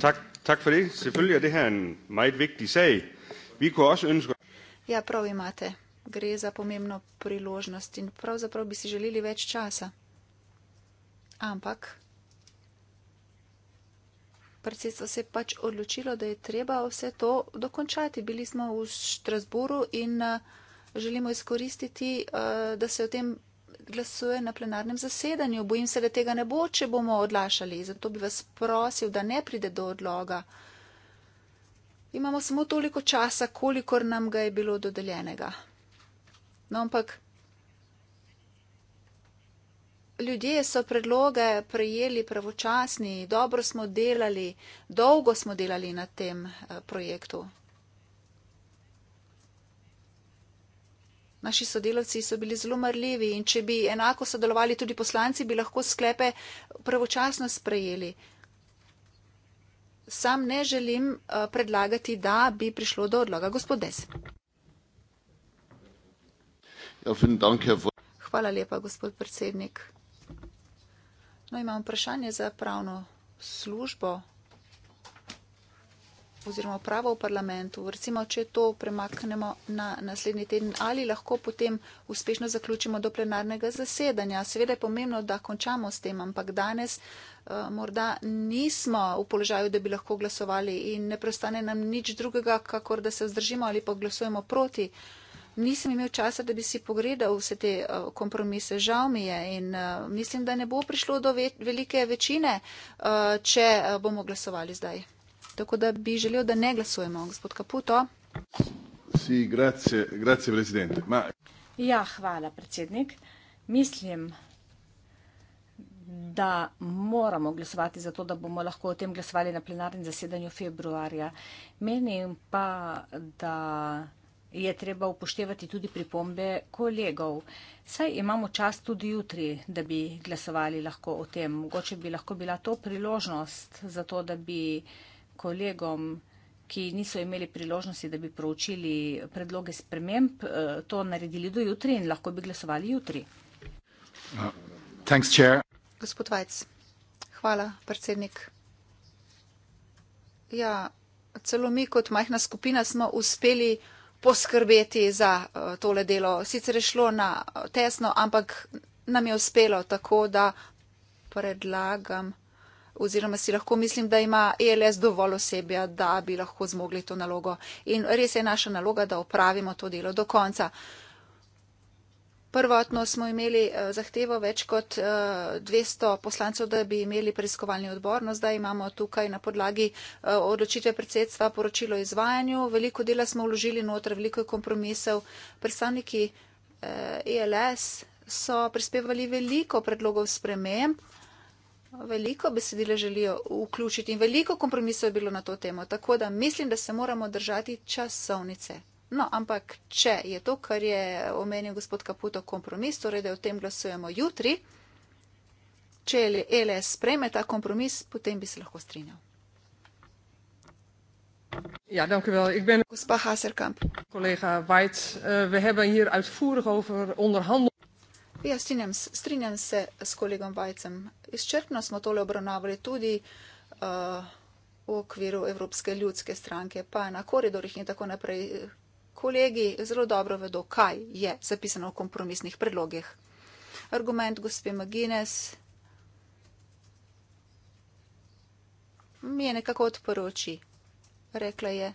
Tak, tak for det. Selvfølgelig er det her en meget vigtig sag. Vi kunne også ønske... Ja, prav imate. Gre za pomembno priložnost in pravzaprav bi si želeli več časa. Ampak predsedstvo se je pač odločilo, da je treba vse to dokončati. Bili smo v Štrasburu in eh, želimo izkoristiti, eh, da se o tem glasuje na plenarnem zasedanju. Bojim se, da tega ne bo, če bomo odlašali. Zato bi vas prosil, da ne pride do odloga. Imamo samo toliko časa, kolikor nam ga je bilo dodeljenega. No, ampak ljudje so predloge prejeli pravočasni, dobro smo delali, dolgo smo delali na tem eh, projektu. Naši sodelavci so bili zelo marljivi in če bi enako sodelovali tudi poslanci, bi lahko sklepe pravočasno sprejeli. Sam ne želim eh, predlagati, da bi prišlo do odloga. Gospod Des. Ja, Hvala lepa, gospod predsednik. No, imam vprašanje za pravno službo oziroma pravo v parlamentu, recimo, če to premaknemo na naslednji teden, ali lahko potem uspešno zaključimo do plenarnega zasedanja. Seveda je pomembno, da končamo s tem, ampak danes eh, morda nismo v položaju, da bi lahko glasovali in ne prestane nam nič drugega, kakor da se vzdržimo ali pa glasujemo proti. Nisem imel časa, da bi si pogledal vse te eh, kompromise. Žal mi je in eh, mislim, da ne bo prišlo do ve velike večine, če bomo glasovali zdaj tako da bi želel, da ne glasujemo. Gospod Kaputo. Si, grazie, grazie, predsednik. Ma... Ja, hvala, predsednik. Mislim, da moramo glasovati za to, da bomo lahko o tem glasovali na plenarnem zasedanju februarja. Menim pa, da je treba upoštevati tudi pripombe kolegov. Saj imamo čas tudi jutri, da bi glasovali lahko o tem. Mogoče bi lahko bila to priložnost za to, da bi kolegom, ki niso imeli priložnosti, da bi proučili predloge sprememb, eh, to naredili do jutri in lahko bi glasovali jutri. Uh, Gospod Vajc, hvala, predsednik. Ja, celo mi kot majhna skupina smo uspeli poskrbeti za eh, tole delo. Sicer je šlo na tesno, ampak nam je uspelo tako, da predlagam oziroma si lahko mislim, da ima ELS dovolj osebja, da bi lahko zmogli to nalogo. In res je naša naloga, da opravimo to delo do konca. Prvotno smo imeli eh, zahtevo več kot 200 eh, poslancev, da bi imeli preiskovalni odbor. No, zdaj imamo tukaj na podlagi eh, odločitve predsedstva poročilo o izvajanju. Veliko dela smo vložili noter, veliko je kompromisev. Predstavniki ELS e so prispevali veliko predlogov spremem. Veliko besedila želijo vključiti in veliko kompromisov je bilo na to temo, tako da mislim, da se moramo držati časovnice. No, ampak če je to, kar je omenil gospod Kaputo kompromis, torej da o tem glasujemo jutri, če LS sprejme ta kompromis, potem bi se lahko strinjal. Ja, dank u wel. Ik ben... Gospa Haserkamp. Collega Weid, uh, eh, we hebben hier uitvoerig over onderhandeld. Ja, strinjam, strinjam se s kolegom Vajcem. Izčrpno smo tole obravnavali tudi uh, v okviru Evropske ljudske stranke, pa na koridorih in tako naprej. Kolegi zelo dobro vedo, kaj je zapisano v kompromisnih predlogih. Argument gospe Magines mi je nekako odprl oči. Rekla je,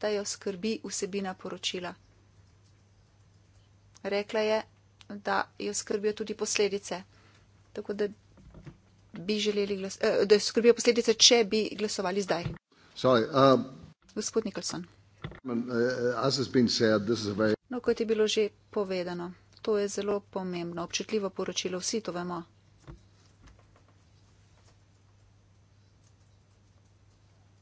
da jo skrbi vsebina poročila. Rekla je, da jo skrbijo tudi posledice. Tako da bi želeli, glas, eh, da jo skrbijo posledice, če bi glasovali zdaj. Sorry, uh, Gospod Nikolson. Um, uh, no, kot je bilo že povedano, to je zelo pomembno, občutljivo poročilo, vsi to vemo.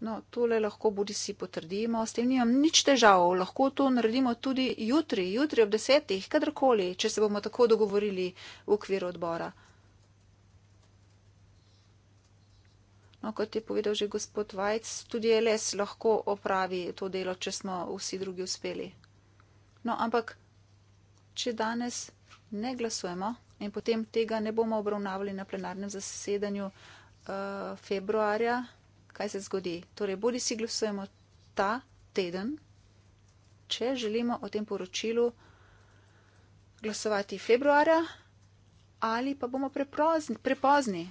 No, tole lahko bodi si potrdimo, s tem nimam nič težav, lahko to naredimo tudi jutri, jutri ob desetih, kadarkoli, če se bomo tako dogovorili v okviru odbora. No, kot je povedal že gospod Vajc, tudi LS lahko opravi to delo, če smo vsi drugi uspeli. No, ampak, če danes ne glasujemo in potem tega ne bomo obravnavali na plenarnem zasedanju uh, februarja, kaj se zgodi. Torej, bodi si glasujemo ta teden, če želimo o tem poročilu glasovati februarja, ali pa bomo prepozni. prepozni.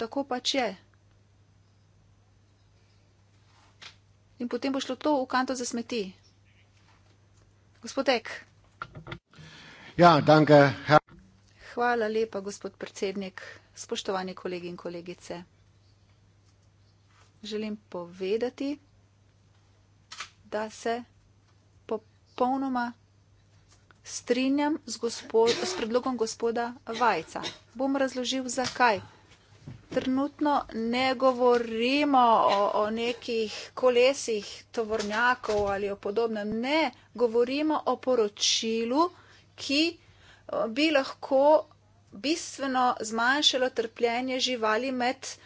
Tako pač je. In potem bo šlo to v kanto za smeti. Gospod Ek. Ja, danke. Hvala lepa, gospod predsednik, spoštovani kolegi in kolegice želim povedati, da se popolnoma strinjam z, gospod, z predlogom gospoda Vajca. Bom razložil, zakaj. Trenutno ne govorimo o, o nekih kolesih tovornjakov ali o podobnem. Ne govorimo o poročilu, ki eh, bi lahko bistveno zmanjšalo trpljenje živali med uh,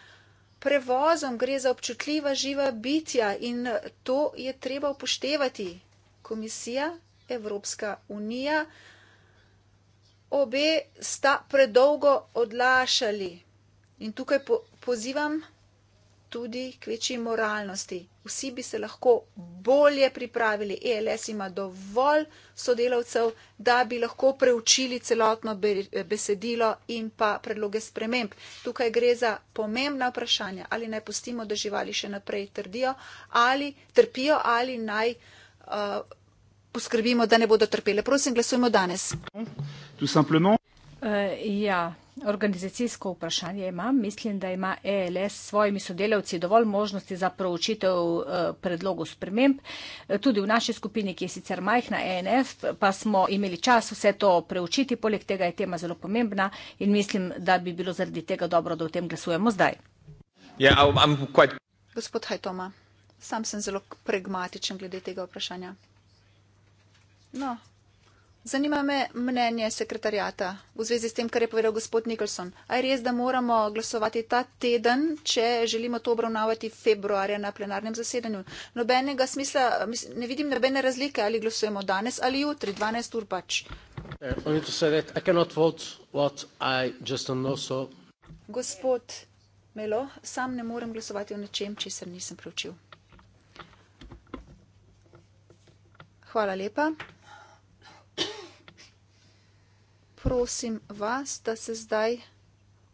prevozom, gre za občutljiva živa bitja in to je treba upoštevati. Komisija, Evropska unija, obe sta predolgo odlašali. In tukaj po pozivam tudi k večji moralnosti. Vsi bi se lahko bolje pripravili. ELS ima dovolj sodelavcev, da bi lahko preučili celotno besedilo in pa predloge sprememb. Tukaj gre za pomembna vprašanja, ali naj pustimo, da živali še naprej trdijo, ali trpijo, ali naj uh, poskrbimo, da ne bodo trpele. Prosim, glasujmo danes. Tu simplement. Eh, ja, organizacijsko vprašanje imam. Mislim, da ima ELS s svojimi sodelavci dovolj možnosti za proučitev eh, predlogov sprememb. Eh, tudi v naši skupini, ki je sicer majhna ENF, pa smo imeli čas vse to preučiti, poleg tega je tema zelo pomembna in mislim, da bi bilo zaradi tega dobro, da o tem glasujemo zdaj. Yeah, ja, quite... Gospod Hajtoma, sam sem zelo pragmatičen glede tega vprašanja. No, Zanima me mnenje sekretarjata v zvezi s tem, kar je povedal gospod Nikolson. A je res, da moramo glasovati ta teden, če želimo to obravnavati februarja na plenarnem zasedanju? Nobenega smisla, ne vidim nobene razlike, ali glasujemo danes ali jutri, 12 ur pač. Eh, gospod Melo, sam ne morem glasovati o nečem, če se nisem preučil. Hvala lepa prosim vas, da se zdaj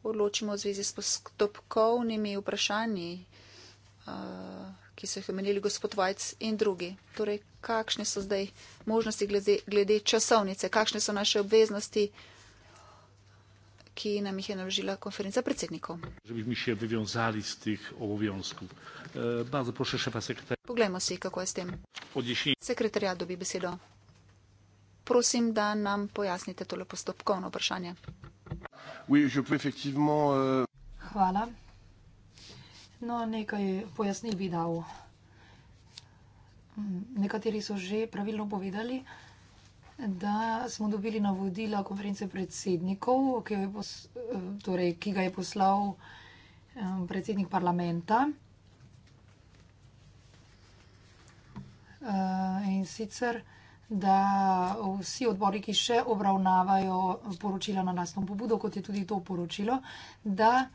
odločimo v zvezi s postopkovnimi vprašanji, uh, ki so jih omenili gospod Vajc in drugi. Torej, kakšne so zdaj možnosti glede, glede časovnice, kakšne so naše obveznosti, ki nam jih je naložila konferenca predsednikov. E, Poglejmo si, kako je s tem. Sekretarja dobi besedo prosim, da nam pojasnite tole postopkovno vprašanje. Euh, Hvala. No, nekaj pojasnil bi dal. Mm, nekateri so že pravilno povedali, da smo dobili navodila konference predsednikov, ki, je pos, eh, torej, ki ga je poslal eh, predsednik parlamenta. Eh, in sicer da vsi odbori, ki še obravnavajo poročila na lastno pobudo, kot je tudi to poročilo, da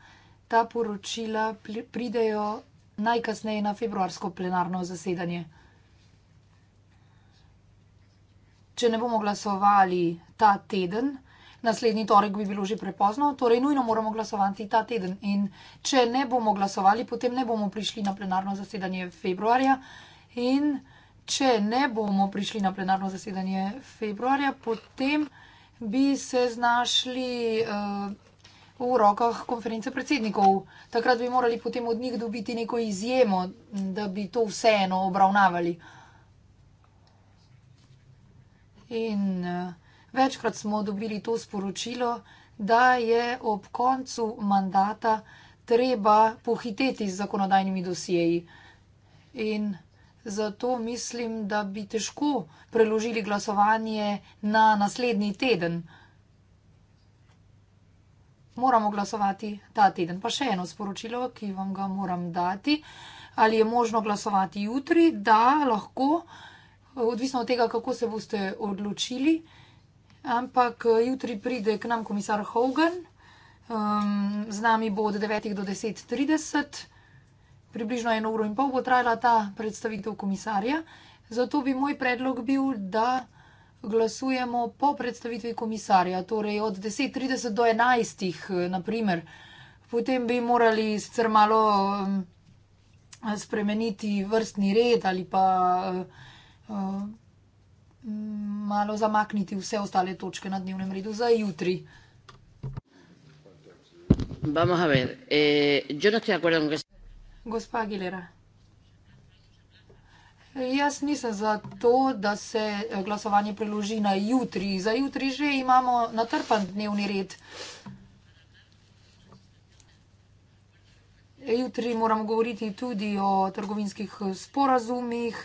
ta poročila pridejo najkasneje na februarsko plenarno zasedanje. Če ne bomo glasovali ta teden, naslednji torek bi bilo že prepozno, torej nujno moramo glasovati ta teden. In če ne bomo glasovali, potem ne bomo prišli na plenarno zasedanje februarja. In uh, če ne bomo prišli na plenarno zasedanje februarja, potem bi se znašli uh, v rokah konference predsednikov. Takrat bi morali potem od njih dobiti neko izjemo, da bi to vseeno obravnavali. In uh, večkrat smo dobili to sporočilo, da je ob koncu mandata treba pohiteti z zakonodajnimi dosjeji. In Zato mislim, da bi težko preložili glasovanje na naslednji teden. Moramo glasovati ta teden. Pa še eno sporočilo, ki vam ga moram dati. Ali je možno glasovati jutri, da lahko, odvisno od tega, kako se boste odločili. Ampak eh, jutri pride k nam komisar Hogan, um, z nami bo od 9 do 10.30. Približno eno uro in pol bo trajala ta predstavitev komisarja, zato bi moj predlog bil, da glasujemo po predstavitvi komisarja, torej od 10.30 do 11.00, naprimer. Potem bi morali sicer malo mm, spremeniti vrstni red ali pa uh, malo zamakniti vse ostale točke na dnevnem redu za jutri. Vamos a ver, eh, yo no estoy de acuerdo con que... Gospa Aguilera. Jaz nisem za to, da se glasovanje preloži na jutri. Za jutri že imamo natrpan dnevni red. Jutri moramo govoriti tudi o trgovinskih sporazumih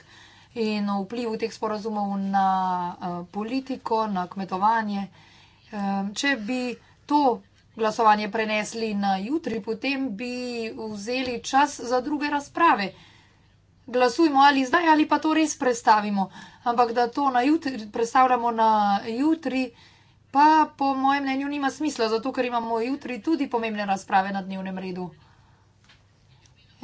in o vplivu teh sporazumov na eh, politiko, na kmetovanje. Eh, če bi to glasovanje prenesli na jutri, potem bi vzeli čas za druge razprave. Glasujmo ali zdaj, ali pa to res predstavimo. Ampak da to na jutri, predstavljamo na jutri, pa po mojem mnenju nima smisla, zato ker imamo jutri tudi pomembne razprave na dnevnem redu.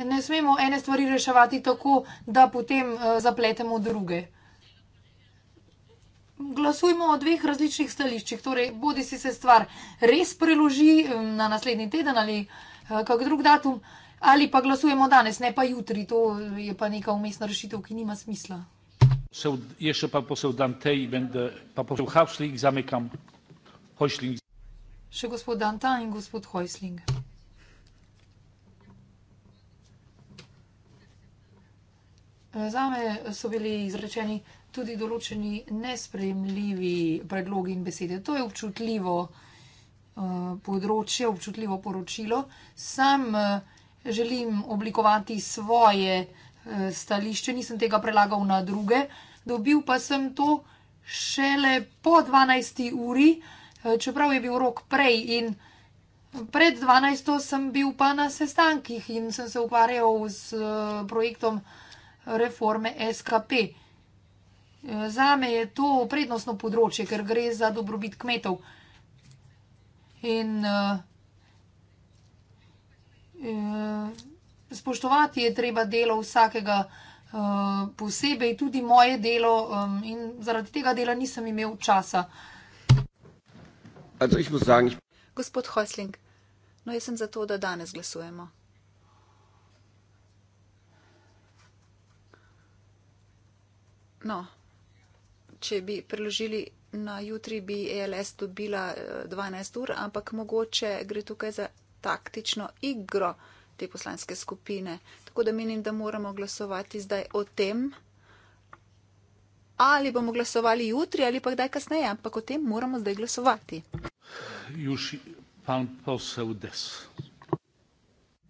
Ne smemo ene stvari reševati tako, da potem eh, zapletemo druge glasujmo o dveh različnih stališčih. Torej, bodi si se stvar res preloži na naslednji teden ali eh, kak drug datum, ali pa glasujemo danes, ne pa jutri. To je pa neka umestna rešitev, ki nima smisla. Se, jaz še pa posel Dante in bende, pa posel Hausling, zamekam Hojsling. Še gospod Dante in gospod Hojsling. Za me so bili izrečeni tudi določeni nespremljivi predlogi in besede. To je občutljivo eh, področje, občutljivo poročilo. Sam eh, želim oblikovati svoje eh, stališče, nisem tega prelagal na druge. Dobil pa sem to šele po 12. uri, čeprav je bil rok prej in pred 12. sem bil pa na sestankih in sem se ukvarjal s projektom projektom reforme SKP. Zame je to prednostno področje, ker gre za dobrobit kmetov. In eh, eh, spoštovati je treba delo vsakega eh, posebej, tudi moje delo in zaradi tega dela nisem imel časa. Gospod Hosling, no jaz sem za to, da danes glasujemo. No, če bi preložili na jutri, bi ALS e dobila 12 eh, ur, ampak mogoče gre tukaj za taktično igro te poslanske skupine. Tako da menim, da moramo glasovati zdaj o tem, ali bomo glasovali jutri ali pa kdaj kasneje, ampak o tem moramo zdaj glasovati. Juši, pan posel des.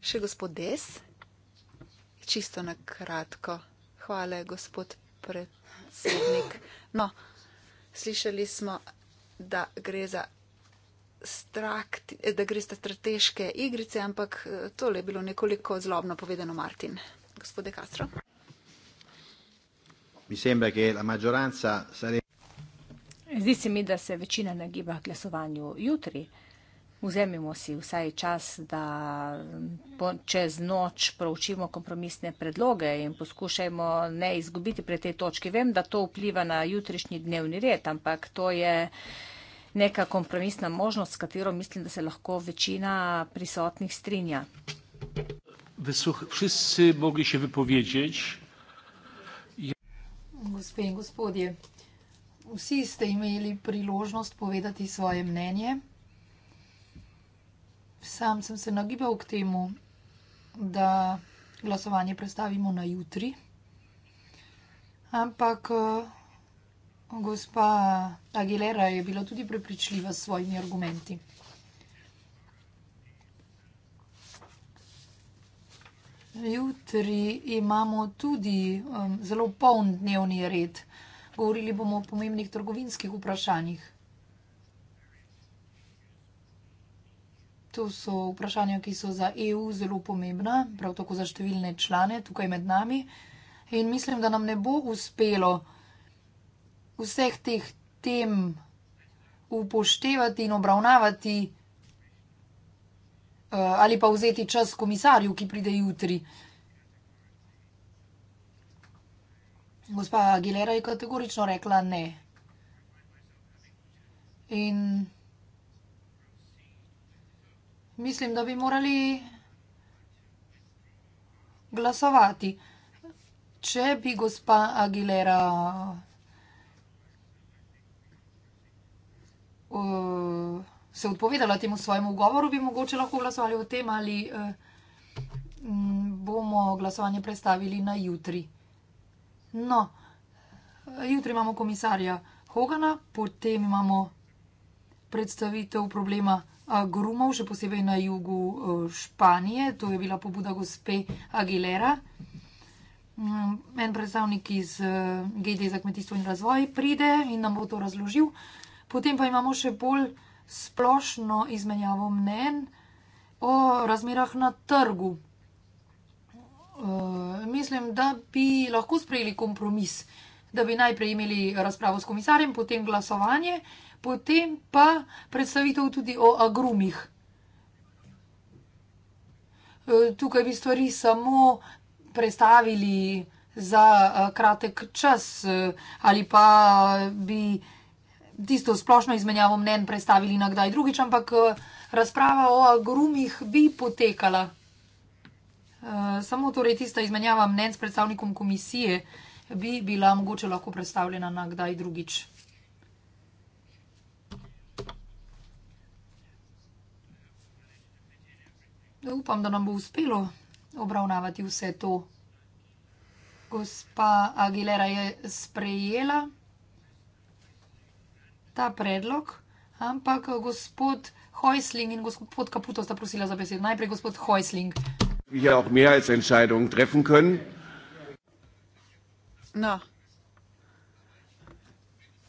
Še gospod des. Čisto na kratko. Hvala, gospod pred predsednik. No, slišali smo, da gre za, strakt, da gre za strateške igrice, ampak eh, tole je bilo nekoliko zlobno povedano, Martin. Gospode Castro. Zdi se mi, da se večina nagiba k glasovanju jutri. Vzemimo si vsaj čas, da čez noč proučimo kompromisne predloge in poskušajmo ne izgubiti pri tej točki. Vem, da to vpliva na jutrišnji dnevni red, ampak to je neka kompromisna možnost, s katero mislim, da se lahko večina prisotnih strinja. Vsi mogli še vypovedeči. Gospe in gospodje, vsi ste imeli priložnost povedati svoje mnenje. Sam sem se nagibal k temu, da glasovanje predstavimo na jutri, ampak eh, gospa Aguilera je bila tudi prepričljiva s svojimi argumenti. Jutri imamo tudi um, zelo poln dnevni red. Govorili bomo o pomembnih trgovinskih vprašanjih. To so vprašanja, ki so za EU zelo pomembna, prav tako za številne člane tukaj med nami. In mislim, da nam ne bo uspelo vseh teh tem upoštevati in obravnavati eh, ali pa vzeti čas komisarju, ki pride jutri. Gospa Aguilera je kategorično rekla ne. In mislim, da bi morali glasovati. Če bi gospa Aguilera uh, se odpovedala temu svojemu ugovoru, bi mogoče lahko glasovali o tem ali uh, bomo glasovanje predstavili na jutri. No, jutri imamo komisarja Hogana, potem imamo predstavitev problema grumov, še posebej na jugu e, Španije. To je bila pobuda gospe Aguilera. Mm, en predstavnik iz e, GD za kmetijstvo in razvoj pride in nam bo to razložil. Potem pa imamo še bolj splošno izmenjavo mnen o razmerah na trgu. E, mislim, da bi lahko sprejeli kompromis, da bi najprej imeli razpravo s komisarjem, potem glasovanje potem pa predstavitev tudi o agrumih. E, tukaj bi stvari samo predstavili za e, kratek čas e, ali pa bi tisto splošno izmenjavo mnen predstavili na kdaj drugič, ampak razprava o agrumih bi potekala. Samo torej tista izmenjava mnen s predstavnikom komisije bi bila mogoče lahko predstavljena na kdaj drugič. Upam, da nam bo uspelo obravnavati vse to. Gospa Aguilera je sprejela ta predlog, ampak gospod Heusling in gospod Kaputo sta prosila za besedo. Najprej gospod Heusling. Ja, auch mehr als Entscheidungen treffen können. Na, no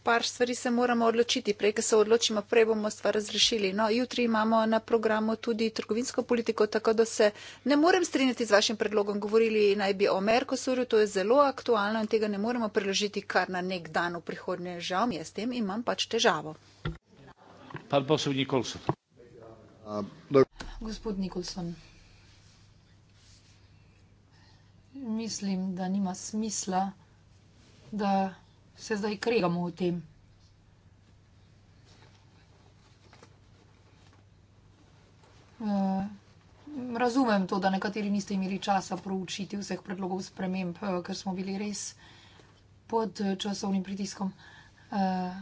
par stvari se moramo odločiti. Prej, ko se odločimo, prej bomo stvar razrešili. No, jutri imamo na programu tudi trgovinsko politiko, tako da se ne morem strinjati z vašim predlogom. Govorili naj bi o Merkosuru, to je zelo aktualno in tega ne moremo preložiti kar na nek dan v prihodnje. Žal mi je s tem, imam pač težavo. Pan posel Nikolson. Uh, Gospod Nikolson. Mislim, da nima smisla, da se zdaj kregamo o tem. Eh, razumem to, da nekateri niste imeli časa proučiti vseh predlogov sprememb, eh, ker smo bili res pod časovnim pritiskom. Eh,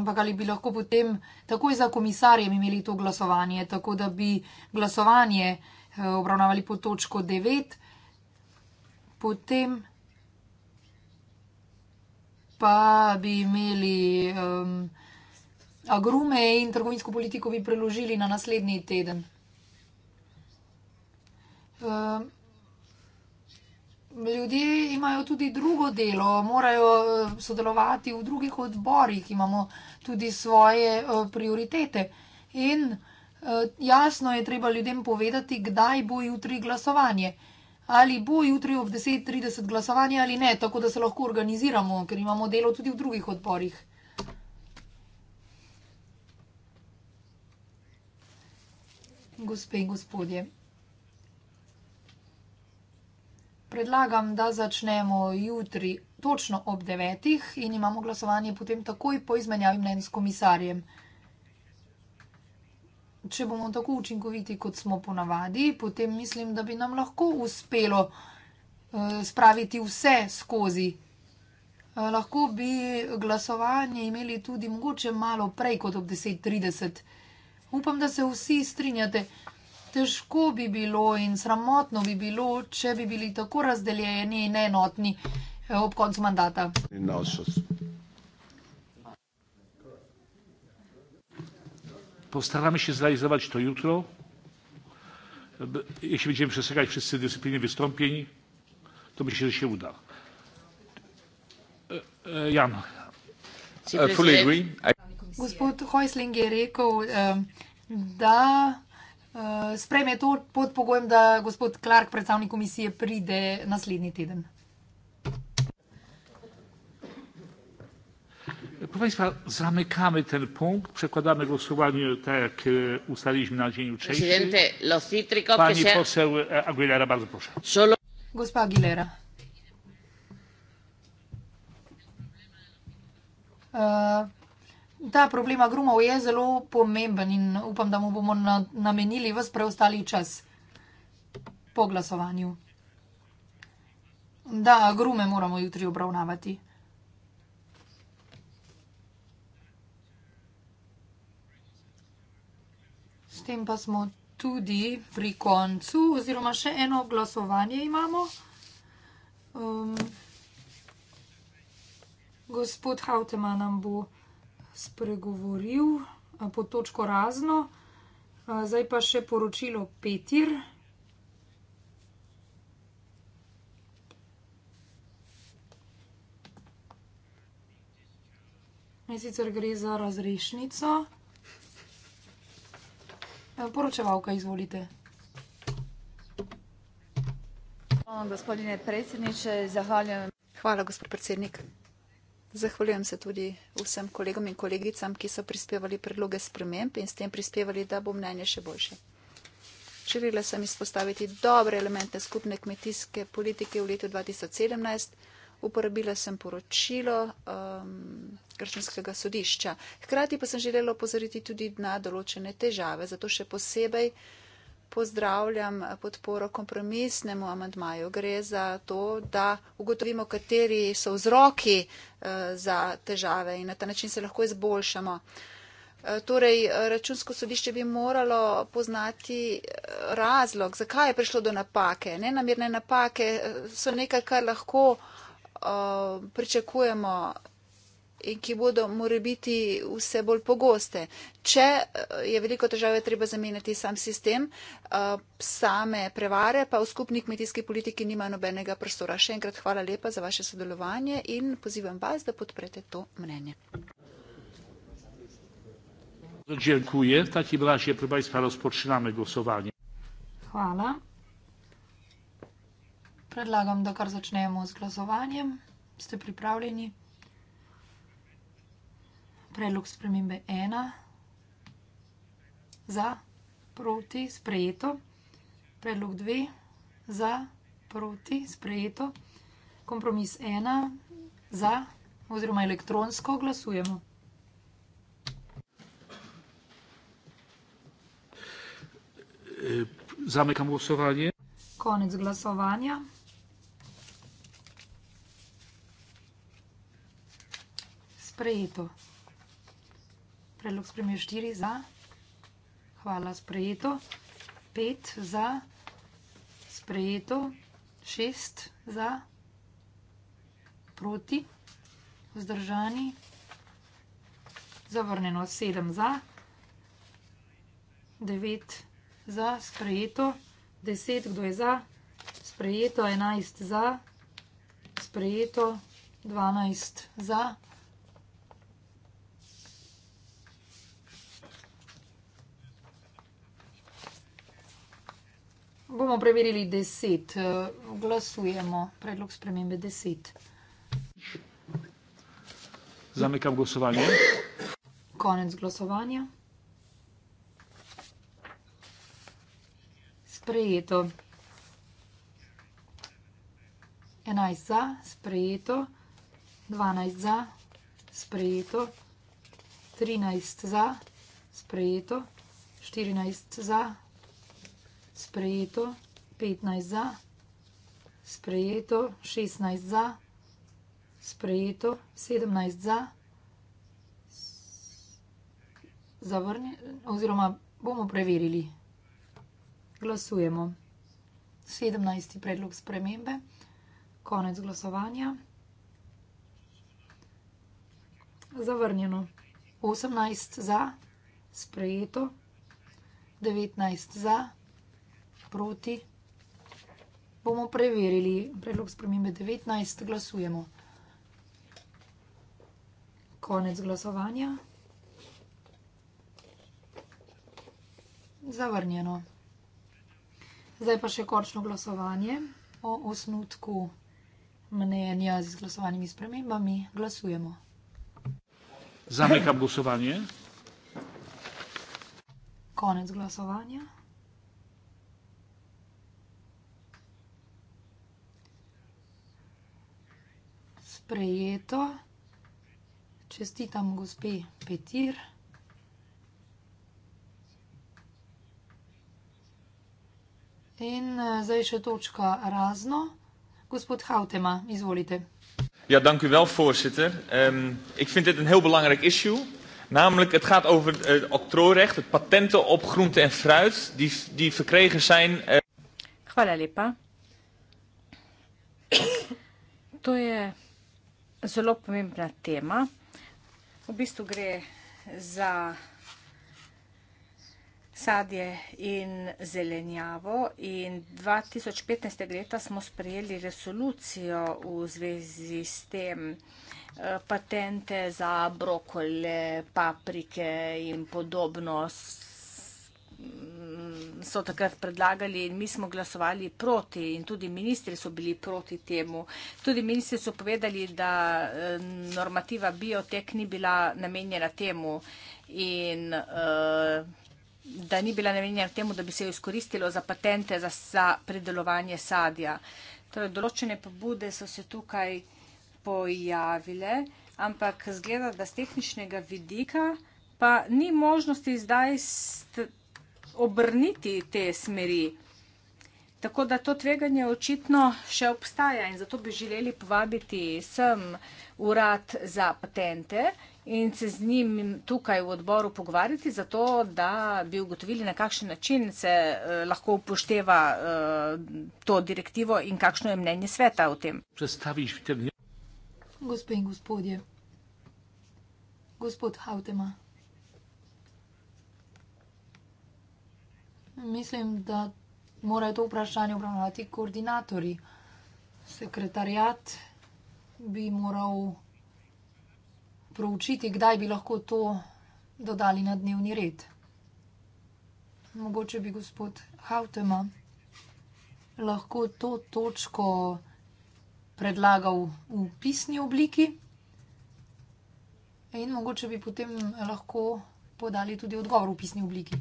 ampak ali bi lahko potem takoj za komisarjem imeli to glasovanje, tako da bi glasovanje obravnavali po točko 9, potem pa bi imeli um, agrume in trgovinsko politiko bi preložili na naslednji teden. Um, Ljudje imajo tudi drugo delo, morajo uh, sodelovati v drugih odborih, imamo tudi svoje uh, prioritete. In uh, jasno je treba ljudem povedati, kdaj bo jutri glasovanje ali bo jutri ob 10.30 glasovanje ali ne, tako da se lahko organiziramo, ker imamo delo tudi v drugih odporih. Gospe in gospodje, predlagam, da začnemo jutri točno ob 9.00 in imamo glasovanje potem takoj po izmenjavi mnen s komisarjem če bomo tako učinkoviti, kot smo ponavadi, potem mislim, da bi nam lahko uspelo eh, spraviti vse skozi. Eh, lahko bi glasovanje imeli tudi mogoče malo prej kot ob 10.30. Upam, da se vsi strinjate. Težko bi bilo in sramotno bi bilo, če bi bili tako razdeljeni in neenotni eh, ob koncu mandata. In naš čas. postaramy się zrealizować to jutro jeśli będziemy przestrzegać wszyscy dyscypliny wystąpień to myślę że się uda e, e, Jan e, Gospod Heusling je rekel, da sprejme to pod pogojem, da gospod Clark, predstavnik komisije, pride naslednji teden. Proszę Państwa, zamykamy ten punkt. Przekładamy głosowanie tak, jak e, ustaliliśmy na dzień jutrzejszy. Pani poseł Aguilera, bardzo proszę. Głosła Aguilera. E, ta problema grumov je zelo pomemben in upam, da mu bomo namenili vse preostali čas po glasovanju. Da, grume moramo jutri obravnavati. tem pa smo tudi pri koncu, oziroma še eno glasovanje imamo. Um, gospod Hautema nam bo spregovoril uh, pod točko razno, uh, zdaj pa še poročilo Petir. In sicer gre za razrešnico. Eh, poročevalka, izvolite. Gospodine predsedniče, zahvaljujem. Hvala, gospod predsednik. Zahvaljujem se tudi vsem kolegom in kolegicam, ki so prispevali predloge sprememb in s tem prispevali, da bo mnenje še boljše. Želela sem izpostaviti dobre elemente skupne kmetijske politike v letu 2017 uporabila sem poročilo um, Krščanskega sodišča. Hkrati pa sem želela opozoriti tudi na določene težave, zato še posebej pozdravljam podporo kompromisnemu amantmaju. Gre za to, da ugotovimo, kateri so vzroki eh, za težave in na ta način se lahko izboljšamo. Eh, torej, računsko sodišče bi moralo poznati eh, razlog, zakaj je prišlo do napake. Nenamirne napake so nekaj, kar lahko uh, Eh, pričakujemo in ki bodo more biti vse bolj pogoste. Če eh, je veliko težave, treba zamenjati sam sistem, eh, same prevare, pa v skupni kmetijski politiki nima nobenega prostora. Še enkrat hvala lepa za vaše sodelovanje in pozivam vas, da podprete to mnenje. Dziękuję. W takim razie proszę Państwa rozpoczynamy głosowanie. Hvala predlagam, da kar začnemo z glasovanjem. Ste pripravljeni? Predlog spremembe ena. Za, proti, sprejeto. Predlog dve. Za, proti, sprejeto. Kompromis ena. Za, oziroma elektronsko glasujemo. Zamekam glasovanje. Konec glasovanja. sprejeto. Predlog spremljajo štiri za, hvala sprejeto, pet za, sprejeto, šest za, proti, vzdržani, zavrnjeno, sedem za, devet za, sprejeto, deset, kdo je za, sprejeto, enajst za, sprejeto, dvanajst za. Bomo preverili deset. Eh, glasujemo. Predlog spremembe deset. Zamekam glasovanje. Konec glasovanja. Sprejeto. Enajst za, sprejeto. Dvanajst za, sprejeto. Trinajst za, sprejeto. Štirinajst za, sprejeto sprejeto, 15 za, sprejeto, 16 za, sprejeto, 17 za, zavrni, oziroma bomo preverili. Glasujemo. 17. predlog spremembe, konec glasovanja. Zavrnjeno. 18 za, sprejeto, 19 za, sprejeto proti. Bomo preverili predlog spremembe 19. Glasujemo. Konec glasovanja. Zavrnjeno. Zdaj pa še končno glasovanje o osnutku mnenja z glasovanimi spremembami. Glasujemo. Zamekam glasovanje. Konec glasovanja. sprejeto. Čestitam gospe Petir. In eh, zdaj še točka razno. Gospod Hautema, izvolite. Ja, dank u wel, voorzitter. Um, ik vind dit een heel belangrijk issue. Namelijk, het gaat over uh, eh, het octrooirecht, het patenten op groente en fruit, die, die verkregen zijn. Uh... Hvala lepa. to je zelo pomembna tema. V bistvu gre za sadje in zelenjavo in 2015. leta smo sprejeli resolucijo v zvezi s tem eh, patente za brokole, paprike in podobnost so takrat predlagali in mi smo glasovali proti in tudi ministri so bili proti temu. Tudi ministri so povedali, da eh, normativa biotek ni bila namenjena temu in eh, da ni bila namenjena temu, da bi se jo izkoristilo za patente za, za predelovanje sadja. Torej, določene pobude so se tukaj pojavile, ampak zgleda, da z tehničnega vidika pa ni možnosti zdaj. St- obrniti te smeri. Tako da to tveganje očitno še obstaja in zato bi želeli povabiti sem urad za patente in se z njim tukaj v odboru pogovarjati, zato da bi ugotovili, na kakšen način se eh, lahko upošteva eh, to direktivo in kakšno je mnenje sveta o tem. Predstaviš v tem. Gospod in gospodje, gospod Hautema. Mislim, da morajo to vprašanje obravnavati koordinatori. Sekretarjat bi moral proučiti, kdaj bi lahko to dodali na dnevni red. Mogoče bi gospod Hautema lahko to točko predlagal v pisni obliki in mogoče bi potem lahko podali tudi odgovor v pisni obliki.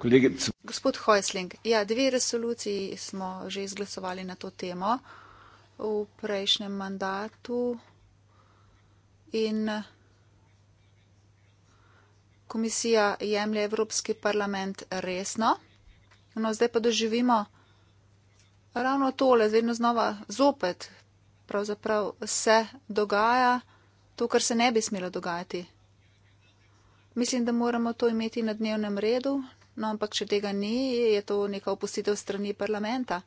Kolegi, Gospod Hojsling, ja, dve resoluciji smo že izglasovali na to temo v prejšnjem mandatu in komisija jemlje Evropski parlament resno. No, zdaj pa doživimo ravno tole, vedno znova zopet pravzaprav se dogaja to, kar se ne bi smelo dogajati. Mislim, da moramo to imeti na dnevnem redu, No, ampak če tega ni, je to neka opustitev strani parlamenta.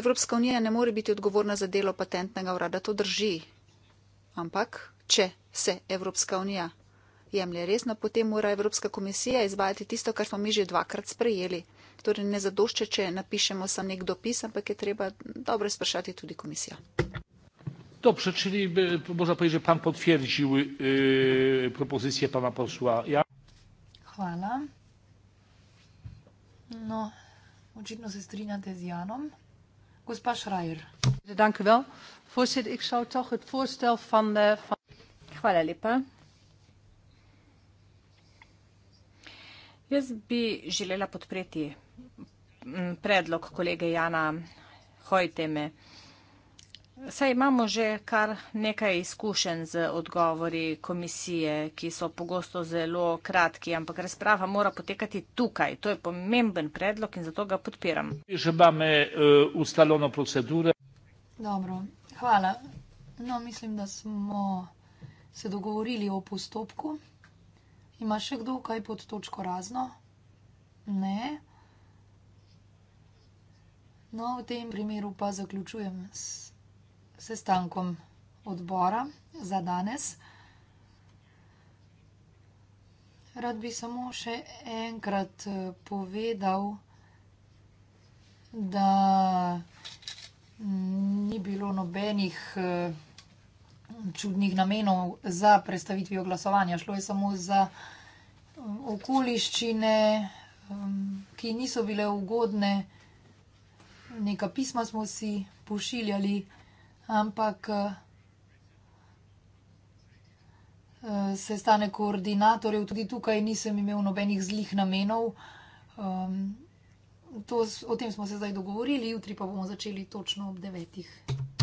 Evropska unija ne more biti odgovorna za delo patentnega urada, to drži. Ampak, če se Evropska unija jemlje resno, potem mora Evropska komisija izvajati tisto, kar smo mi že dvakrat sprejeli. Torej, ne zadošče, če napišemo sam nek dopis, ampak je treba dobro sprašati tudi komisijo. Dobro, čili bi, e, možno povedati, že pan potrdil e, propozicije pana posla. Ja. Hvala. No, očitno se strinjate z Janom. Gospa Šrajer. Eh, Hvala lepa. Jaz bi želela podpreti predlog kolege Jana Hojteme. Saj imamo že kar nekaj izkušenj z odgovori komisije, ki so pogosto zelo kratki, ampak razprava mora potekati tukaj. To je pomemben predlog in zato ga podpiram. Že imamo eh, ustalono procedure. Dobro, hvala. No, mislim, da smo se dogovorili o postopku. Ima še kdo kaj pod točko razno? Ne. No, v tem primeru pa zaključujem s sestankom odbora za danes. Rad bi samo še enkrat eh, povedal, da mm, ni bilo nobenih eh, čudnih namenov za predstavitvijo glasovanja. Šlo je samo za eh, okoliščine, mm, ki niso bile ugodne. Neka pisma smo si pošiljali ampak uh, eh, eh, se stane koordinatorjev. Tudi tukaj nisem imel nobenih zlih namenov. Um, to, o tem smo se zdaj dogovorili, jutri pa bomo začeli točno ob devetih.